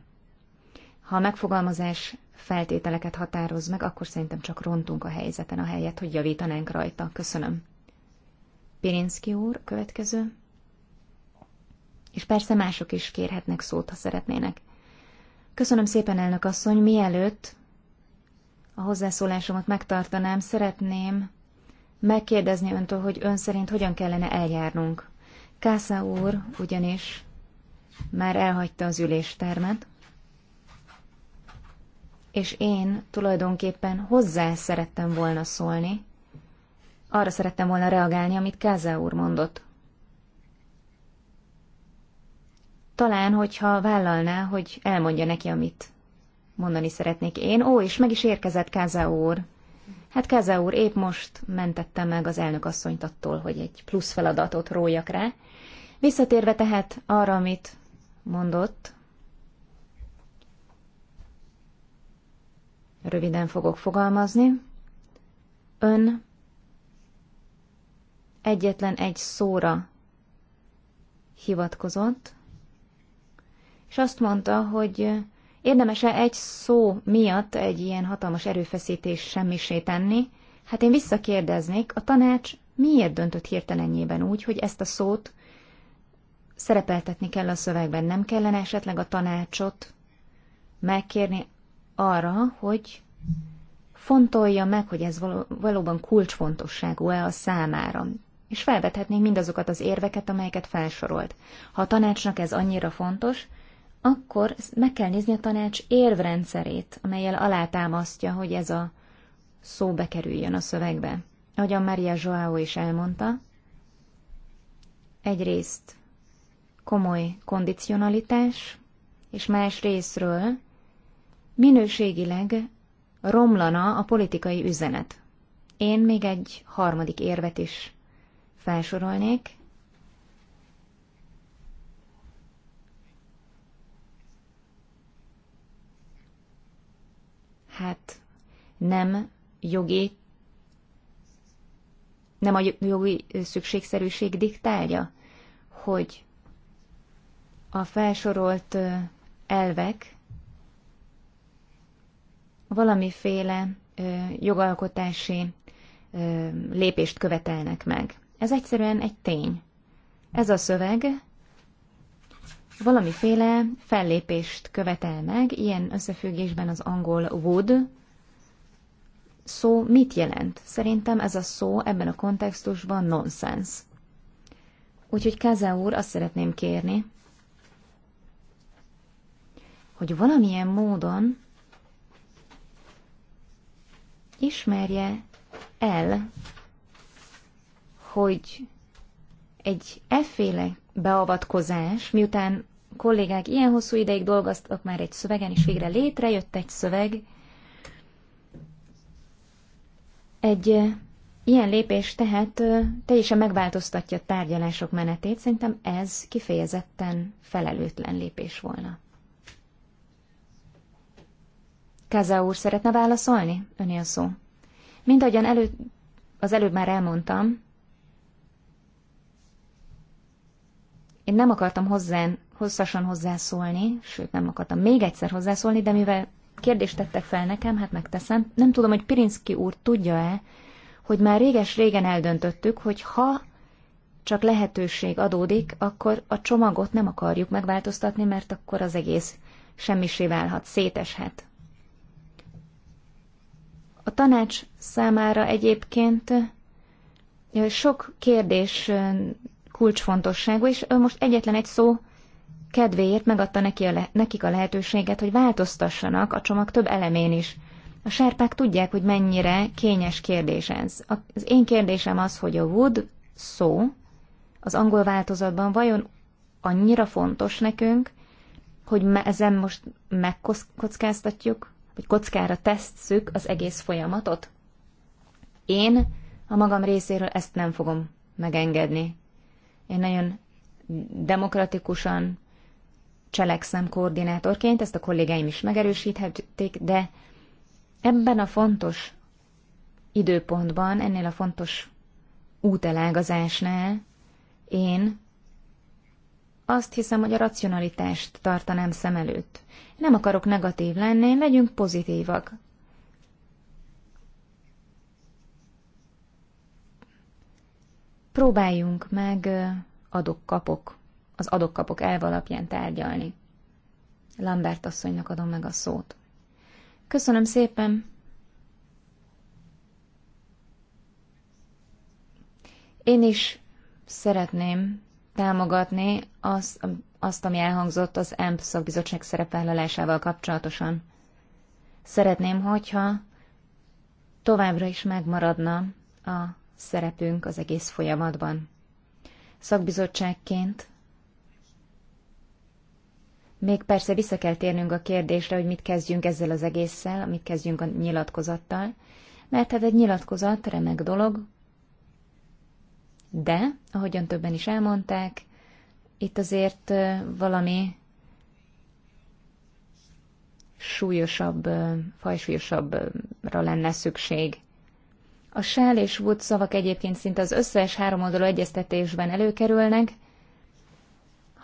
Ha a megfogalmazás feltételeket határoz meg, akkor szerintem csak rontunk a helyzeten a helyet, hogy javítanánk rajta. Köszönöm. Pirinszki úr, a következő. És persze mások is kérhetnek szót, ha szeretnének. Köszönöm szépen, elnök asszony, mielőtt a hozzászólásomat megtartanám, szeretném megkérdezni öntől, hogy ön szerint hogyan kellene eljárnunk. Kásza úr ugyanis már elhagyta az üléstermet, és én tulajdonképpen hozzá szerettem volna szólni, arra szerettem volna reagálni, amit Kázá úr mondott. Talán, hogyha vállalná, hogy elmondja neki, amit mondani szeretnék én. Ó, és meg is érkezett Káza úr. Hát Káza úr, épp most mentette meg az elnök asszonyt attól, hogy egy plusz feladatot róljak rá. Visszatérve tehát arra, amit mondott, röviden fogok fogalmazni. Ön egyetlen egy szóra hivatkozott, és azt mondta, hogy Érdemese egy szó miatt egy ilyen hatalmas erőfeszítés semmisé tenni? Hát én visszakérdeznék, a tanács miért döntött hirtelenjében úgy, hogy ezt a szót szerepeltetni kell a szövegben? Nem kellene esetleg a tanácsot megkérni arra, hogy fontolja meg, hogy ez való, valóban kulcsfontosságú-e a számára, és felvethetnénk mindazokat az érveket, amelyeket felsorolt. Ha a tanácsnak ez annyira fontos, akkor meg kell nézni a tanács érvrendszerét, amelyel alátámasztja, hogy ez a szó bekerüljön a szövegbe. Ahogyan Maria Joao is elmondta, egyrészt komoly kondicionalitás, és más részről minőségileg romlana a politikai üzenet. Én még egy harmadik érvet is felsorolnék, hát nem jogi, nem a jogi szükségszerűség diktálja, hogy a felsorolt elvek valamiféle jogalkotási lépést követelnek meg. Ez egyszerűen egy tény. Ez a szöveg valamiféle fellépést követel meg, ilyen összefüggésben az angol would szó mit jelent? Szerintem ez a szó ebben a kontextusban nonsens. Úgyhogy Kaza úr, azt szeretném kérni, hogy valamilyen módon ismerje el, hogy egy efféle beavatkozás, miután kollégák ilyen hosszú ideig dolgoztak már egy szövegen, és végre létrejött egy szöveg. Egy ilyen lépés tehát teljesen megváltoztatja a tárgyalások menetét. Szerintem ez kifejezetten felelőtlen lépés volna. Kaza úr szeretne válaszolni? Öné a szó. Mint ahogyan elő, az előbb már elmondtam, én nem akartam hozzá hosszasan hozzászólni, sőt nem akartam még egyszer hozzászólni, de mivel kérdést tettek fel nekem, hát megteszem. Nem tudom, hogy Pirinszki úr tudja-e, hogy már réges-régen eldöntöttük, hogy ha csak lehetőség adódik, akkor a csomagot nem akarjuk megváltoztatni, mert akkor az egész semmisé válhat, széteshet. A tanács számára egyébként sok kérdés kulcsfontosságú, és most egyetlen egy szó kedvéért megadta neki a le- nekik a lehetőséget, hogy változtassanak a csomag több elemén is. A serpák tudják, hogy mennyire kényes kérdés ez. Az én kérdésem az, hogy a wood szó az angol változatban vajon annyira fontos nekünk, hogy me- ezen most megkockáztatjuk, vagy kockára tesszük az egész folyamatot? Én a magam részéről ezt nem fogom megengedni. Én nagyon demokratikusan, cselekszem koordinátorként, ezt a kollégáim is megerősíthették, de ebben a fontos időpontban, ennél a fontos útelágazásnál én azt hiszem, hogy a racionalitást tartanám szem előtt. Nem akarok negatív lenni, legyünk pozitívak. Próbáljunk meg adok-kapok az adokkapok elv alapján tárgyalni. Lambert asszonynak adom meg a szót. Köszönöm szépen! Én is szeretném támogatni azt, azt, ami elhangzott az EMP szakbizottság szerepvállalásával kapcsolatosan. Szeretném, hogyha továbbra is megmaradna a szerepünk az egész folyamatban. Szakbizottságként még persze vissza kell térnünk a kérdésre, hogy mit kezdjünk ezzel az egésszel, mit kezdjünk a nyilatkozattal, mert hát egy nyilatkozat remek dolog, de, ahogyan többen is elmondták, itt azért valami súlyosabb, fajsúlyosabbra lenne szükség. A Sál és Wood szavak egyébként szinte az összes oldalú egyeztetésben előkerülnek,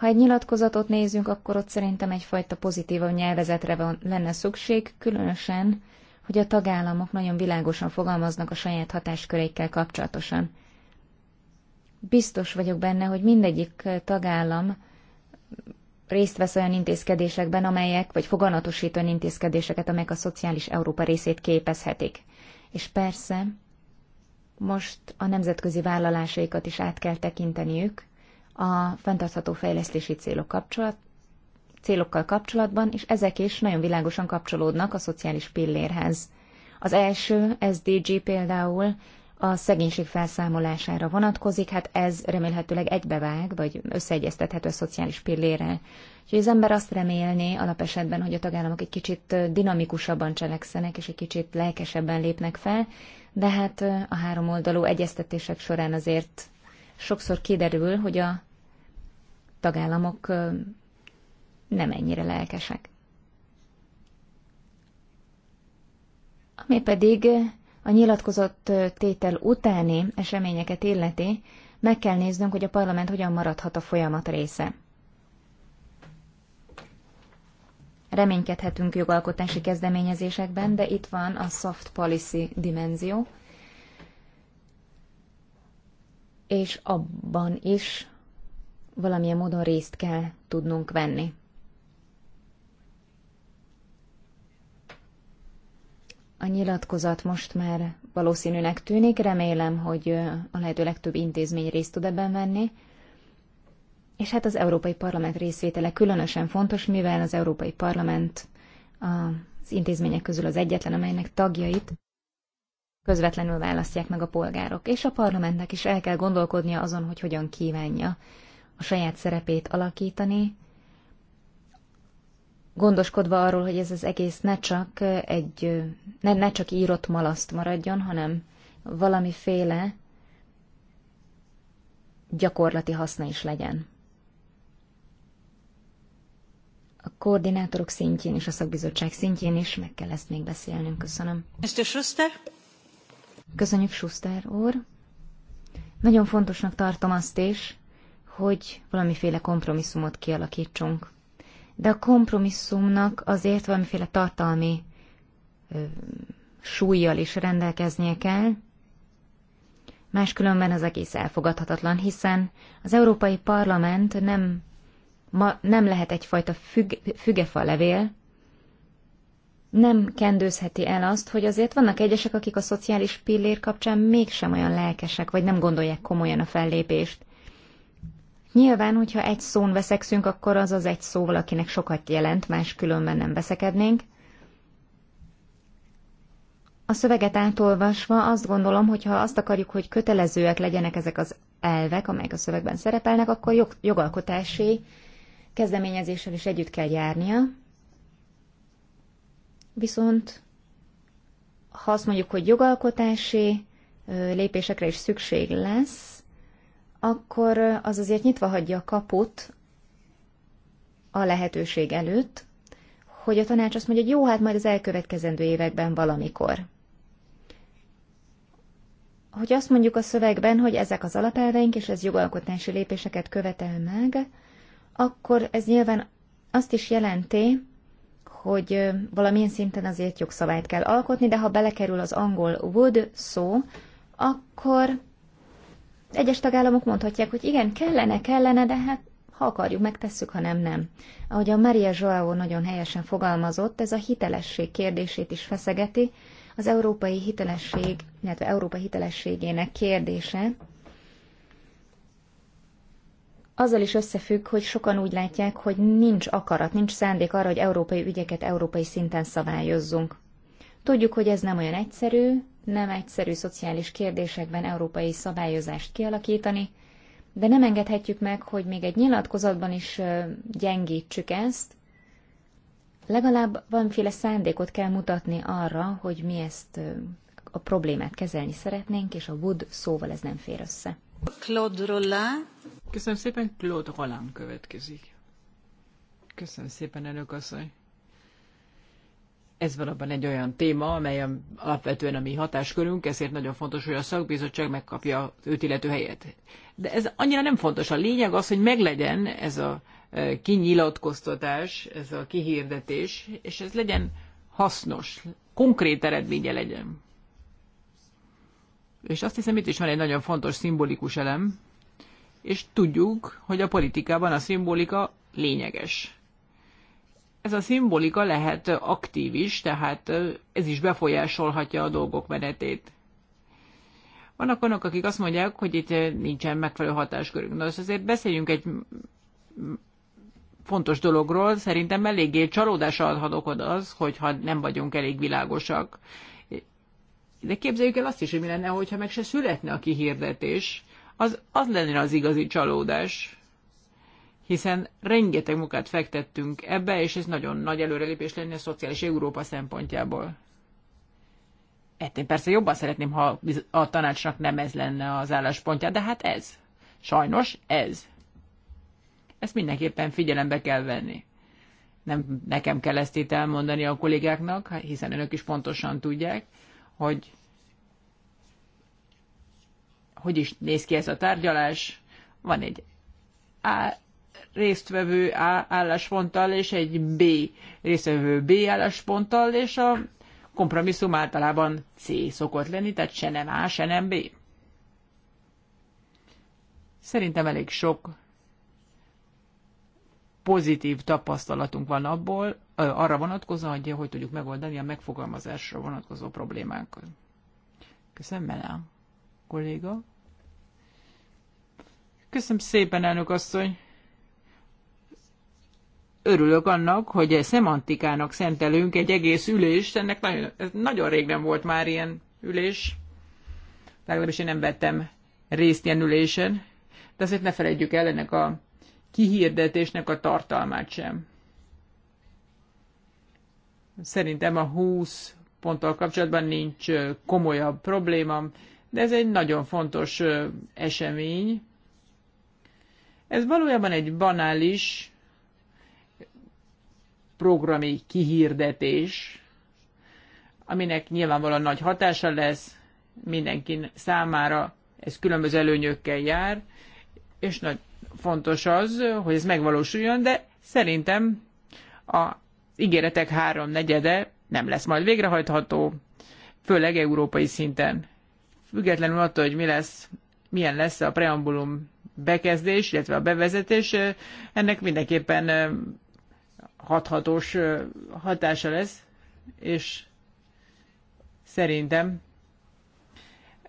ha egy nyilatkozatot nézünk, akkor ott szerintem egyfajta pozitív nyelvezetre van, lenne szükség, különösen, hogy a tagállamok nagyon világosan fogalmaznak a saját hatásköreikkel kapcsolatosan. Biztos vagyok benne, hogy mindegyik eh, tagállam részt vesz olyan intézkedésekben, amelyek, vagy foganatosít olyan intézkedéseket, amelyek a szociális Európa részét képezhetik. És persze, most a nemzetközi vállalásaikat is át kell tekinteniük, a fenntartható fejlesztési célok kapcsolat, célokkal kapcsolatban, és ezek is nagyon világosan kapcsolódnak a szociális pillérhez. Az első SDG például a szegénység felszámolására vonatkozik, hát ez remélhetőleg egybevág, vagy összeegyeztethető a szociális pillérrel. Úgyhogy az ember azt remélné alapesetben, hogy a tagállamok egy kicsit dinamikusabban cselekszenek, és egy kicsit lelkesebben lépnek fel, de hát a három oldalú egyeztetések során azért sokszor kiderül, hogy a tagállamok nem ennyire lelkesek. Ami pedig a nyilatkozott tétel utáni eseményeket illeti, meg kell néznünk, hogy a parlament hogyan maradhat a folyamat része. Reménykedhetünk jogalkotási kezdeményezésekben, de itt van a soft policy dimenzió – és abban is valamilyen módon részt kell tudnunk venni. A nyilatkozat most már valószínűnek tűnik, remélem, hogy a lehető legtöbb intézmény részt tud ebben venni. És hát az Európai Parlament részvétele különösen fontos, mivel az Európai Parlament az intézmények közül az egyetlen, amelynek tagjait közvetlenül választják meg a polgárok, és a parlamentnek is el kell gondolkodnia azon, hogy hogyan kívánja a saját szerepét alakítani, gondoskodva arról, hogy ez az egész ne csak egy, ne, ne csak írott malaszt maradjon, hanem valamiféle gyakorlati haszna is legyen. A koordinátorok szintjén és a szakbizottság szintjén is meg kell ezt még beszélnünk. Köszönöm. Mr. Schuster? Köszönjük, Schuster úr. Nagyon fontosnak tartom azt is, hogy valamiféle kompromisszumot kialakítsunk. De a kompromisszumnak azért valamiféle tartalmi ö, súlyjal is rendelkeznie kell, máskülönben az egész elfogadhatatlan, hiszen az Európai Parlament nem, ma, nem lehet egyfajta füge, fügefa levél, nem kendőzheti el azt, hogy azért vannak egyesek, akik a szociális pillér kapcsán mégsem olyan lelkesek, vagy nem gondolják komolyan a fellépést. Nyilván, hogyha egy szón veszekszünk, akkor az az egy szó valakinek sokat jelent, más különben nem veszekednénk. A szöveget átolvasva azt gondolom, hogy ha azt akarjuk, hogy kötelezőek legyenek ezek az elvek, amelyek a szövegben szerepelnek, akkor jog, jogalkotási kezdeményezéssel is együtt kell járnia, viszont ha azt mondjuk, hogy jogalkotási lépésekre is szükség lesz, akkor az azért nyitva hagyja a kaput a lehetőség előtt, hogy a tanács azt mondja, hogy jó, hát majd az elkövetkezendő években valamikor. Hogy azt mondjuk a szövegben, hogy ezek az alapelveink, és ez jogalkotási lépéseket követel meg, akkor ez nyilván azt is jelenti, hogy valamilyen szinten azért jogszabályt kell alkotni, de ha belekerül az angol would szó, akkor egyes tagállamok mondhatják, hogy igen, kellene, kellene, de hát ha akarjuk, megtesszük, ha nem, nem. Ahogy a Maria Joao nagyon helyesen fogalmazott, ez a hitelesség kérdését is feszegeti, az európai hitelesség, illetve európai hitelességének kérdése, azzal is összefügg, hogy sokan úgy látják, hogy nincs akarat, nincs szándék arra, hogy európai ügyeket európai szinten szabályozzunk. Tudjuk, hogy ez nem olyan egyszerű, nem egyszerű szociális kérdésekben európai szabályozást kialakítani, de nem engedhetjük meg, hogy még egy nyilatkozatban is gyengítsük ezt. Legalább valamiféle szándékot kell mutatni arra, hogy mi ezt a problémát kezelni szeretnénk, és a wood szóval ez nem fér össze. Claude Rollin Köszönöm szépen, Claude Roland következik. Köszönöm szépen, elnök asszony. Ez valóban egy olyan téma, amely alapvetően a mi hatáskörünk, ezért nagyon fontos, hogy a szakbizottság megkapja őt illető helyet. De ez annyira nem fontos. A lényeg az, hogy meglegyen ez a e, kinyilatkoztatás, ez a kihirdetés, és ez legyen hasznos, konkrét eredménye legyen. És azt hiszem, itt is van egy nagyon fontos szimbolikus elem, és tudjuk, hogy a politikában a szimbolika lényeges. Ez a szimbolika lehet aktív is, tehát ez is befolyásolhatja a dolgok menetét. Vannak olyanok, akik azt mondják, hogy itt nincsen megfelelő hatáskörünk. Na, azért beszéljünk egy fontos dologról. Szerintem eléggé csalódásra adhat okod az, hogyha nem vagyunk elég világosak. De képzeljük el azt is, hogy mi lenne, hogyha meg se születne a kihirdetés az, az lenne az igazi csalódás, hiszen rengeteg munkát fektettünk ebbe, és ez nagyon nagy előrelépés lenne a szociális Európa szempontjából. Én persze jobban szeretném, ha a tanácsnak nem ez lenne az álláspontja, de hát ez. Sajnos ez. Ezt mindenképpen figyelembe kell venni. Nem nekem kell ezt itt elmondani a kollégáknak, hiszen önök is pontosan tudják, hogy hogy is néz ki ez a tárgyalás. Van egy A résztvevő A állásponttal, és egy B résztvevő B állásponttal, és a kompromisszum általában C szokott lenni, tehát se nem A, se nem B. Szerintem elég sok pozitív tapasztalatunk van abból, arra vonatkozóan, hogy hogy tudjuk megoldani a megfogalmazásra vonatkozó problémánkat. Köszönöm, Melán kolléga. Köszönöm szépen, elnök asszony. Örülök annak, hogy a szemantikának szentelünk egy egész ülést. Ennek nagyon, nagyon rég nem volt már ilyen ülés. Legalábbis én nem vettem részt ilyen ülésen. De azért ne felejtjük el ennek a kihirdetésnek a tartalmát sem. Szerintem a 20 ponttal kapcsolatban nincs komolyabb probléma, de ez egy nagyon fontos esemény. Ez valójában egy banális programi kihirdetés, aminek nyilvánvalóan nagy hatása lesz mindenkin számára, ez különböző előnyökkel jár, és nagy fontos az, hogy ez megvalósuljon, de szerintem a ígéretek háromnegyede nem lesz majd végrehajtható, főleg európai szinten. Függetlenül attól, hogy mi lesz, milyen lesz a preambulum bekezdés, illetve a bevezetés, ennek mindenképpen hathatós hatása lesz, és szerintem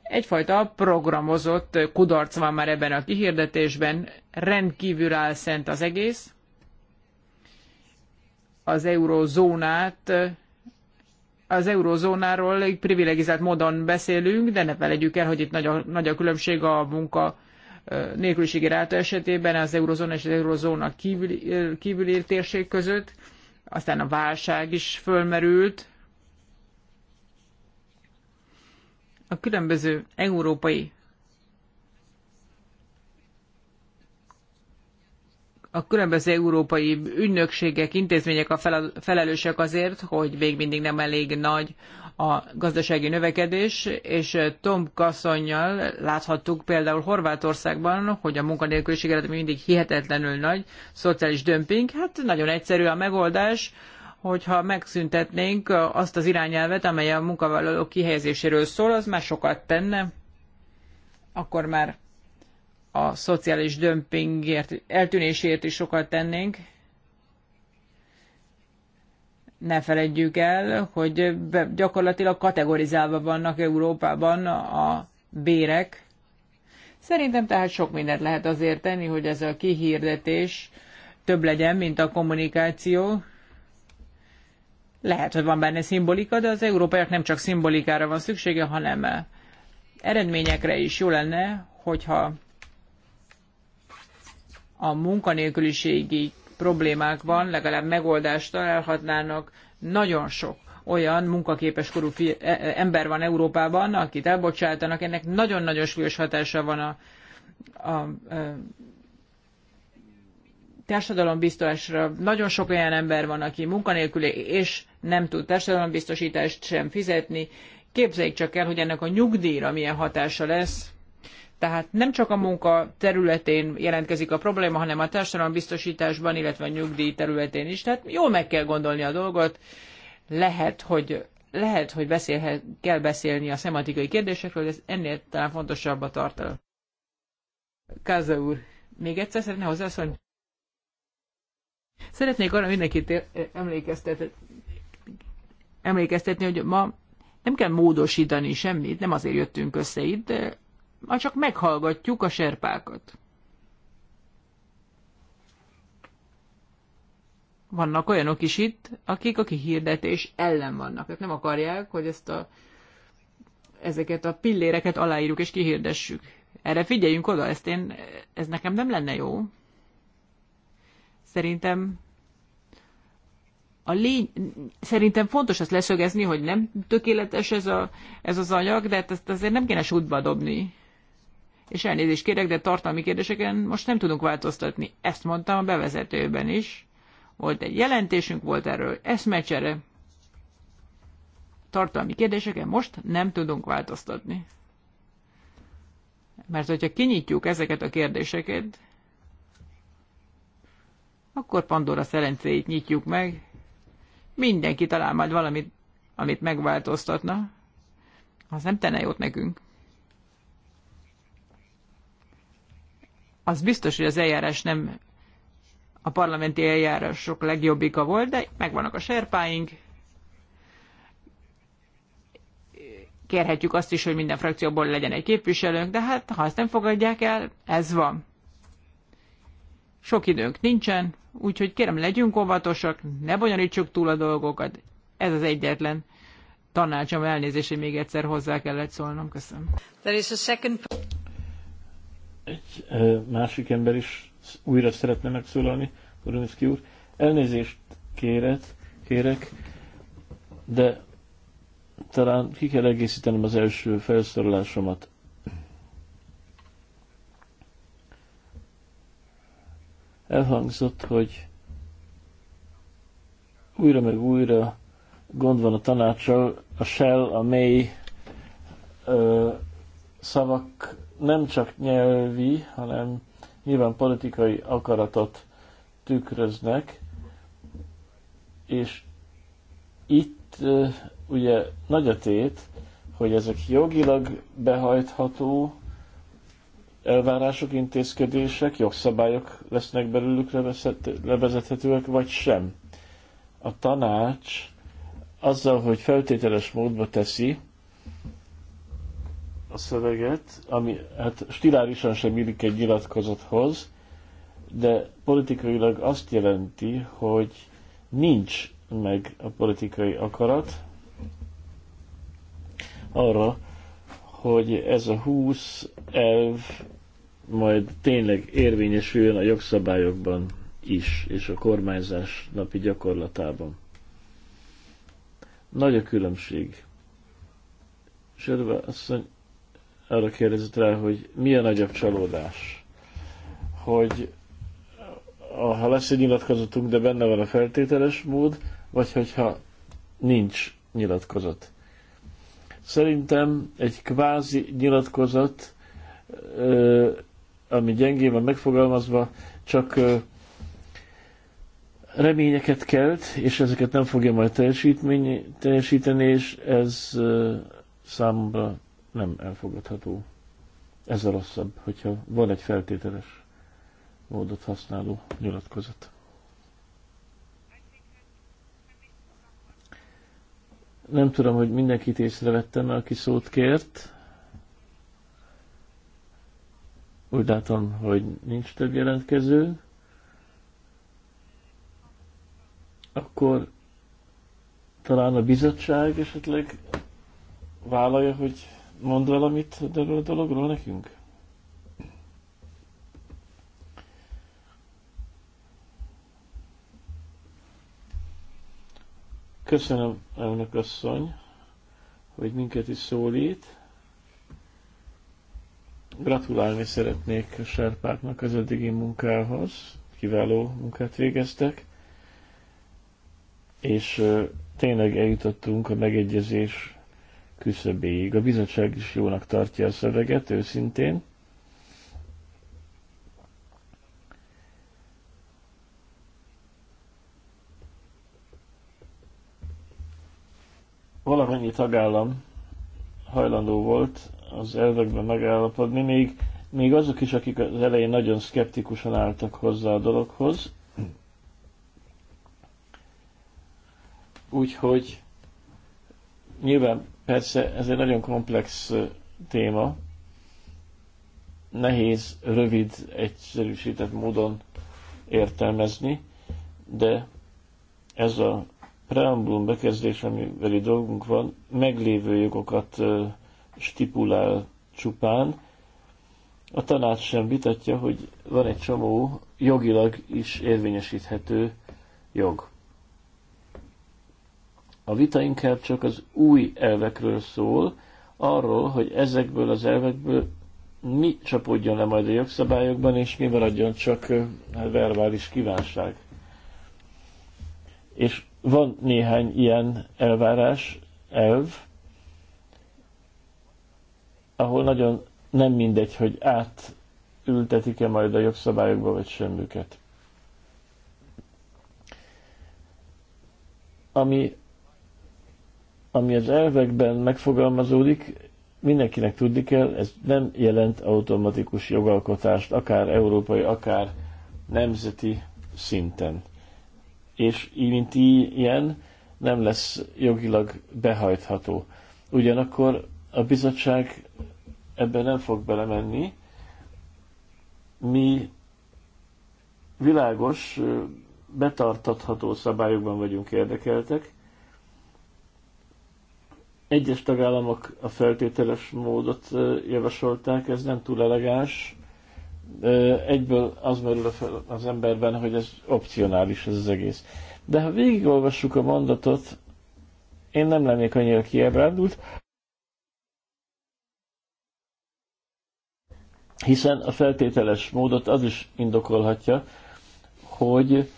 egyfajta programozott kudarc van már ebben a kihirdetésben, rendkívül áll szent az egész, az eurozónát, az eurozónáról egy privilegizált módon beszélünk, de ne felejtjük el, hogy itt nagy a, nagy a különbség a munka nélküliségi ráta esetében az eurozóna és az eurozóna kívüli, kívüli térség között, aztán a válság is fölmerült. A különböző európai a különböző európai ügynökségek, intézmények a felelősek azért, hogy még mindig nem elég nagy a gazdasági növekedés, és Tom Kasszonynal láthattuk például Horvátországban, hogy a munkanélküliség eredmény mindig hihetetlenül nagy, szociális dömping, hát nagyon egyszerű a megoldás, hogyha megszüntetnénk azt az irányelvet, amely a munkavállalók kihelyezéséről szól, az már sokat tenne, akkor már a szociális dömpingért, eltűnésért is sokat tennénk, ne feledjük el, hogy gyakorlatilag kategorizálva vannak Európában a bérek. Szerintem tehát sok mindent lehet azért tenni, hogy ez a kihirdetés több legyen, mint a kommunikáció. Lehet, hogy van benne szimbolika, de az európaiak nem csak szimbolikára van szüksége, hanem eredményekre is jó lenne, hogyha a munkanélküliségi problémákban legalább megoldást találhatnának. Nagyon sok olyan munkaképes korú e- e- ember van Európában, akit elbocsátanak, ennek nagyon-nagyon súlyos hatása van a, a, a társadalombiztosra. Nagyon sok olyan ember van, aki munkanélküli, és nem tud társadalombiztosítást sem fizetni. Képzeljük csak el, hogy ennek a nyugdíjra milyen hatása lesz. Tehát nem csak a munka területén jelentkezik a probléma, hanem a társadalombiztosításban, illetve a nyugdíj területén is. Tehát jól meg kell gondolni a dolgot. Lehet, hogy lehet, hogy beszélhet, kell beszélni a szematikai kérdésekről, de ez ennél talán fontosabb a tartalom. Káza úr, még egyszer szeretne hozzászólni? Szeretnék arra mindenkit eh, emlékeztetni, emlékeztetni, hogy ma nem kell módosítani semmit, nem azért jöttünk össze itt, ma csak meghallgatjuk a serpákat. Vannak olyanok is itt, akik a kihirdetés ellen vannak. Tehát nem akarják, hogy ezt a, ezeket a pilléreket aláírjuk és kihirdessük. Erre figyeljünk oda, ezt én, ez nekem nem lenne jó. Szerintem a lény, szerintem fontos ezt leszögezni, hogy nem tökéletes ez, a, ez az anyag, de ezt azért nem kéne sútba dobni és elnézést kérek, de tartalmi kérdéseken most nem tudunk változtatni. Ezt mondtam a bevezetőben is. Volt egy jelentésünk, volt erről eszmecsere. Tartalmi kérdéseken most nem tudunk változtatni. Mert hogyha kinyitjuk ezeket a kérdéseket, akkor Pandora szerencéjét nyitjuk meg. Mindenki talál majd valamit, amit megváltoztatna. Az nem tenne jót nekünk. az biztos, hogy az eljárás nem a parlamenti eljárások legjobbika volt, de megvannak a serpáink. Kérhetjük azt is, hogy minden frakcióból legyen egy képviselőnk, de hát ha ezt nem fogadják el, ez van. Sok időnk nincsen, úgyhogy kérem, legyünk óvatosak, ne bonyolítsuk túl a dolgokat. Ez az egyetlen tanácsom, elnézést, hogy még egyszer hozzá kellett szólnom. Köszönöm egy másik ember is újra szeretne megszólalni, Koroniszki úr. Elnézést kéret, kérek, de talán ki kell egészítenem az első felszólalásomat. Elhangzott, hogy újra meg újra gond van a tanácssal, a shell, a mély ö, szavak nem csak nyelvi, hanem nyilván politikai akaratot tükröznek, és itt ugye nagy a tét, hogy ezek jogilag behajtható elvárások, intézkedések, jogszabályok lesznek belőlük levezethetőek, vagy sem. A tanács azzal, hogy feltételes módba teszi a szöveget, ami hát stilárisan sem illik egy nyilatkozathoz, de politikailag azt jelenti, hogy nincs meg a politikai akarat arra, hogy ez a 20 elv majd tényleg érvényesüljön a jogszabályokban is, és a kormányzás napi gyakorlatában. Nagy a különbség. Sörve mondja, arra kérdezett rá, hogy mi a nagyobb csalódás. Hogy a, ha lesz egy nyilatkozatunk, de benne van a feltételes mód, vagy hogyha nincs nyilatkozat. Szerintem egy kvázi nyilatkozat, ami gyengén van megfogalmazva, csak reményeket kelt, és ezeket nem fogja majd teljesíteni, és ez számomra nem elfogadható. Ez a rosszabb, hogyha van egy feltételes módot használó nyilatkozat. Nem tudom, hogy mindenkit észrevettem, aki szót kért. Úgy látom, hogy nincs több jelentkező. Akkor talán a bizottság esetleg vállalja, hogy Mond valamit erről a dologról nekünk? Köszönöm, elnök asszony, hogy minket is szólít. Gratulálni szeretnék a serpáknak az eddigi munkához. Kiváló munkát végeztek, és tényleg eljutottunk a megegyezés küszöbéig. A bizottság is jónak tartja a szöveget, őszintén. Valamennyi tagállam hajlandó volt az elvekben megállapodni, még, még azok is, akik az elején nagyon szkeptikusan álltak hozzá a dologhoz. Úgyhogy nyilván Persze ez egy nagyon komplex téma, nehéz, rövid, egyszerűsített módon értelmezni, de ez a preambulum bekezdés, amivel itt dolgunk van, meglévő jogokat stipulál csupán. A tanács sem vitatja, hogy van egy csomó jogilag is érvényesíthető jog. A vita inkább csak az új elvekről szól, arról, hogy ezekből az elvekből mi csapódjon le majd a jogszabályokban, és mi maradjon csak hát, verbális kívánság. És van néhány ilyen elvárás, elv, ahol nagyon nem mindegy, hogy átültetik-e majd a jogszabályokba, vagy sem Ami ami az elvekben megfogalmazódik, mindenkinek tudni kell, ez nem jelent automatikus jogalkotást, akár európai, akár nemzeti szinten. És így, mint ilyen, nem lesz jogilag behajtható. Ugyanakkor a bizottság ebben nem fog belemenni. Mi világos, betartatható szabályokban vagyunk érdekeltek, egyes tagállamok a feltételes módot javasolták, ez nem túl elegáns. Egyből az merül az emberben, hogy ez opcionális ez az egész. De ha végigolvassuk a mondatot, én nem lennék annyira kiebrándult, hiszen a feltételes módot az is indokolhatja, hogy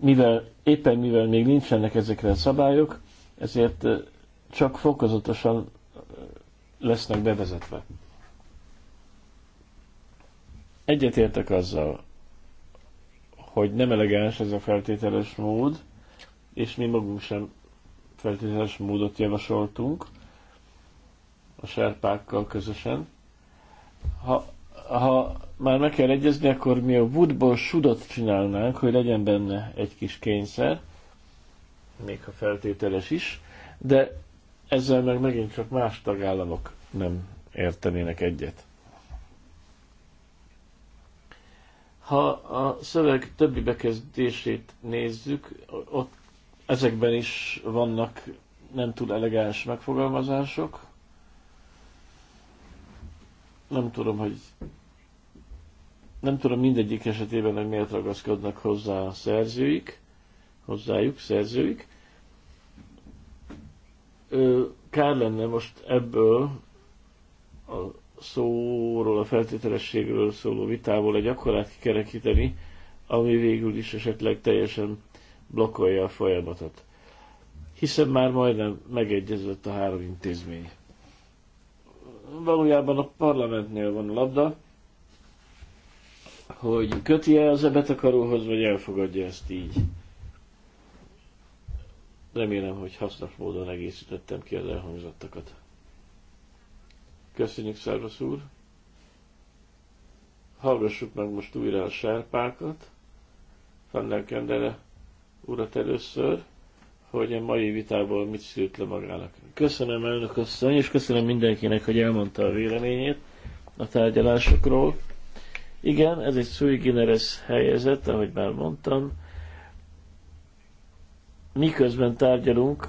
mivel, éppen mivel még nincsenek ezekre a szabályok, ezért csak fokozatosan lesznek bevezetve. Egyetértek azzal, hogy nem elegáns ez a feltételes mód, és mi magunk sem feltételes módot javasoltunk a serpákkal közösen. Ha, ha már meg kell egyezni, akkor mi a woodból sudot csinálnánk, hogy legyen benne egy kis kényszer, még ha feltételes is, de ezzel meg megint csak más tagállamok nem értenének egyet. Ha a szöveg többi bekezdését nézzük, ott ezekben is vannak nem túl elegáns megfogalmazások. Nem tudom, hogy nem tudom mindegyik esetében, hogy miért ragaszkodnak hozzá a szerzőik, hozzájuk szerzőik kár lenne most ebből a szóról, a feltételességről szóló vitából egy akkorát kikerekíteni, ami végül is esetleg teljesen blokkolja a folyamatot. Hiszen már majdnem megegyezett a három intézmény. Valójában a parlamentnél van a labda, hogy köti-e az ebetakaróhoz, vagy elfogadja ezt így. Remélem, hogy hasznos módon egészítettem ki az elhangzottakat. Köszönjük, Szervasz úr! Hallgassuk meg most újra a sárpákat. Fennelkendere urat először, hogy a mai vitából mit szült le magának. Köszönöm elnök asszony, és köszönöm mindenkinek, hogy elmondta a véleményét a tárgyalásokról. Igen, ez egy sui generis helyzet, ahogy már mondtam miközben tárgyalunk,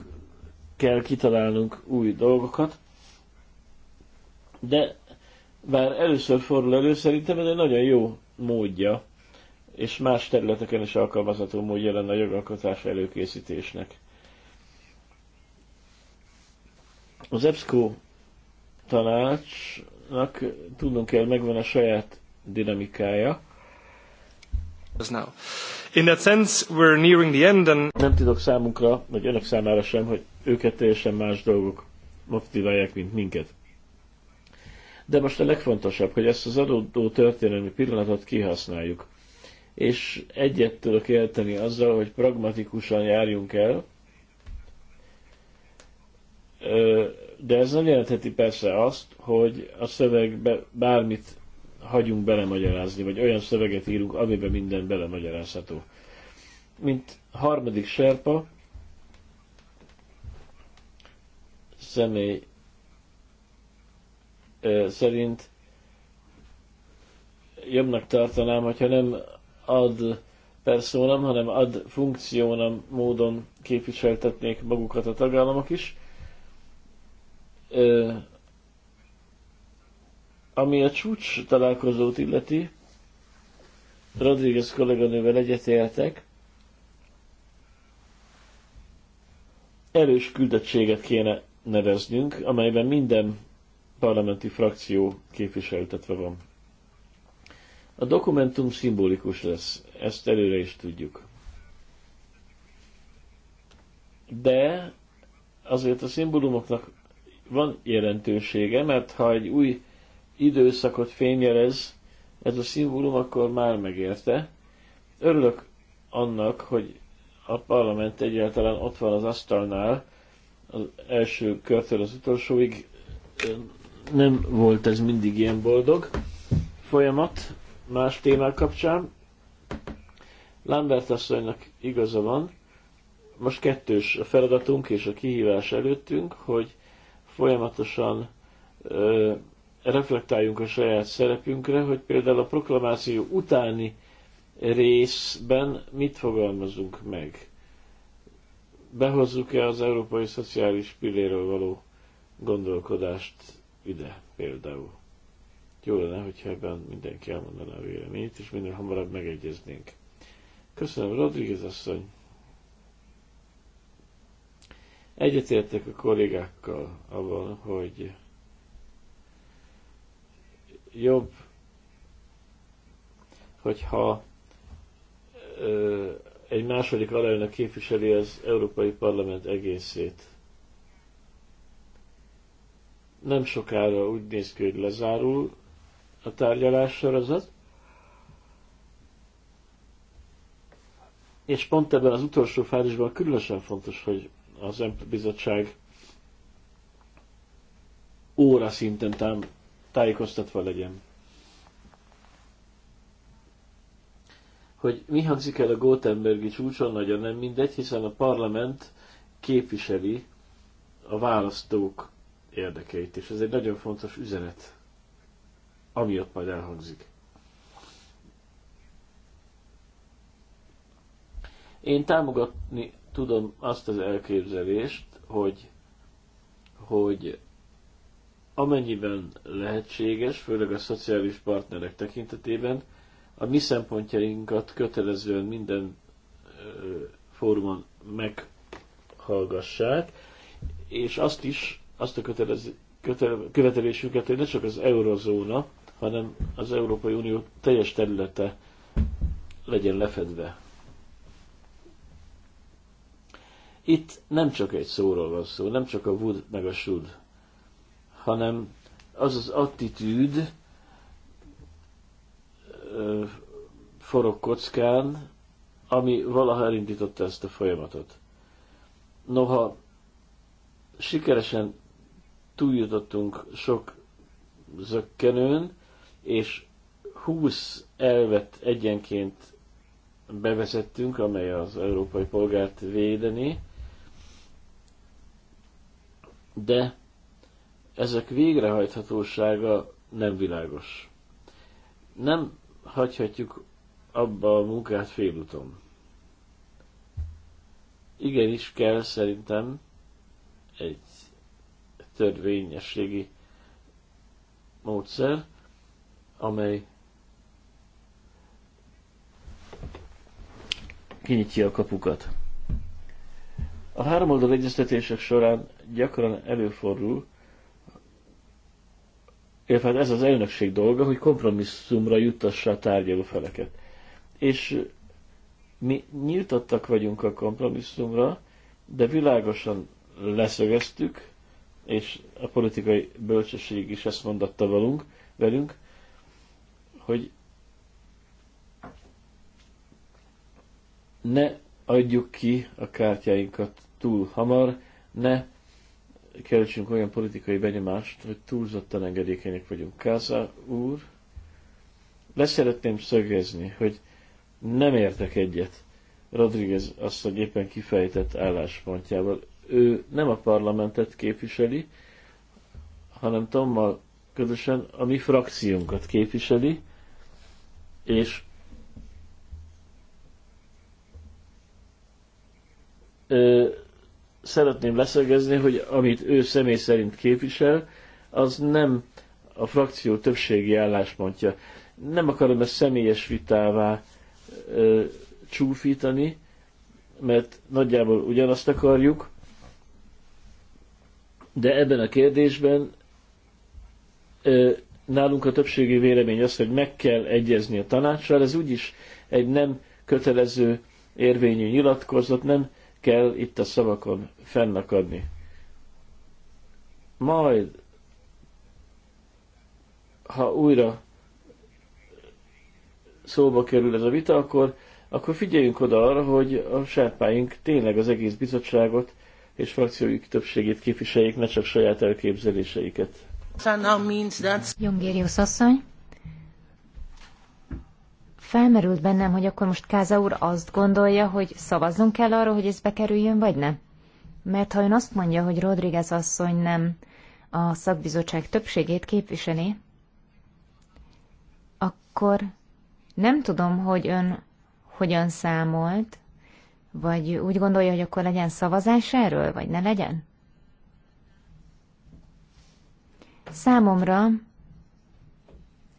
kell kitalálnunk új dolgokat, de bár először fordul elő, szerintem ez egy nagyon jó módja, és más területeken is alkalmazható módja lenne a jogalkotás előkészítésnek. Az EBSCO tanácsnak tudnunk kell megvan a saját dinamikája. Now. In that sense, we're nearing the end and... Nem titok számunkra, vagy önök számára sem, hogy őket teljesen más dolgok motiválják, mint minket. De most a legfontosabb, hogy ezt az adódó történelmi pillanatot kihasználjuk. És egyet tudok érteni azzal, hogy pragmatikusan járjunk el, de ez nem jelentheti persze azt, hogy a szövegbe bármit hagyunk belemagyarázni, vagy olyan szöveget írunk, amiben minden belemagyarázható. Mint harmadik serpa, személy szerint jobbnak tartanám, hogyha nem ad personam, hanem ad funkciónam módon képviseltetnék magukat a tagállamok is. Ami a csúcs találkozót illeti, Rodriguez kolléganővel egyetértek, erős küldettséget kéne neveznünk, amelyben minden parlamenti frakció képviseltetve van. A dokumentum szimbolikus lesz, ezt előre is tudjuk. De azért a szimbólumoknak van jelentősége, mert ha egy új időszakot fényjelez ez a szimbólum, akkor már megérte. Örülök annak, hogy a parlament egyáltalán ott van az asztalnál, az első körtől az utolsóig nem volt ez mindig ilyen boldog folyamat más témák kapcsán. Lambert asszonynak igaza van, most kettős a feladatunk és a kihívás előttünk, hogy folyamatosan ö, reflektáljunk a saját szerepünkre, hogy például a proklamáció utáni részben mit fogalmazunk meg. Behozzuk-e az európai szociális pilléről való gondolkodást ide például? Jó lenne, hogyha ebben mindenki elmondaná a véleményét, és minél hamarabb megegyeznénk. Köszönöm, Rodríguez asszony! Egyetértek a kollégákkal abban, hogy jobb, hogyha ö, egy második alelnök képviseli az Európai Parlament egészét. Nem sokára úgy néz ki, hogy lezárul a tárgyalás sorozat. és pont ebben az utolsó fázisban különösen fontos, hogy az EMP bizottság óra szinten tájékoztatva legyen. Hogy mi hangzik el a Gothenburgi csúcson, nagyon nem mindegy, hiszen a parlament képviseli a választók érdekeit, és ez egy nagyon fontos üzenet, ami ott majd elhangzik. Én támogatni tudom azt az elképzelést, hogy, hogy amennyiben lehetséges, főleg a szociális partnerek tekintetében, a mi szempontjainkat kötelezően minden ö, fórumon meghallgassák, és azt is, azt a kötelez, kötele, követelésünket, hogy ne csak az eurozóna, hanem az Európai Unió teljes területe legyen lefedve. Itt nem csak egy szóról van szó, nem csak a wood meg a should hanem az az attitűd forog kockán, ami valaha elindította ezt a folyamatot. Noha sikeresen túljutottunk sok zökkenőn, és 20 elvet egyenként bevezettünk, amely az európai polgárt védeni, de ezek végrehajthatósága nem világos. Nem hagyhatjuk abba a munkát félúton. Igenis kell szerintem egy törvényességi módszer, amely kinyitja a kapukat. A háromoldal egyeztetések során gyakran előfordul, illetve ez az elnökség dolga, hogy kompromisszumra juttassa a tárgyaló feleket. És mi nyíltattak vagyunk a kompromisszumra, de világosan leszögeztük, és a politikai bölcsesség is ezt mondatta velünk, velünk hogy ne adjuk ki a kártyáinkat túl hamar, ne keltsünk olyan politikai benyomást, hogy túlzottan engedékenyek vagyunk. Káza úr, leszeretném szögezni, hogy nem értek egyet Rodriguez azt, hogy éppen kifejtett álláspontjával. Ő nem a parlamentet képviseli, hanem Tommal közösen a mi frakciónkat képviseli, és ö, szeretném leszögezni, hogy amit ő személy szerint képvisel, az nem a frakció többségi álláspontja. Nem akarom ezt személyes vitává ö, csúfítani, mert nagyjából ugyanazt akarjuk, de ebben a kérdésben ö, nálunk a többségi vélemény az, hogy meg kell egyezni a tanácssal, ez úgyis egy nem kötelező érvényű nyilatkozat, nem kell itt a szavakon fennakadni. Majd, ha újra szóba kerül ez a vita, akkor, akkor figyeljünk oda arra, hogy a sárpáink tényleg az egész bizottságot és frakciójuk többségét képviseljék, ne csak saját elképzeléseiket. Jungérius asszony. Felmerült bennem, hogy akkor most Káza úr azt gondolja, hogy szavazzunk kell arról, hogy ez bekerüljön, vagy nem? Mert ha ön azt mondja, hogy Rodriguez asszony nem a szakbizottság többségét képviseli, akkor nem tudom, hogy ön hogyan számolt, vagy úgy gondolja, hogy akkor legyen szavazás erről, vagy ne legyen? Számomra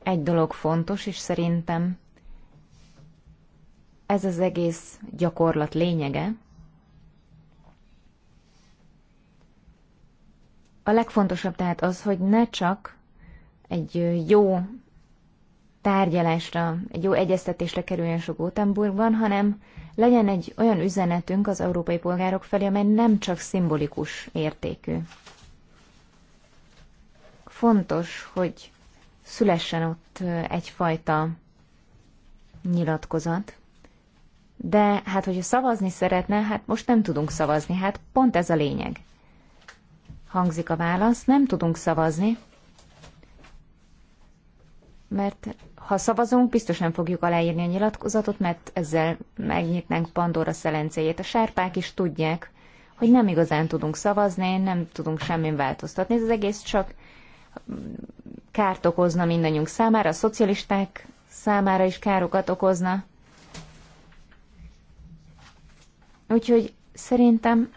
egy dolog fontos, és szerintem ez az egész gyakorlat lényege. A legfontosabb tehát az, hogy ne csak egy jó tárgyalásra, egy jó egyeztetésre kerüljön sok Gothenburgban, hanem legyen egy olyan üzenetünk az európai polgárok felé, amely nem csak szimbolikus értékű. Fontos, hogy szülessen ott egyfajta nyilatkozat de hát, hogyha szavazni szeretne, hát most nem tudunk szavazni, hát pont ez a lényeg. Hangzik a válasz, nem tudunk szavazni, mert ha szavazunk, biztos nem fogjuk aláírni a nyilatkozatot, mert ezzel megnyitnánk Pandora szelencéjét. A sárpák is tudják, hogy nem igazán tudunk szavazni, nem tudunk semmin változtatni. Ez az egész csak kárt okozna mindannyiunk számára, a szocialisták számára is károkat okozna, Úgyhogy szerintem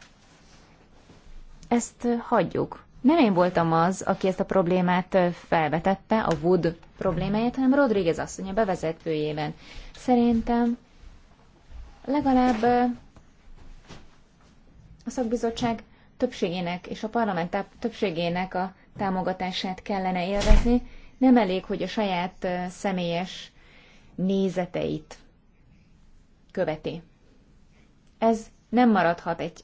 ezt hagyjuk. Nem én voltam az, aki ezt a problémát felvetette, a Wood problémáját, hanem Rodriguez asszony a bevezetőjében. Szerintem legalább a szakbizottság többségének és a parlament többségének a támogatását kellene élvezni. Nem elég, hogy a saját személyes nézeteit követi. Ez nem maradhat egy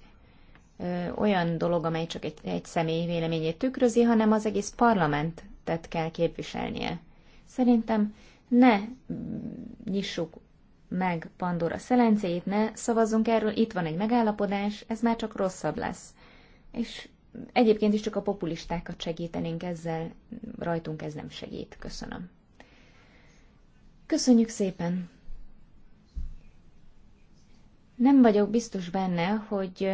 ö, olyan dolog, amely csak egy, egy személy véleményét tükrözi, hanem az egész parlamentet kell képviselnie. Szerintem ne nyissuk meg Pandora szelencéjét, ne szavazzunk erről, itt van egy megállapodás, ez már csak rosszabb lesz. És egyébként is csak a populistákat segítenénk ezzel, rajtunk ez nem segít. Köszönöm. Köszönjük szépen! Nem vagyok biztos benne, hogy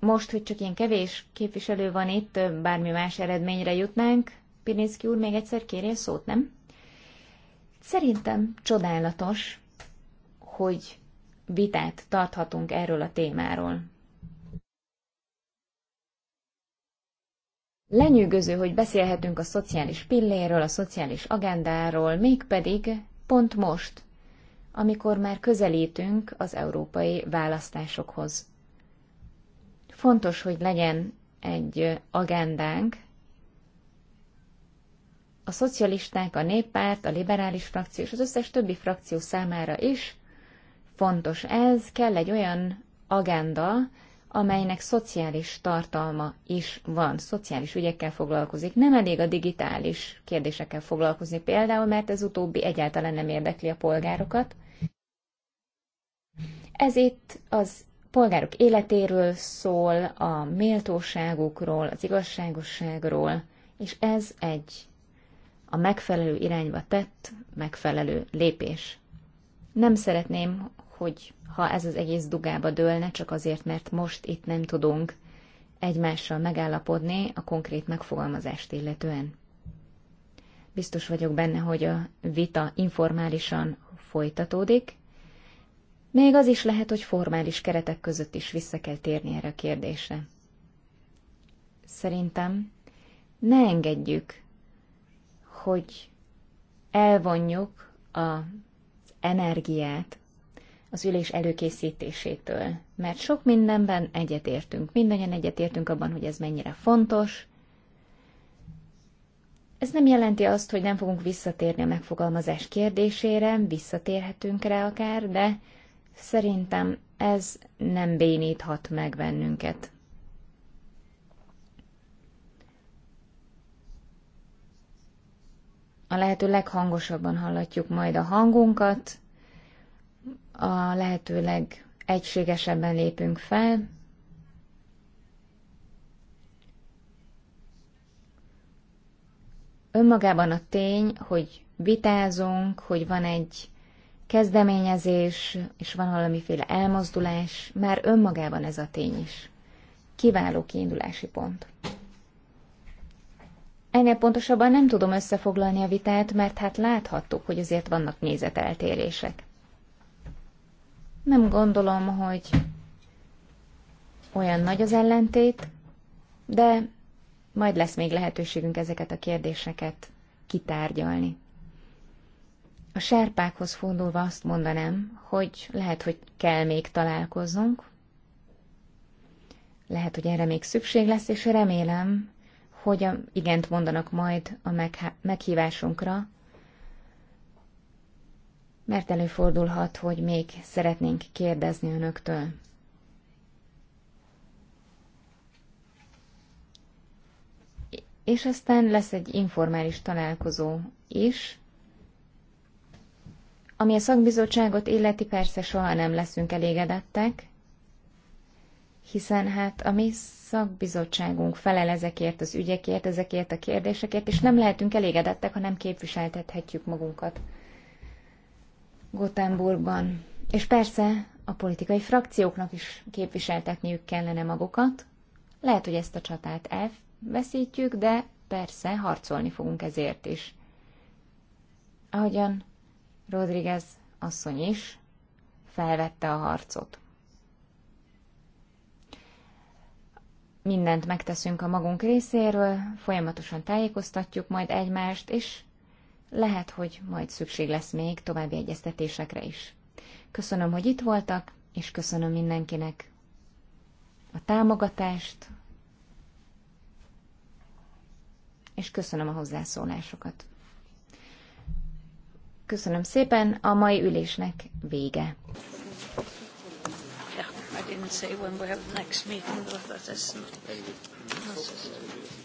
most, hogy csak ilyen kevés képviselő van itt, bármi más eredményre jutnánk. Pirinszki úr még egyszer kérje szót, nem? Szerintem csodálatos, hogy vitát tarthatunk erről a témáról. Lenyűgöző, hogy beszélhetünk a szociális pilléről, a szociális agendáról, mégpedig pont most, amikor már közelítünk az európai választásokhoz. Fontos, hogy legyen egy agendánk. A szocialisták, a néppárt, a liberális frakció és az összes többi frakció számára is fontos ez, kell egy olyan agenda, amelynek szociális tartalma is van, szociális ügyekkel foglalkozik. Nem elég a digitális kérdésekkel foglalkozni például, mert ez utóbbi egyáltalán nem érdekli a polgárokat. Ez itt az polgárok életéről szól, a méltóságukról, az igazságosságról, és ez egy a megfelelő irányba tett, megfelelő lépés. Nem szeretném, hogy ha ez az egész dugába dőlne, csak azért, mert most itt nem tudunk egymással megállapodni a konkrét megfogalmazást illetően. Biztos vagyok benne, hogy a vita informálisan folytatódik, még az is lehet, hogy formális keretek között is vissza kell térni erre a kérdésre. Szerintem ne engedjük, hogy elvonjuk az energiát az ülés előkészítésétől, mert sok mindenben egyetértünk, mindannyian egyetértünk abban, hogy ez mennyire fontos. Ez nem jelenti azt, hogy nem fogunk visszatérni a megfogalmazás kérdésére, visszatérhetünk rá akár, de szerintem ez nem béníthat meg bennünket. A lehető leghangosabban hallatjuk majd a hangunkat, a lehetőleg egységesebben lépünk fel, önmagában a tény, hogy vitázunk, hogy van egy kezdeményezés, és van valamiféle elmozdulás, már önmagában ez a tény is. Kiváló kiindulási pont. Ennél pontosabban nem tudom összefoglalni a vitát, mert hát láthattuk, hogy azért vannak nézeteltérések. Nem gondolom, hogy olyan nagy az ellentét, de majd lesz még lehetőségünk ezeket a kérdéseket kitárgyalni. A serpákhoz fordulva azt mondanám, hogy lehet, hogy kell még találkoznunk, lehet, hogy erre még szükség lesz, és remélem, hogy igent mondanak majd a meghívásunkra, mert előfordulhat, hogy még szeretnénk kérdezni önöktől. És aztán lesz egy informális találkozó is, ami a szakbizottságot illeti, persze soha nem leszünk elégedettek, hiszen hát a mi szakbizottságunk felel ezekért az ügyekért, ezekért a kérdésekért, és nem lehetünk elégedettek, ha nem képviseltethetjük magunkat. Gothenburgban. És persze a politikai frakcióknak is képviseltetniük kellene magukat. Lehet, hogy ezt a csatát elveszítjük, de persze harcolni fogunk ezért is. Ahogyan Rodriguez asszony is felvette a harcot. Mindent megteszünk a magunk részéről, folyamatosan tájékoztatjuk majd egymást, és lehet, hogy majd szükség lesz még további egyeztetésekre is. Köszönöm, hogy itt voltak, és köszönöm mindenkinek a támogatást, és köszönöm a hozzászólásokat. Köszönöm szépen, a mai ülésnek vége. Yeah, I didn't say when we have the next meeting, but that not, not